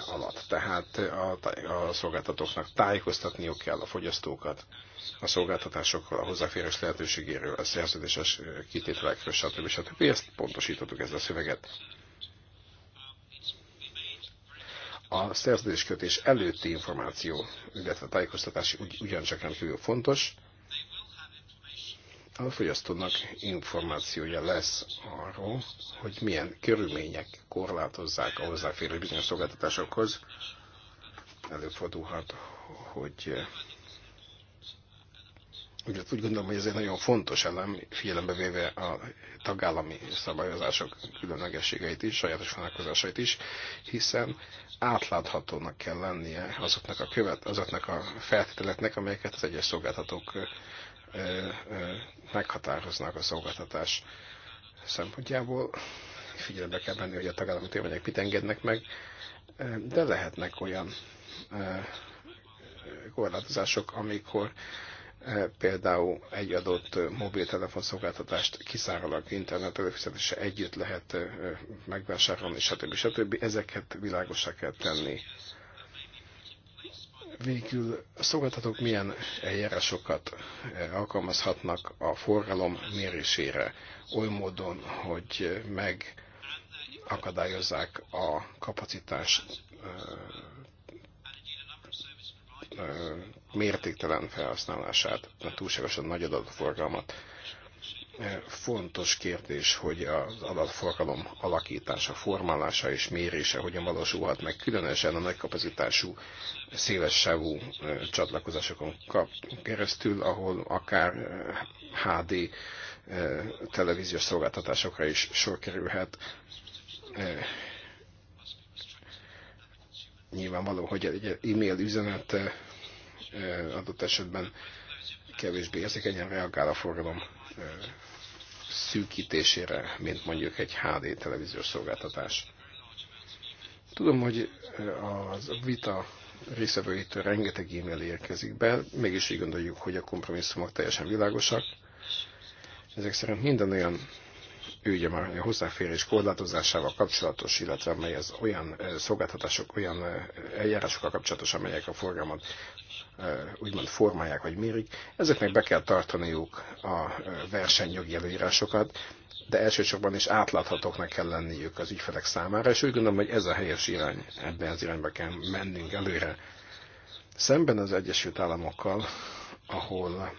[SPEAKER 2] alatt. Tehát a, a szolgáltatóknak tájékoztatniuk kell a fogyasztókat a szolgáltatásokról, a hozzáférés lehetőségéről, a szerződéses kitételekről, stb. stb. Ezt pontosítottuk ezzel a szöveget. A szerződéskötés előtti információ, illetve a tájékoztatás ugyancsak rendkívül fontos, a fogyasztónak információja lesz arról, hogy milyen körülmények korlátozzák a hozzáférő bizonyos szolgáltatásokhoz. Előfordulhat, hogy úgy, úgy gondolom, hogy ez egy nagyon fontos elem, figyelembe véve a tagállami szabályozások különlegességeit is, sajátos vonatkozásait is, hiszen átláthatónak kell lennie azoknak a, követ, azoknak a feltételeknek, amelyeket az egyes szolgáltatók meghatároznak a szolgáltatás szempontjából. Figyelembe kell venni, hogy a tagállami törvények mit engednek meg, de lehetnek olyan korlátozások, amikor például egy adott mobiltelefon szolgáltatást kiszárólag internet előfizetése együtt lehet megvásárolni, stb. stb. Ezeket világosá kell tenni végül a szolgáltatók milyen eljárásokat eh, alkalmazhatnak a forgalom mérésére, oly módon, hogy megakadályozzák a kapacitás eh, eh, mértéktelen felhasználását, a túlságosan nagy adatforgalmat fontos kérdés, hogy az adatforgalom alakítása, formálása és mérése hogyan valósulhat meg, különösen a nagykapacitású, szélessávú csatlakozásokon kap keresztül, ahol akár HD televíziós szolgáltatásokra is sor kerülhet. Nyilvánvaló, hogy egy e-mail üzenet adott esetben kevésbé érzékenyen reagál a forgalom szűkítésére, mint mondjuk egy HD televíziós szolgáltatás. Tudom, hogy a vita részevőjétől rengeteg e-mail érkezik be, mégis így gondoljuk, hogy a kompromisszumok teljesen világosak. Ezek szerint minden olyan ügy, amely a hozzáférés korlátozásával kapcsolatos, illetve amely az olyan szolgáltatások, olyan eljárásokkal kapcsolatos, amelyek a forgalmat úgymond formálják vagy mérik, ezeknek be kell tartaniuk a versenyjogi előírásokat, de elsősorban is átláthatóknak kell lenniük az ügyfelek számára, és úgy gondolom, hogy ez a helyes irány, ebben az irányba kell mennünk előre. Szemben az Egyesült Államokkal, ahol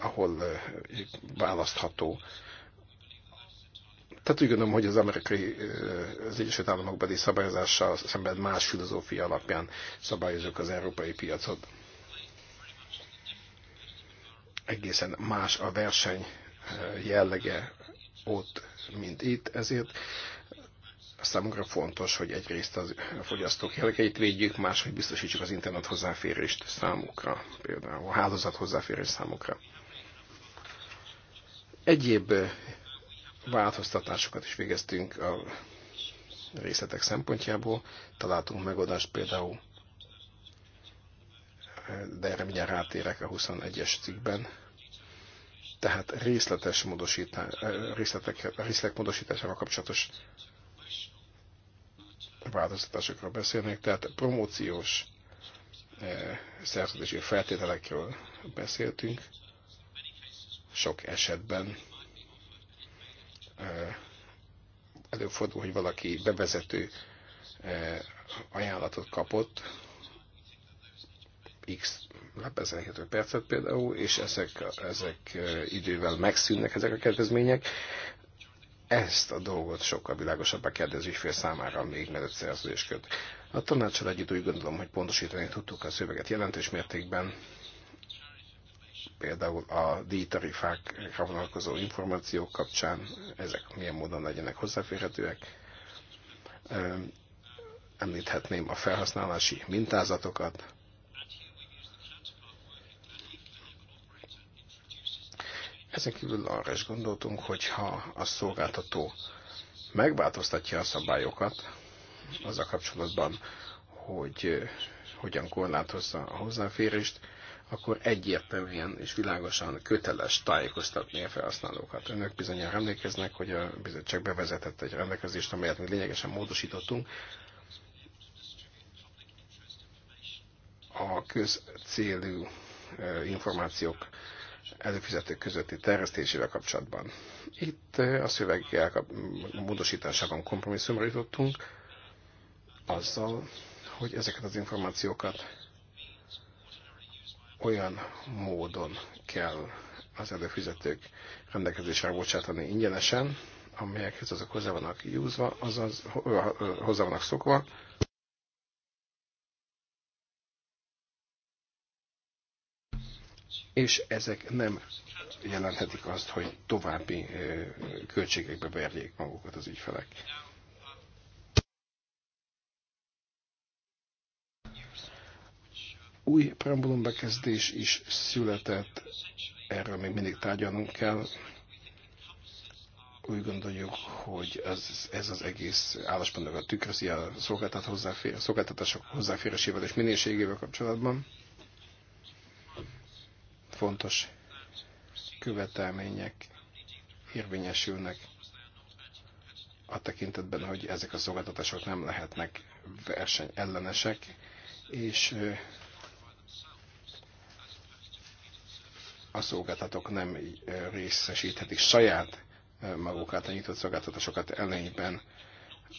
[SPEAKER 2] ahol választható tehát úgy gondolom, hogy az amerikai, az Egyesült beli szabályozással szemben más filozófia alapján szabályozók az európai piacot. Egészen más a verseny jellege ott, mint itt, ezért számunkra fontos, hogy egyrészt a fogyasztók jellegeit védjük, máshogy biztosítsuk az internet hozzáférést számukra, például a hálózat hozzáférés számukra. Egyéb változtatásokat is végeztünk a részletek szempontjából. Találtunk megoldást például, de erre mindjárt rátérek a 21-es cikkben, tehát részletes módosítás, részletek, részletek módosításával kapcsolatos változtatásokról beszélnek, tehát promóciós eh, szerződési feltételekről beszéltünk. Sok esetben előfordul, hogy valaki bevezető ajánlatot kapott, x lebezelhető hát percet például, és ezek, ezek idővel megszűnnek ezek a kedvezmények. Ezt a dolgot sokkal világosabb a az ügyfél számára, még mielőtt szerződés köt. A tanácsal együtt úgy gondolom, hogy pontosítani tudtuk a szöveget jelentős mértékben, például a díjtarifákra vonatkozó információk kapcsán, ezek milyen módon legyenek hozzáférhetőek. Említhetném a felhasználási mintázatokat, Ezen kívül arra is gondoltunk, hogy ha a szolgáltató megváltoztatja a szabályokat az a kapcsolatban, hogy hogyan korlátozza a hozzáférést, akkor egyértelműen és világosan köteles tájékoztatni a felhasználókat. Önök bizonyára emlékeznek, hogy a bizottság bevezetett egy rendelkezést, amelyet mi lényegesen módosítottunk. A közcélű információk előfizetők közötti terjesztésével kapcsolatban. Itt a szöveggel a módosításában kompromisszumra jutottunk, azzal, hogy ezeket az információkat olyan módon kell az előfizetők rendelkezésre bocsátani ingyenesen, amelyekhez azok hozzá vannak júzva, azaz hozzá vannak szokva. És ezek nem jelenthetik azt, hogy további költségekbe verjék magukat az ügyfelek. új preambulum bekezdés is született, erről még mindig tárgyalnunk kell. Úgy gondoljuk, hogy ez, ez az egész a tükrözi a szolgáltat hozzáfér, szolgáltatások hozzáférésével és minőségével kapcsolatban. Fontos követelmények érvényesülnek a tekintetben, hogy ezek a szolgáltatások nem lehetnek versenyellenesek, és a szolgáltatók nem részesíthetik saját magukat, a nyitott szolgáltatásokat ellenében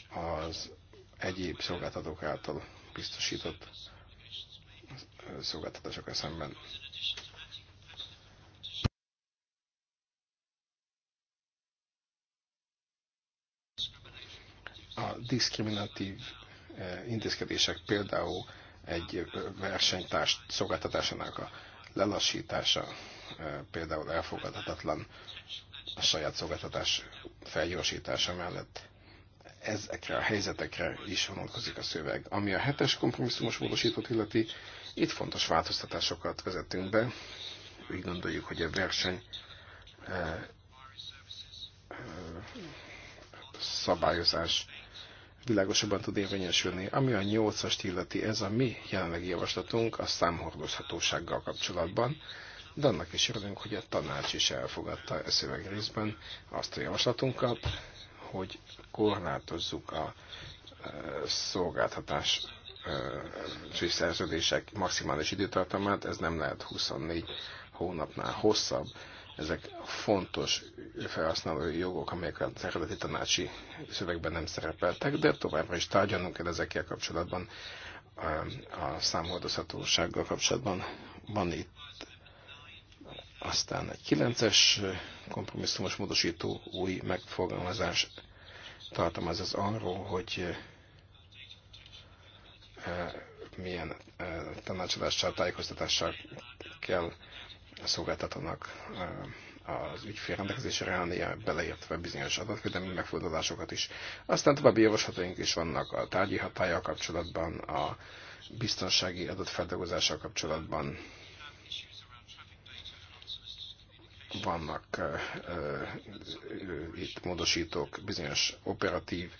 [SPEAKER 2] az egyéb szolgáltatók által biztosított szolgáltatásokkal szemben. A diszkriminatív intézkedések például egy versenytárs szolgáltatásának a lelassítása, például elfogadhatatlan a saját szolgáltatás felgyorsítása mellett. Ezekre a helyzetekre is vonatkozik a szöveg. Ami a hetes kompromisszumos módosítót illeti, itt fontos változtatásokat vezetünk be. Úgy gondoljuk, hogy a verseny szabályozás világosabban tud érvényesülni. Ami a nyolcas illeti, ez a mi jelenlegi javaslatunk a számhordozhatósággal kapcsolatban de annak is örülünk, hogy a tanács is elfogadta a e szövegrészben azt a javaslatunkat, hogy korlátozzuk a e, szolgáltatás e, szerződések maximális időtartamát, ez nem lehet 24 hónapnál hosszabb. Ezek fontos felhasználói jogok, amelyek az eredeti tanácsi szövegben nem szerepeltek, de továbbra is tárgyalunk el ezekkel kapcsolatban, a számoldozhatósággal kapcsolatban. Van itt aztán egy 9-es kompromisszumos módosító új megfogalmazás tartalmaz az arról, hogy eh, milyen eh, tanácsadással, tájékoztatással kell szolgáltatónak eh, az ügyfél rendelkezésre állni, beleértve bizonyos adatvédelmi megfordulásokat is. Aztán további javaslataink is vannak a tárgyi hatája kapcsolatban, a biztonsági adatfeldolgozással kapcsolatban, vannak itt módosítók bizonyos operatív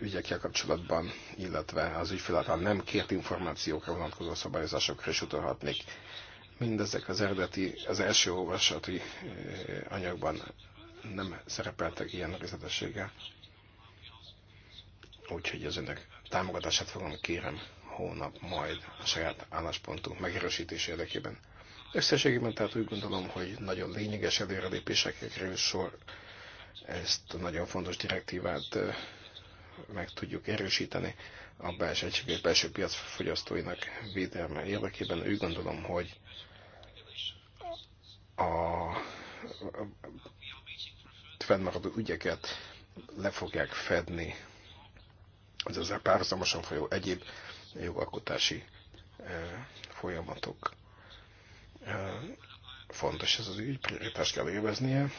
[SPEAKER 2] ügyekkel kapcsolatban, illetve az ügyfél által nem kért információkra vonatkozó szabályozásokra is utalhatnék. Mindezek az eredeti, az első olvasati anyagban nem szerepeltek ilyen részletességgel. Úgyhogy az önök támogatását fogom kérem hónap majd a saját álláspontunk megerősítés érdekében. Összességében tehát úgy gondolom, hogy nagyon lényeges előrelépésekre kerül sor. Ezt a nagyon fontos direktívát meg tudjuk erősíteni a belső egységes belső piac fogyasztóinak védelme érdekében. Úgy gondolom, hogy a fennmaradó ügyeket le fogják fedni az ezzel párhuzamosan folyó egyéb jogalkotási folyamatok. Fontos ez az ügy, prioritást kell élveznie.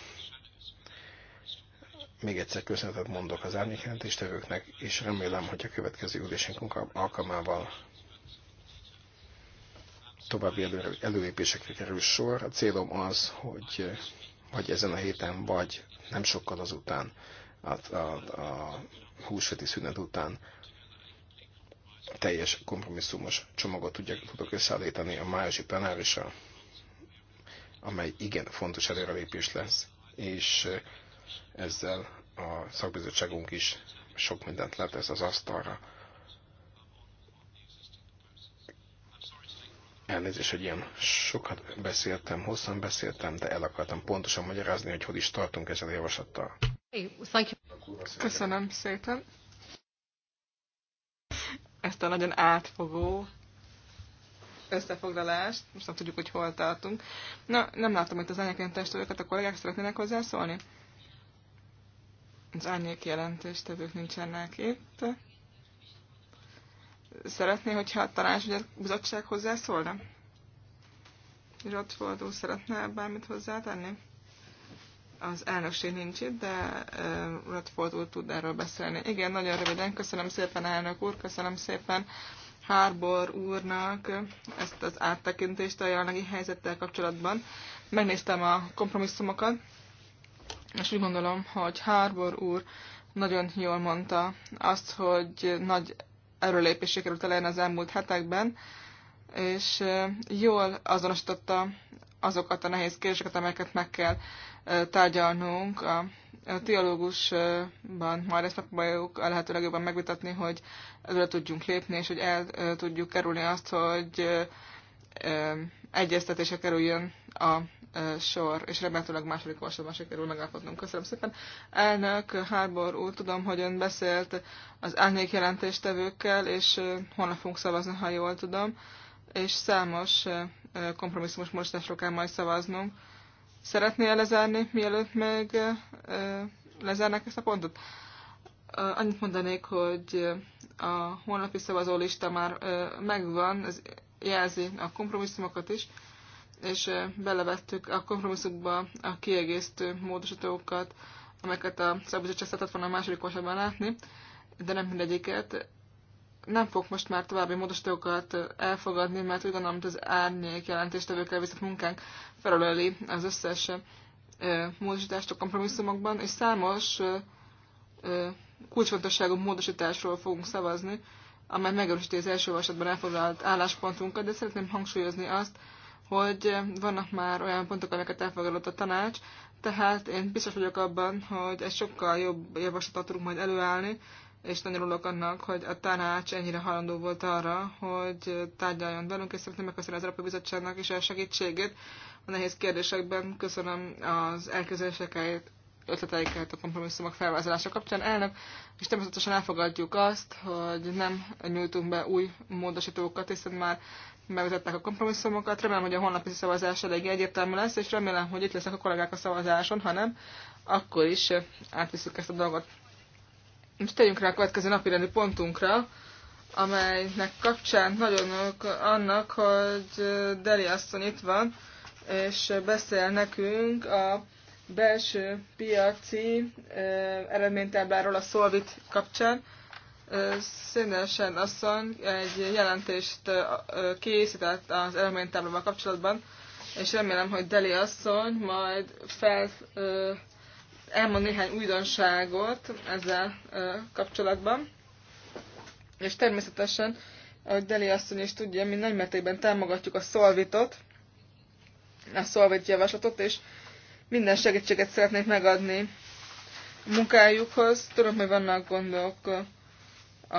[SPEAKER 2] Még egyszer köszönetet mondok az árnyékjelentéstevőknek, és remélem, hogy a következő ülésünk alkalmával további előépésekre kerül sor. A célom az, hogy vagy ezen a héten, vagy nem sokkal azután, a, a, a húsvéti szünet után teljes kompromisszumos csomagot tudjak, tudok összeállítani a májusi plenárisra amely igen fontos előrelépés lesz, és ezzel a szakbizottságunk is sok mindent letesz az asztalra. Elnézést, hogy ilyen sokat beszéltem, hosszan beszéltem, de el akartam pontosan magyarázni, hogy hogy is tartunk ezzel a javaslattal.
[SPEAKER 1] Köszönöm szépen ezt a nagyon átfogó összefoglalást, most nem tudjuk, hogy hol tartunk. Na, nem látom itt az árnyéként testőröket, a kollégák szeretnének hozzászólni? Az árnyék jelentéstevők nincsenek itt. Szeretné, hogyha a tanács vagy a bizottság hozzászólna? Zsottford szeretne bármit hozzátenni? az elnökség nincs itt, de Radford úr tud erről beszélni. Igen, nagyon röviden, köszönöm szépen elnök úr, köszönöm szépen Harbor úrnak ezt az áttekintést a jelenlegi helyzettel kapcsolatban. Megnéztem a kompromisszumokat, és úgy gondolom, hogy Harbor úr nagyon jól mondta azt, hogy nagy erőlépésé került elején az elmúlt hetekben, és jól azonosította azokat a nehéz kérdéseket, amelyeket meg kell eh, tárgyalnunk a a dialógusban majd ezt megpróbáljuk a lehető legjobban megvitatni, hogy előre tudjunk lépni, és hogy el tudjuk kerülni azt, hogy egyeztetése kerüljön a sor, és remélhetőleg második olvasatban sikerül megállapodnunk. Köszönöm szépen. Elnök Hárbor úr, tudom, hogy ön beszélt az elnék jelentéstevőkkel, és holnap fogunk szavazni, ha jól tudom, és számos kompromisszumos mostásról kell majd szavaznunk. Szeretnél lezárni, mielőtt még lezárnak ezt a pontot? Annyit mondanék, hogy a holnapi szavazólista már megvan, ez jelzi a kompromisszumokat is, és belevettük a kompromisszumba a kiegészítő módosítókat, amelyeket a szabadság szeretett volna a második korsában látni, de nem mindegyiket nem fog most már további módosítókat elfogadni, mert ugyanamit az árnyék jelentéstevőkkel viszont munkánk felöleli az összes módosítást a kompromisszumokban, és számos kulcsfontosságú módosításról fogunk szavazni, amely megerősíti az első olvasatban elfoglalt álláspontunkat, de szeretném hangsúlyozni azt, hogy vannak már olyan pontok, amelyeket elfogadott a tanács, tehát én biztos vagyok abban, hogy egy sokkal jobb javaslatot tudunk majd előállni, és nagyon örülök annak, hogy a tanács ennyire halandó volt arra, hogy tárgyaljon velünk, és szeretném megköszönni az Európai Bizottságnak is a segítségét a nehéz kérdésekben. Köszönöm az elképzeléseket, ötleteiket a kompromisszumok felvázolása kapcsán. Elnök, és természetesen elfogadjuk azt, hogy nem nyújtunk be új módosítókat, hiszen már megvezettek a kompromisszumokat. Remélem, hogy a holnapi szavazás elég egyértelmű lesz, és remélem, hogy itt lesznek a kollégák a szavazáson, hanem akkor is átviszük ezt a dolgot most tegyünk rá a következő napirendi pontunkra, amelynek kapcsán nagyon annak, hogy Deli asszony itt van, és beszél nekünk a belső piaci eredménytábláról a Solvit kapcsán. Színesen asszony egy jelentést készített az eredménytáblával kapcsolatban, és remélem, hogy Deli asszony majd fel elmond néhány újdonságot ezzel kapcsolatban. És természetesen, ahogy Deli asszony is tudja, mi mértékben támogatjuk a szolvitot, a szolvit javaslatot, és minden segítséget szeretnék megadni a munkájukhoz. Tudom, hogy vannak gondok a,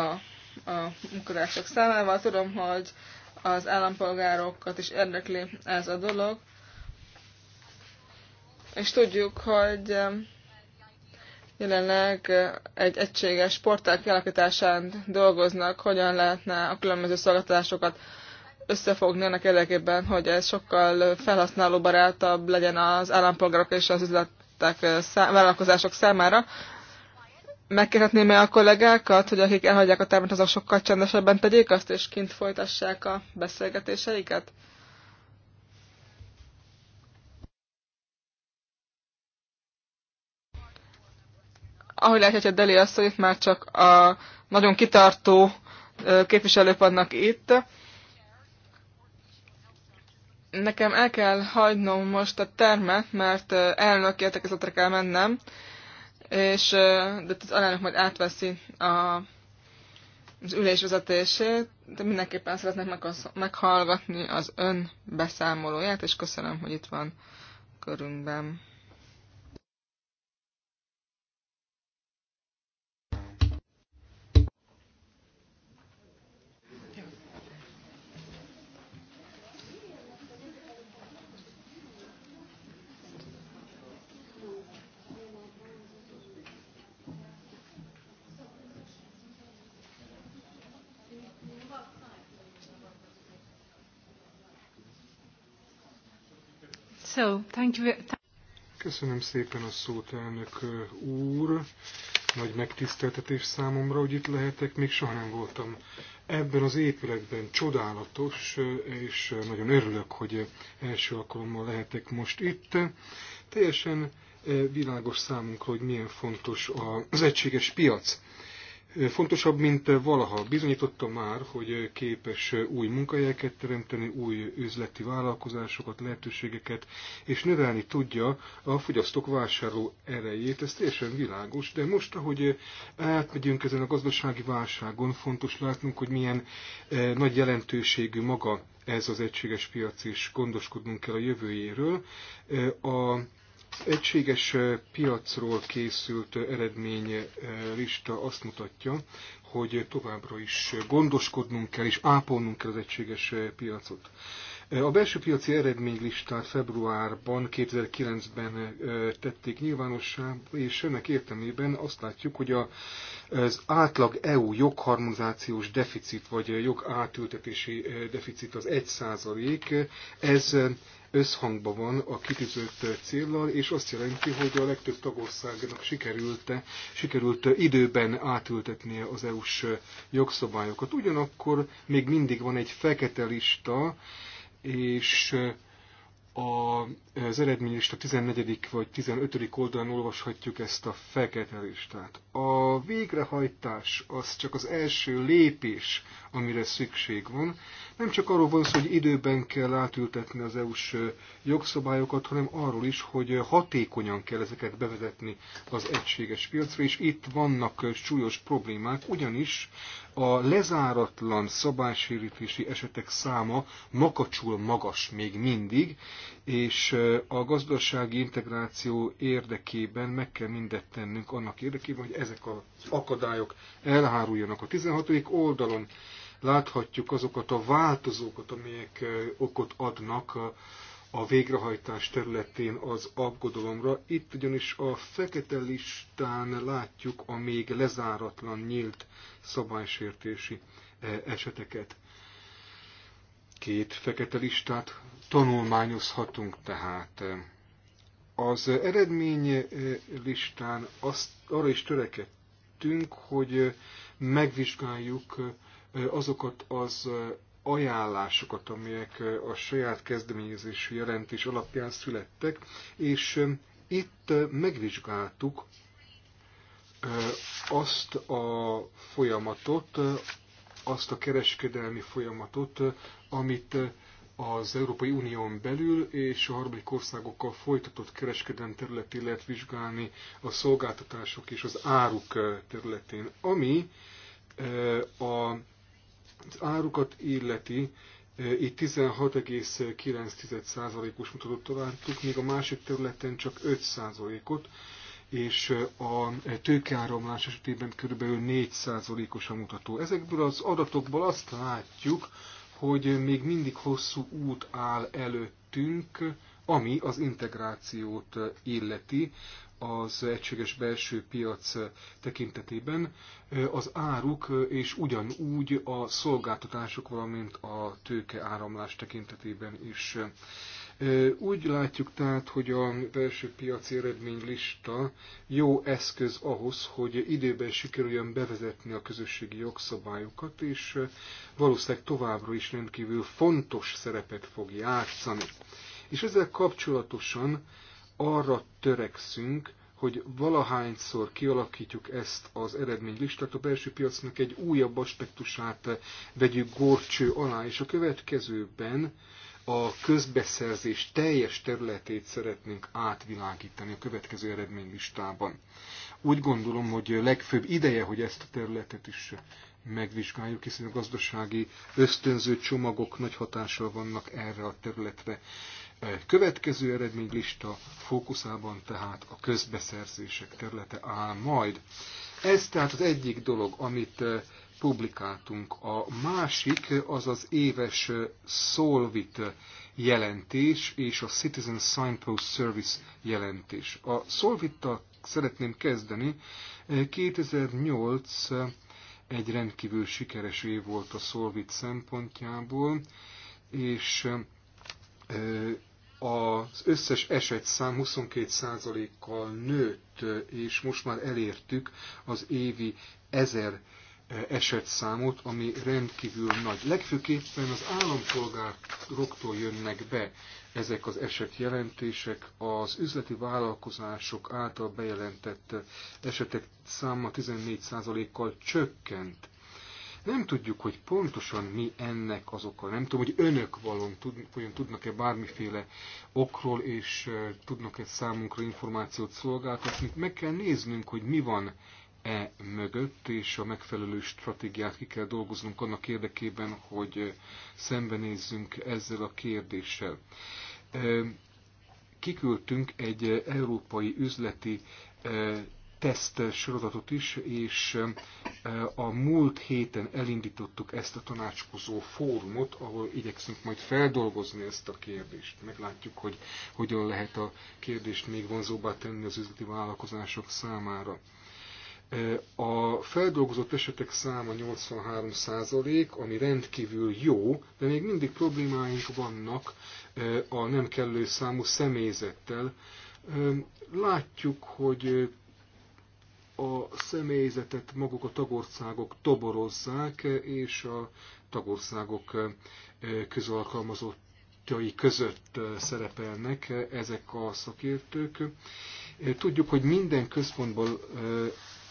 [SPEAKER 1] a munkadások számával, tudom, hogy az állampolgárokat is érdekli ez a dolog, és tudjuk, hogy jelenleg egy egységes portál kialakításán dolgoznak, hogyan lehetne a különböző szolgáltatásokat összefogni annak érdekében, hogy ez sokkal felhasználóbarátabb legyen az állampolgárok és az üzletek, szám, vállalkozások számára. Megkérhetném-e a kollégákat, hogy akik elhagyják a termet, azok sokkal csendesebben tegyék azt, és kint folytassák a beszélgetéseiket? Ahogy láthatja Deli asszony, itt már csak a nagyon kitartó képviselők vannak itt. Nekem el kell hagynom most a termet, mert elnök értekezetre kell mennem, és de az alelnök majd átveszi a, az ülés vezetését, de mindenképpen szeretnék meghallgatni az ön beszámolóját, és köszönöm, hogy itt van körünkben.
[SPEAKER 3] So, thank you. Köszönöm szépen a szót, elnök úr. Nagy megtiszteltetés számomra, hogy itt lehetek. Még soha nem voltam ebben az épületben. Csodálatos, és nagyon örülök, hogy első alkalommal lehetek most itt. Teljesen világos számunkra, hogy milyen fontos az egységes piac fontosabb, mint valaha. Bizonyította már, hogy képes új munkahelyeket teremteni, új üzleti vállalkozásokat, lehetőségeket, és növelni tudja a fogyasztók vásárló erejét. Ez teljesen világos, de most, ahogy átmegyünk ezen a gazdasági válságon, fontos látnunk, hogy milyen eh, nagy jelentőségű maga ez az egységes piac, és gondoskodnunk kell a jövőjéről. Eh, a egységes piacról készült eredmény lista azt mutatja, hogy továbbra is gondoskodnunk kell és ápolnunk kell az egységes piacot. A belső piaci eredménylistát februárban, 2009-ben tették nyilvánossá, és ennek értelmében azt látjuk, hogy az átlag EU jogharmonizációs deficit, vagy jogátültetési deficit az 1 százalék, ez összhangban van a kitűzött céllal, és azt jelenti, hogy a legtöbb tagországnak sikerült, sikerült időben átültetnie az EU-s jogszabályokat. Ugyanakkor még mindig van egy fekete lista, és az eredménylista 14. vagy 15. oldalon olvashatjuk ezt a fekete listát. A végrehajtás az csak az első lépés, amire szükség van. Nem csak arról van szó, hogy időben kell átültetni az EU-s jogszabályokat, hanem arról is, hogy hatékonyan kell ezeket bevezetni az egységes piacra, és itt vannak súlyos problémák, ugyanis a lezáratlan szabálysérítési esetek száma makacsul magas még mindig, és a gazdasági integráció érdekében meg kell mindet tennünk annak érdekében, hogy ezek az akadályok elháruljanak. A 16. oldalon láthatjuk azokat a változókat, amelyek okot adnak a végrehajtás területén az aggodalomra. Itt ugyanis a fekete listán látjuk a még lezáratlan nyílt szabálysértési eseteket. Két fekete listát tanulmányozhatunk tehát. Az eredmény listán azt, arra is törekedtünk, hogy megvizsgáljuk azokat az ajánlásokat, amelyek a saját kezdeményezésű jelentés alapján születtek, és itt megvizsgáltuk azt a folyamatot, azt a kereskedelmi folyamatot, amit az Európai Unión belül és a harmadik országokkal folytatott kereskedelem területén lehet vizsgálni a szolgáltatások és az áruk eh, területén, ami eh, az árukat illeti, eh, itt 16,9%-os mutatót találtuk, még a másik területen csak 5%-ot, és a tőkeáramlás esetében kb. 4%-os a mutató. Ezekből az adatokból azt látjuk, hogy még mindig hosszú út áll előttünk, ami az integrációt illeti az egységes belső piac tekintetében. Az áruk és ugyanúgy a szolgáltatások, valamint a tőke áramlás tekintetében is. Úgy látjuk tehát, hogy a belső piaci eredménylista jó eszköz ahhoz, hogy időben sikerüljön bevezetni a közösségi jogszabályokat, és valószínűleg továbbra is rendkívül fontos szerepet fog játszani. És ezzel kapcsolatosan arra törekszünk, hogy valahányszor kialakítjuk ezt az eredménylistát, a belső piacnak egy újabb aspektusát vegyük górcső alá, és a következőben a közbeszerzés teljes területét szeretnénk átvilágítani a következő eredménylistában. Úgy gondolom, hogy legfőbb ideje, hogy ezt a területet is megvizsgáljuk, hiszen a gazdasági ösztönző csomagok nagy hatással vannak erre a területre. Következő eredménylista fókuszában tehát a közbeszerzések területe áll majd. Ez tehát az egyik dolog, amit publikáltunk. A másik az az éves Solvit jelentés és a Citizen Signpost Service jelentés. A Solvittal szeretném kezdeni. 2008 egy rendkívül sikeres év volt a Solvit szempontjából, és az összes esetszám 22%-kal nőtt, és most már elértük az évi 1000 esetszámot, ami rendkívül nagy. Legfőképpen az állampolgároktól jönnek be ezek az esetjelentések. Az üzleti vállalkozások által bejelentett esetek száma 14%-kal csökkent. Nem tudjuk, hogy pontosan mi ennek az oka. Nem tudom, hogy önök valon tud, tudnak-e bármiféle okról, és eh, tudnak-e számunkra információt szolgáltatni. Meg kell néznünk, hogy mi van e mögött, és a megfelelő stratégiát ki kell dolgoznunk annak érdekében, hogy szembenézzünk ezzel a kérdéssel. E, kiküldtünk egy európai üzleti e, teszt sorozatot is, és e, a múlt héten elindítottuk ezt a tanácskozó fórumot, ahol igyekszünk majd feldolgozni ezt a kérdést. Meglátjuk, hogy hogyan lehet a kérdést még vonzóbbá tenni az üzleti vállalkozások számára. A feldolgozott esetek száma 83 százalék, ami rendkívül jó, de még mindig problémáink vannak a nem kellő számú személyzettel. Látjuk, hogy a személyzetet maguk a tagországok toborozzák, és a tagországok közalkalmazottjai között szerepelnek ezek a szakértők. Tudjuk, hogy minden központból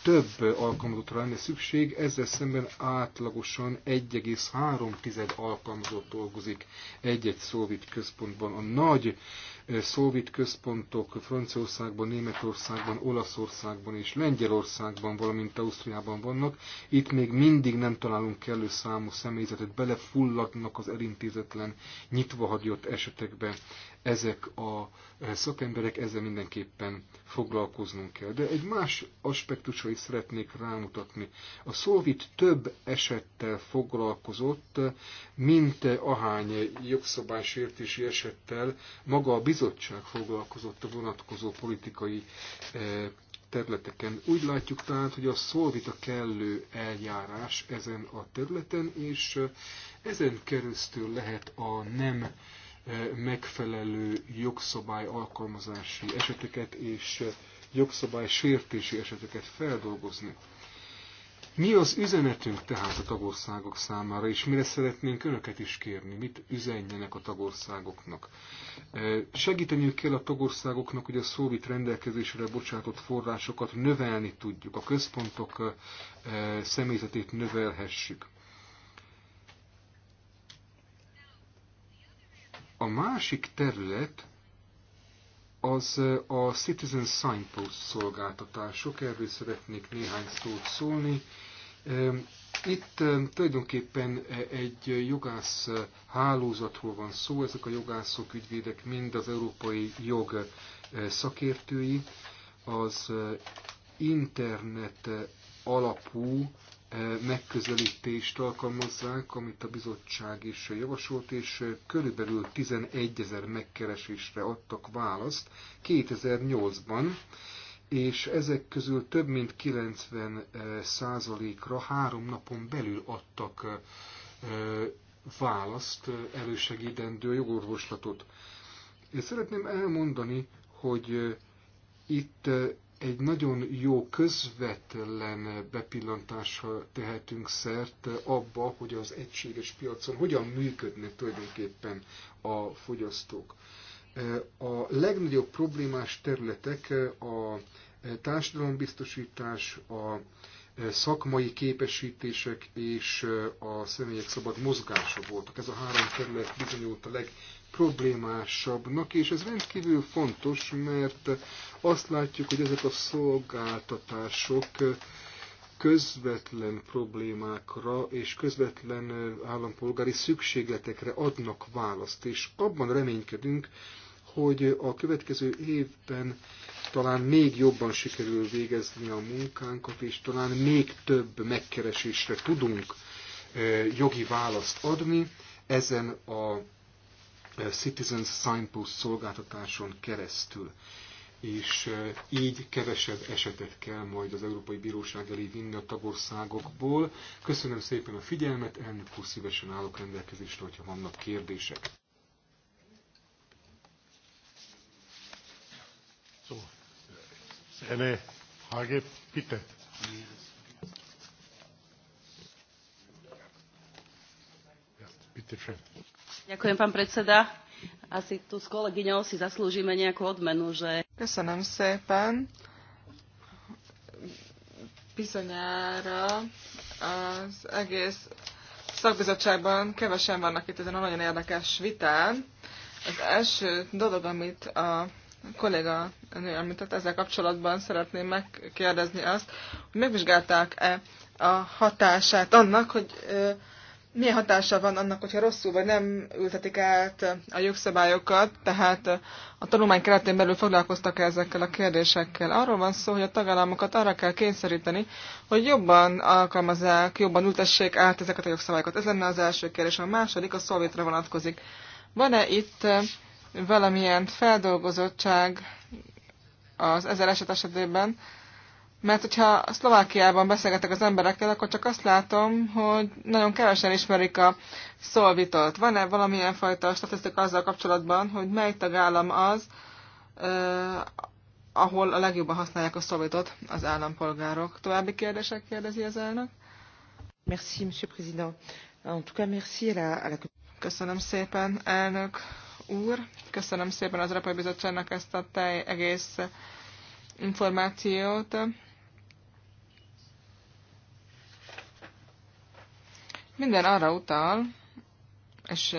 [SPEAKER 3] több alkalmazottra lenne szükség, ezzel szemben átlagosan 1,3 alkalmazott dolgozik egy-egy szóvit központban. A nagy eh, szóvit központok Franciaországban, Németországban, Olaszországban és Lengyelországban, valamint Ausztriában vannak. Itt még mindig nem találunk kellő számú személyzetet, belefulladnak az elintézetlen, nyitva hagyott esetekbe ezek a e, szakemberek, ezzel mindenképpen foglalkoznunk kell. De egy más aspektusra is szeretnék rámutatni. A Szolvit több esettel foglalkozott, mint ahány jogszabálysértési esettel maga a bizottság foglalkozott a vonatkozó politikai e, területeken. Úgy látjuk tehát, hogy a szolvita kellő eljárás ezen a területen, és e, ezen keresztül lehet a nem megfelelő jogszabály alkalmazási eseteket és jogszabály sértési eseteket feldolgozni. Mi az üzenetünk tehát a tagországok számára, és mire szeretnénk önöket is kérni? Mit üzenjenek a tagországoknak? Segíteniük kell a tagországoknak, hogy a szóvit rendelkezésre bocsátott forrásokat növelni tudjuk, a központok személyzetét növelhessük. A másik terület az a Citizen Signpost szolgáltatások, erről szeretnék néhány szót szólni. Itt tulajdonképpen egy jogász hálózatról van szó, ezek a jogászok, ügyvédek mind az európai jog szakértői, az internet alapú megközelítést alkalmazzák, amit a bizottság is javasolt, és körülbelül 11 ezer megkeresésre adtak választ 2008-ban, és ezek közül több mint 90 százalékra három napon belül adtak választ, elősegítendő jogorvoslatot. Én szeretném elmondani, hogy itt egy nagyon jó közvetlen bepillantásra tehetünk szert abba, hogy az egységes piacon hogyan működnek tulajdonképpen a fogyasztók. A legnagyobb problémás területek a társadalombiztosítás, a szakmai képesítések és a személyek szabad mozgása voltak. Ez a három terület bizonyult a leg problémásabbnak, és ez rendkívül fontos, mert azt látjuk, hogy ezek a szolgáltatások közvetlen problémákra és közvetlen állampolgári szükségletekre adnak választ, és abban reménykedünk, hogy a következő évben talán még jobban sikerül végezni a munkánkat, és talán még több megkeresésre tudunk eh, jogi választ adni ezen a Citizens' Signpost szolgáltatáson keresztül. És eh, így kevesebb esetet kell majd az Európai Bíróság elé vinni a tagországokból. Köszönöm szépen a figyelmet, elnök úr szívesen állok rendelkezésre, hogyha vannak kérdések. So, eine Frage, bitte.
[SPEAKER 1] Bitte schön. Ďakujem, pán predseda. Asi tu s kolegyňou si zaslúžime nejakú odmenu, že... Köszönöm szépen. Bizonyára az egész szakbizottságban kevesen vannak itt ezen a nagyon érdekes vitán. Az első dolog, amit a kolléga nő említett, ezzel kapcsolatban szeretném megkérdezni azt, hogy megvizsgálták-e a hatását annak, hogy milyen hatása van annak, hogyha rosszul vagy nem ültetik át a jogszabályokat, tehát a tanulmány keretén belül foglalkoztak -e ezekkel a kérdésekkel. Arról van szó, hogy a tagállamokat arra kell kényszeríteni, hogy jobban alkalmazzák, jobban ültessék át ezeket a jogszabályokat. Ez lenne az első kérdés. A második a szolvétre vonatkozik. Van-e itt eh, valamilyen feldolgozottság az ezer eset esetében, mert hogyha Szlovákiában beszélgetek az emberekkel, akkor csak azt látom, hogy nagyon kevesen ismerik a szolvitot. Van-e valamilyen fajta statisztika azzal kapcsolatban, hogy mely tagállam az, eh, ahol a legjobban használják a szolvitot az állampolgárok? További kérdések kérdezi az elnök. Merci, monsieur président. En tout cas, merci à la, à la... Köszönöm szépen, elnök úr. Köszönöm szépen az Európai Bizottságnak ezt a tej egész információt. Minden arra utal, és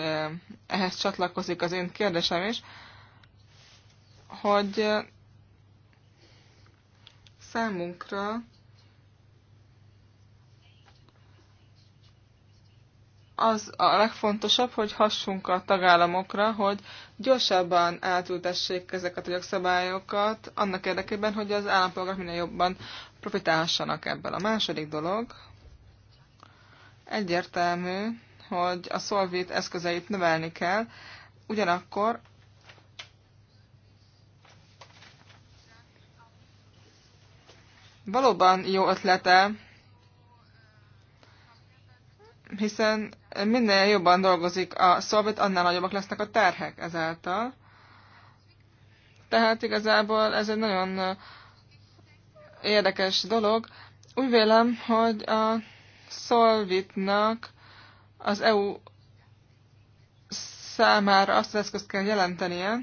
[SPEAKER 1] ehhez csatlakozik az én kérdésem is, hogy számunkra az a legfontosabb, hogy hassunk a tagállamokra, hogy gyorsabban átültessék ezeket a jogszabályokat, annak érdekében, hogy az állampolgárok minél jobban profitálhassanak ebből. A második dolog, Egyértelmű, hogy a szolvét eszközeit növelni kell, ugyanakkor valóban jó ötlete, hiszen minél jobban dolgozik a szolvét, annál nagyobbak lesznek a terhek ezáltal. Tehát igazából ez egy nagyon érdekes dolog. Úgy vélem, hogy a Szolvitnak az EU számára azt az eszközt kell jelentenie,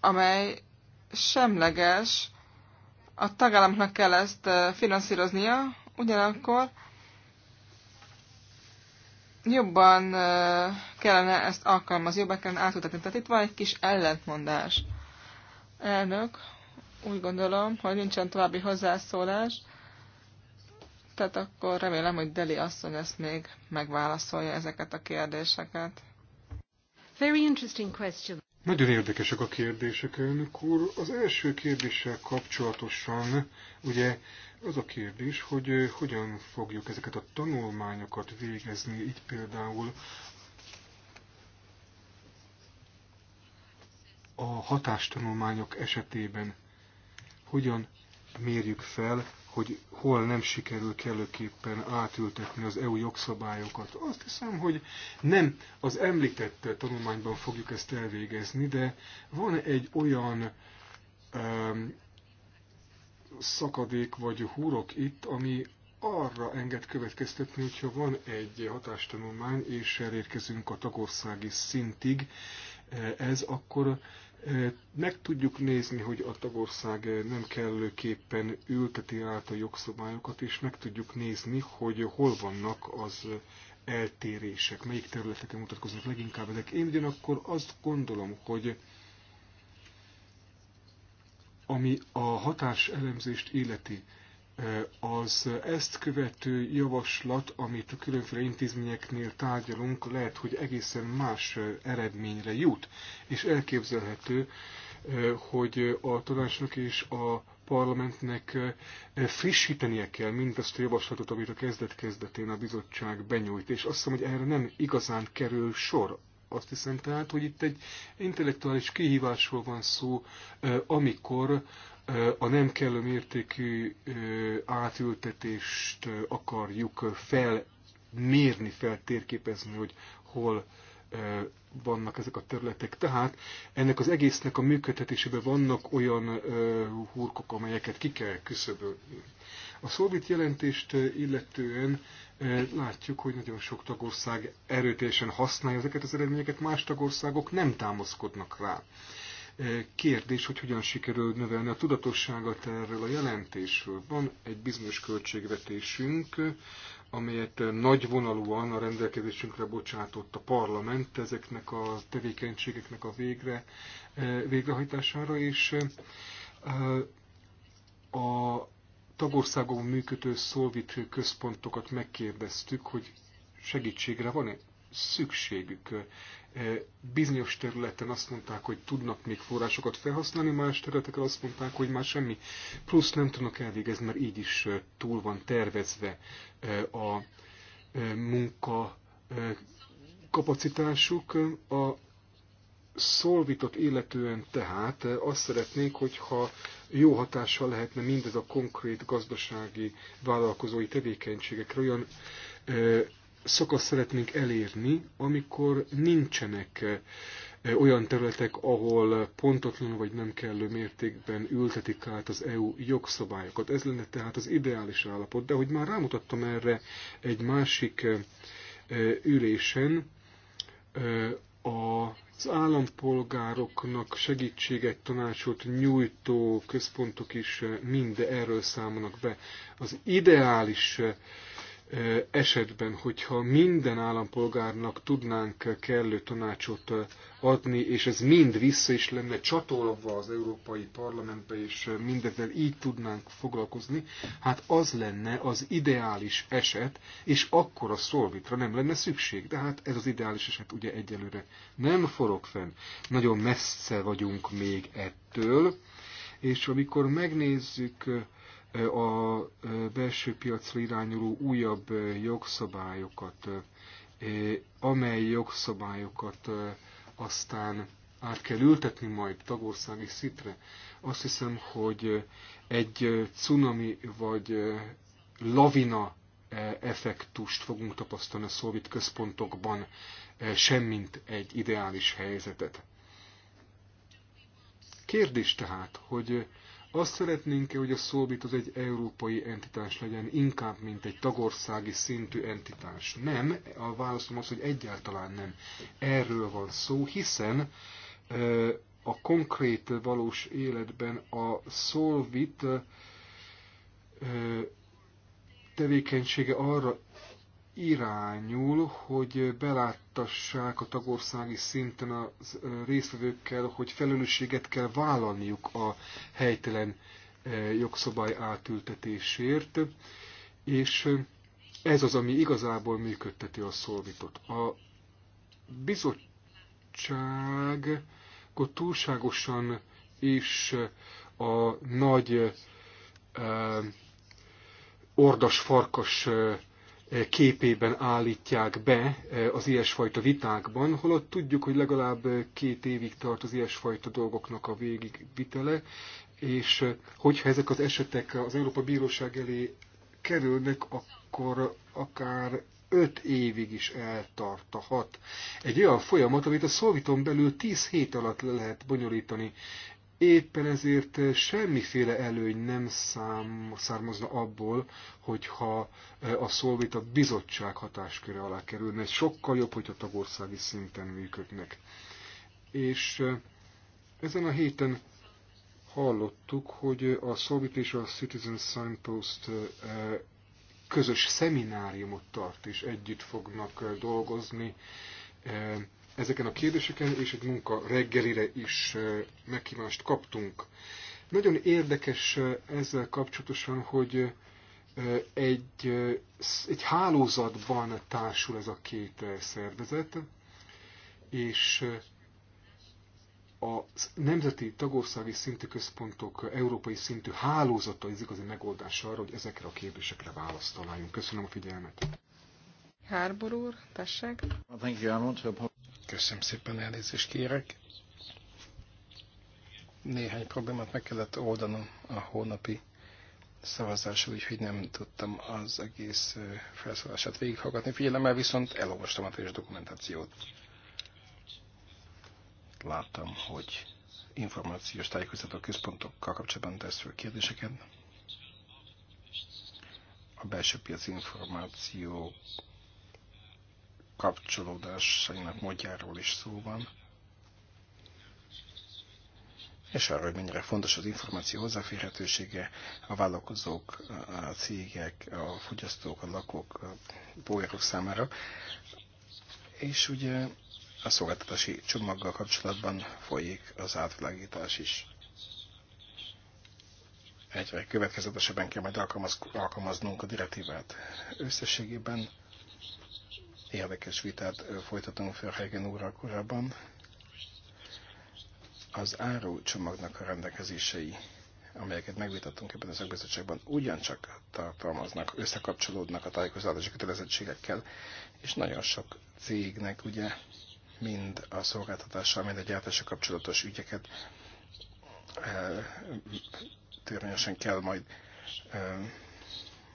[SPEAKER 1] amely semleges, a tagállamnak kell ezt eh, finanszíroznia, ugyanakkor jobban eh, kellene ezt alkalmazni, jobban kellene átutatni. Tehát itt van egy kis ellentmondás. Elnök, úgy gondolom, hogy nincsen további hozzászólás tehát akkor remélem, hogy Deli asszony ezt még megválaszolja ezeket a kérdéseket. Very interesting question.
[SPEAKER 3] Nagyon érdekesek a kérdések, elnök úr. Az első kérdéssel kapcsolatosan ugye az a kérdés, hogy hogyan fogjuk ezeket a tanulmányokat végezni, így például a hatástanulmányok esetében hogyan mérjük fel hogy hol nem sikerül kellőképpen átültetni az EU jogszabályokat. Azt hiszem, hogy nem az említett tanulmányban fogjuk ezt elvégezni, de van egy olyan um, szakadék vagy húrok itt, ami arra enged következtetni, hogyha van egy hatástanulmány, és elérkezünk a tagországi szintig, eh, ez akkor meg tudjuk nézni, hogy a tagország nem kellőképpen ülteti át a jogszabályokat, és meg tudjuk nézni, hogy hol vannak az eltérések, melyik területeken mutatkoznak leginkább ezek. Én ugyanakkor azt gondolom, hogy ami a hatás elemzést illeti, az ezt követő javaslat, amit a különféle intézményeknél tárgyalunk, lehet, hogy egészen más eredményre jut, és elképzelhető, hogy a tanácsnak és a parlamentnek frissítenie kell mindazt a javaslatot, amit a kezdet-kezdetén a bizottság benyújt, és azt hiszem, hogy erre nem igazán kerül sor. Azt hiszem tehát, hogy itt egy intellektuális kihívásról van szó, amikor a nem kellő mértékű átültetést akarjuk felmérni, feltérképezni, hogy hol vannak ezek a területek. Tehát ennek az egésznek a működtetésében vannak olyan hurkok, amelyeket ki kell küszöbölni. A szóvit jelentést illetően látjuk, hogy nagyon sok tagország erőteljesen használja ezeket az eredményeket, más tagországok nem támaszkodnak rá. Kérdés, hogy hogyan sikerül növelni a tudatosságot erről a jelentésről. Van egy bizonyos költségvetésünk, amelyet nagyvonalúan a rendelkezésünkre bocsátott a parlament ezeknek a tevékenységeknek a végre, végrehajtására, és a tagországon működő szolvit központokat megkérdeztük, hogy segítségre van-e szükségük Eh, bizonyos területen azt mondták, hogy tudnak még forrásokat felhasználni, más területeken azt mondták, hogy már semmi plusz nem tudnak elvégezni, mert így is eh, túl van tervezve eh, a munka kapacitásuk. A szolvitot illetően tehát azt szeretnék, hogyha jó hatással lehetne mindez a konkrét gazdasági vállalkozói tevékenységekre, olyan szakasz szeretnénk elérni, amikor nincsenek eh, olyan területek, ahol pontotlan vagy nem kellő mértékben ültetik át az EU jogszabályokat. Ez lenne tehát az ideális állapot, de hogy már rámutattam erre egy másik eh, eh, ülésen, az állampolgároknak segítséget, tanácsot nyújtó központok is mind erről számolnak be. Az ideális esetben, hogyha minden állampolgárnak tudnánk kellő tanácsot adni, és ez mind vissza is lenne csatolva az Európai Parlamentbe, és mindezzel így tudnánk foglalkozni, hát az lenne az ideális eset, és akkor a szolvitra nem lenne szükség. De hát ez az ideális eset ugye egyelőre nem forog fenn. Nagyon messze vagyunk még ettől, és amikor megnézzük a belső piacra irányuló újabb jogszabályokat, amely jogszabályokat aztán át kell ültetni majd tagországi szitre. Azt hiszem, hogy egy cunami vagy lavina effektust fogunk tapasztalni a szovjet központokban, semmint egy ideális helyzetet. Kérdés tehát, hogy azt szeretnénk -e, hogy a Szolbit az egy európai entitás legyen, inkább, mint egy tagországi szintű entitás? Nem, a válaszom az, hogy egyáltalán nem. Erről van szó, hiszen a konkrét valós életben a Solvit tevékenysége arra irányul, hogy beláttassák a tagországi szinten a résztvevőkkel, hogy felelősséget kell vállalniuk a helytelen jogszabály átültetésért, és ez az, ami igazából működteti a szolvitot. A bizottságot túlságosan is a nagy ordas-farkas képében állítják be e, az ilyesfajta vitákban, holott tudjuk, hogy legalább két évig tart az ilyesfajta dolgoknak a végigvitele, és e, hogyha ezek az esetek az Európa Bíróság elé kerülnek, akkor akár öt évig is eltartahat. Egy olyan folyamat, amit a szolviton belül tíz hét alatt le lehet bonyolítani éppen ezért semmiféle előny nem szám, származna abból, hogyha e, a szolvét a bizottság hatásköre alá kerülne. Ez sokkal jobb, hogyha tagországi szinten működnek. És e, ezen a héten hallottuk, hogy a Solvit és a Citizen Signpost e, közös szemináriumot tart, és együtt fognak dolgozni ezeken a kérdéseken, és egy munka reggelire is meghívást kaptunk. Nagyon érdekes ezzel kapcsolatosan, hogy egy, egy hálózatban társul ez a két szervezet, és a nemzeti tagországi szintű központok európai szintű hálózata az igazi megoldás arra,
[SPEAKER 2] hogy ezekre a kérdésekre választ találjunk. Köszönöm a figyelmet.
[SPEAKER 1] Harbor úr, tessék.
[SPEAKER 2] Thank you. I want to Köszönöm szépen, elnézést kérek. Néhány problémát meg kellett oldanom a hónapi szavazással, úgyhogy nem tudtam az egész felszólását végighallgatni. Figyelemmel viszont elolvastam a teljes dokumentációt. Láttam, hogy információs tájékoztató központokkal kapcsolatban tesz fel kérdéseket. A belső piaci információ kapcsolódásainak módjáról is szó van, és arról, hogy mennyire fontos az információ hozzáférhetősége a vállalkozók, a cégek, a fogyasztók, a lakók, a bolyarok számára. És ugye a szolgáltatási csomaggal kapcsolatban folyik az átvilágítás is. Egyre következetesebben kell majd alkalmaz, alkalmaznunk a direktívát. Összességében Érdekes vitát folytatunk Ferhegen úrral korábban. Az csomagnak a rendelkezései, amelyeket megvitattunk ebben a szakbizottságban, ugyancsak tartalmaznak, összekapcsolódnak a tájékozódási kötelezettségekkel, és nagyon sok cégnek ugye mind a szolgáltatással, mind a gyártással kapcsolatos ügyeket törvényesen kell majd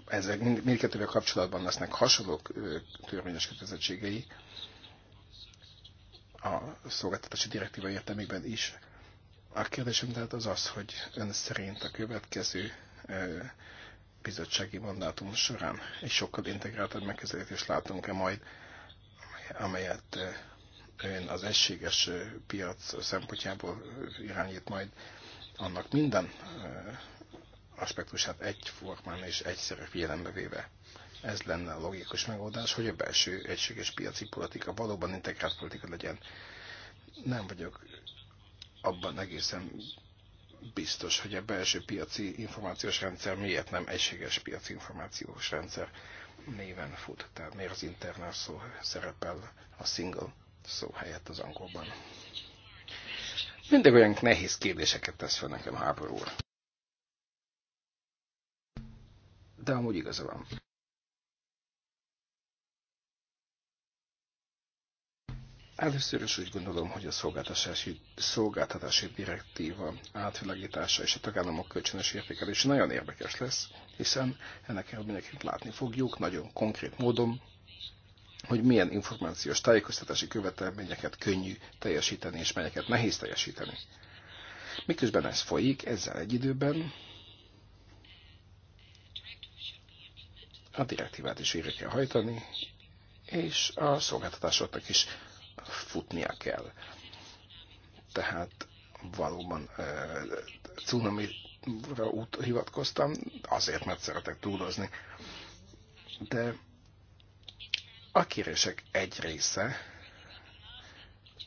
[SPEAKER 2] ezek mind, mindkettővel kapcsolatban lesznek hasonló törvényes kötelezettségei a szolgáltatási direktíva értelmében is. A kérdésem tehát az az, hogy ön szerint a következő bizottsági mandátum során egy sokkal integráltabb megközelítést látunk-e majd, amelyet ön az egységes piac szempontjából irányít majd annak minden aspektusát egyformán és egyszerű figyelembe véve. Ez lenne a logikus megoldás, hogy a belső egységes piaci politika valóban integrált politika legyen. Nem vagyok abban egészen biztos, hogy a belső piaci információs rendszer miért nem egységes piaci információs rendszer néven fut. Tehát miért az internet szó szerepel a single szó helyett az angolban. Mindig olyan nehéz kérdéseket tesz fel nekem háború. de amúgy igaza van. Először is úgy gondolom, hogy a szolgáltatási, szolgáltatási direktíva átvilágítása és a tagállamok kölcsönös értékelése nagyon érdekes lesz, hiszen ennek eredményeként látni fogjuk nagyon konkrét módon, hogy milyen információs tájékoztatási követelményeket könnyű teljesíteni, és melyeket nehéz teljesíteni. Miközben ez folyik, ezzel egy időben a direktívát is végre kell hajtani, és a szolgáltatásoknak is futnia kell. Tehát valóban uh, cunamira út hivatkoztam, azért, mert szeretek túlozni. De a kérések egy része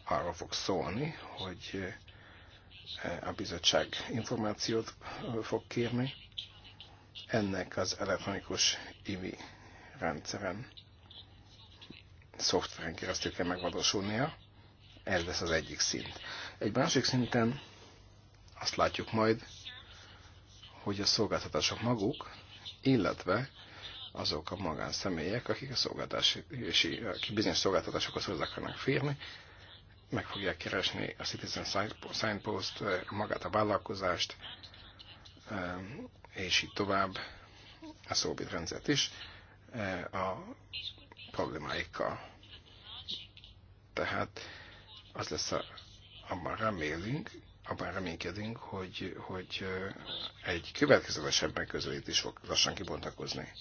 [SPEAKER 2] arról fog szólni, hogy a bizottság információt fog kérni, ennek az elektronikus IVI rendszeren szoftveren keresztül kell megvalósulnia. Ez lesz az egyik szint. Egy másik szinten azt látjuk majd, hogy a szolgáltatások maguk, illetve azok a magánszemélyek, akik a szolgáltatási, akik bizonyos szolgáltatásokhoz hozzá akarnak férni, meg fogják keresni a Citizen Signpost, eh, magát a vállalkozást, eh, és így tovább a rendszert is e, a problémáikkal. Tehát az lesz a, abban remélünk, abban reménykedünk, hogy, hogy e, egy következetesebb megközelítés fog lassan kibontakozni.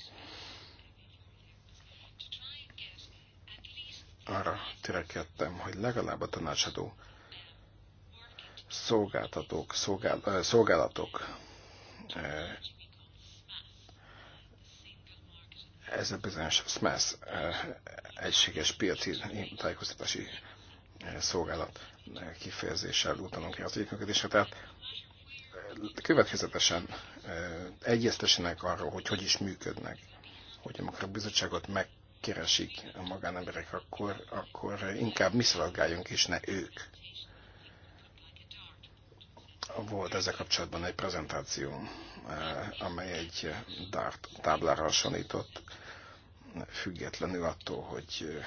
[SPEAKER 2] Arra törekedtem, hogy legalább a tanácsadó szolgáltatók, szolgál, e, szolgálatok ez a bizonyos SMASZ egységes piaci tájékoztatási szolgálat kifejezéssel utalunk ki az együttműködésre. Tehát következetesen egyeztesenek arról, hogy hogy is működnek, hogy amikor a bizottságot megkeresik a magánemberek, akkor, akkor inkább mi szaladgáljunk, és ne ők. Volt ezzel kapcsolatban egy prezentáció, eh, amely egy DART eh, táblára hasonlított, függetlenül attól, hogy eh,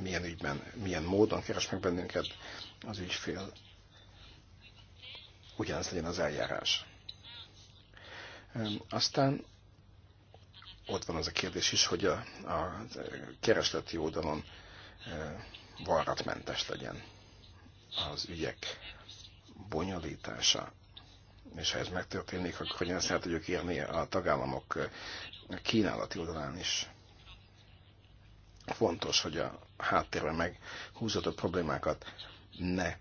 [SPEAKER 2] milyen ügyben, milyen módon keres meg bennünket az ügyfél, ugyanez legyen az eljárás. Aztán ott van az a kérdés is, hogy a, a keresleti oldalon varratmentes legyen az ügyek bonyolítása. És ha ez megtörténik, akkor hogyan ezt el tudjuk írni a tagállamok kínálati oldalán is. Fontos, hogy a háttérben meghúzódó problémákat ne eh,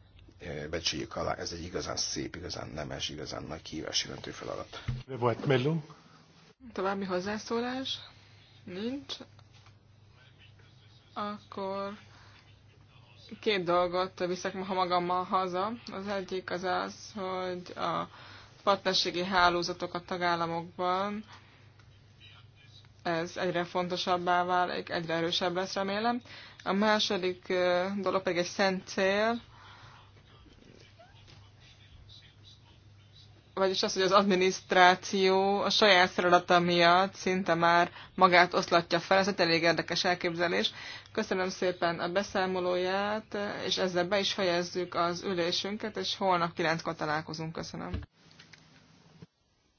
[SPEAKER 2] becsüljük alá. Ez egy igazán szép, igazán nemes, igazán nagy kihívás jelentő feladat.
[SPEAKER 3] Volt melló?
[SPEAKER 1] További hozzászólás? Nincs. Akkor két dolgot viszek ma magammal haza. Az egyik az az, hogy a partnerségi hálózatok a tagállamokban ez egyre fontosabbá válik, egyre erősebb lesz remélem. A második dolog pedig egy szent cél, vagyis az, hogy az adminisztráció a saját feladata miatt szinte már magát oszlatja fel. Ez egy elég érdekes elképzelés. Köszönöm szépen a beszámolóját, és ezzel be is fejezzük az ülésünket, és holnap kilenckor találkozunk. Köszönöm.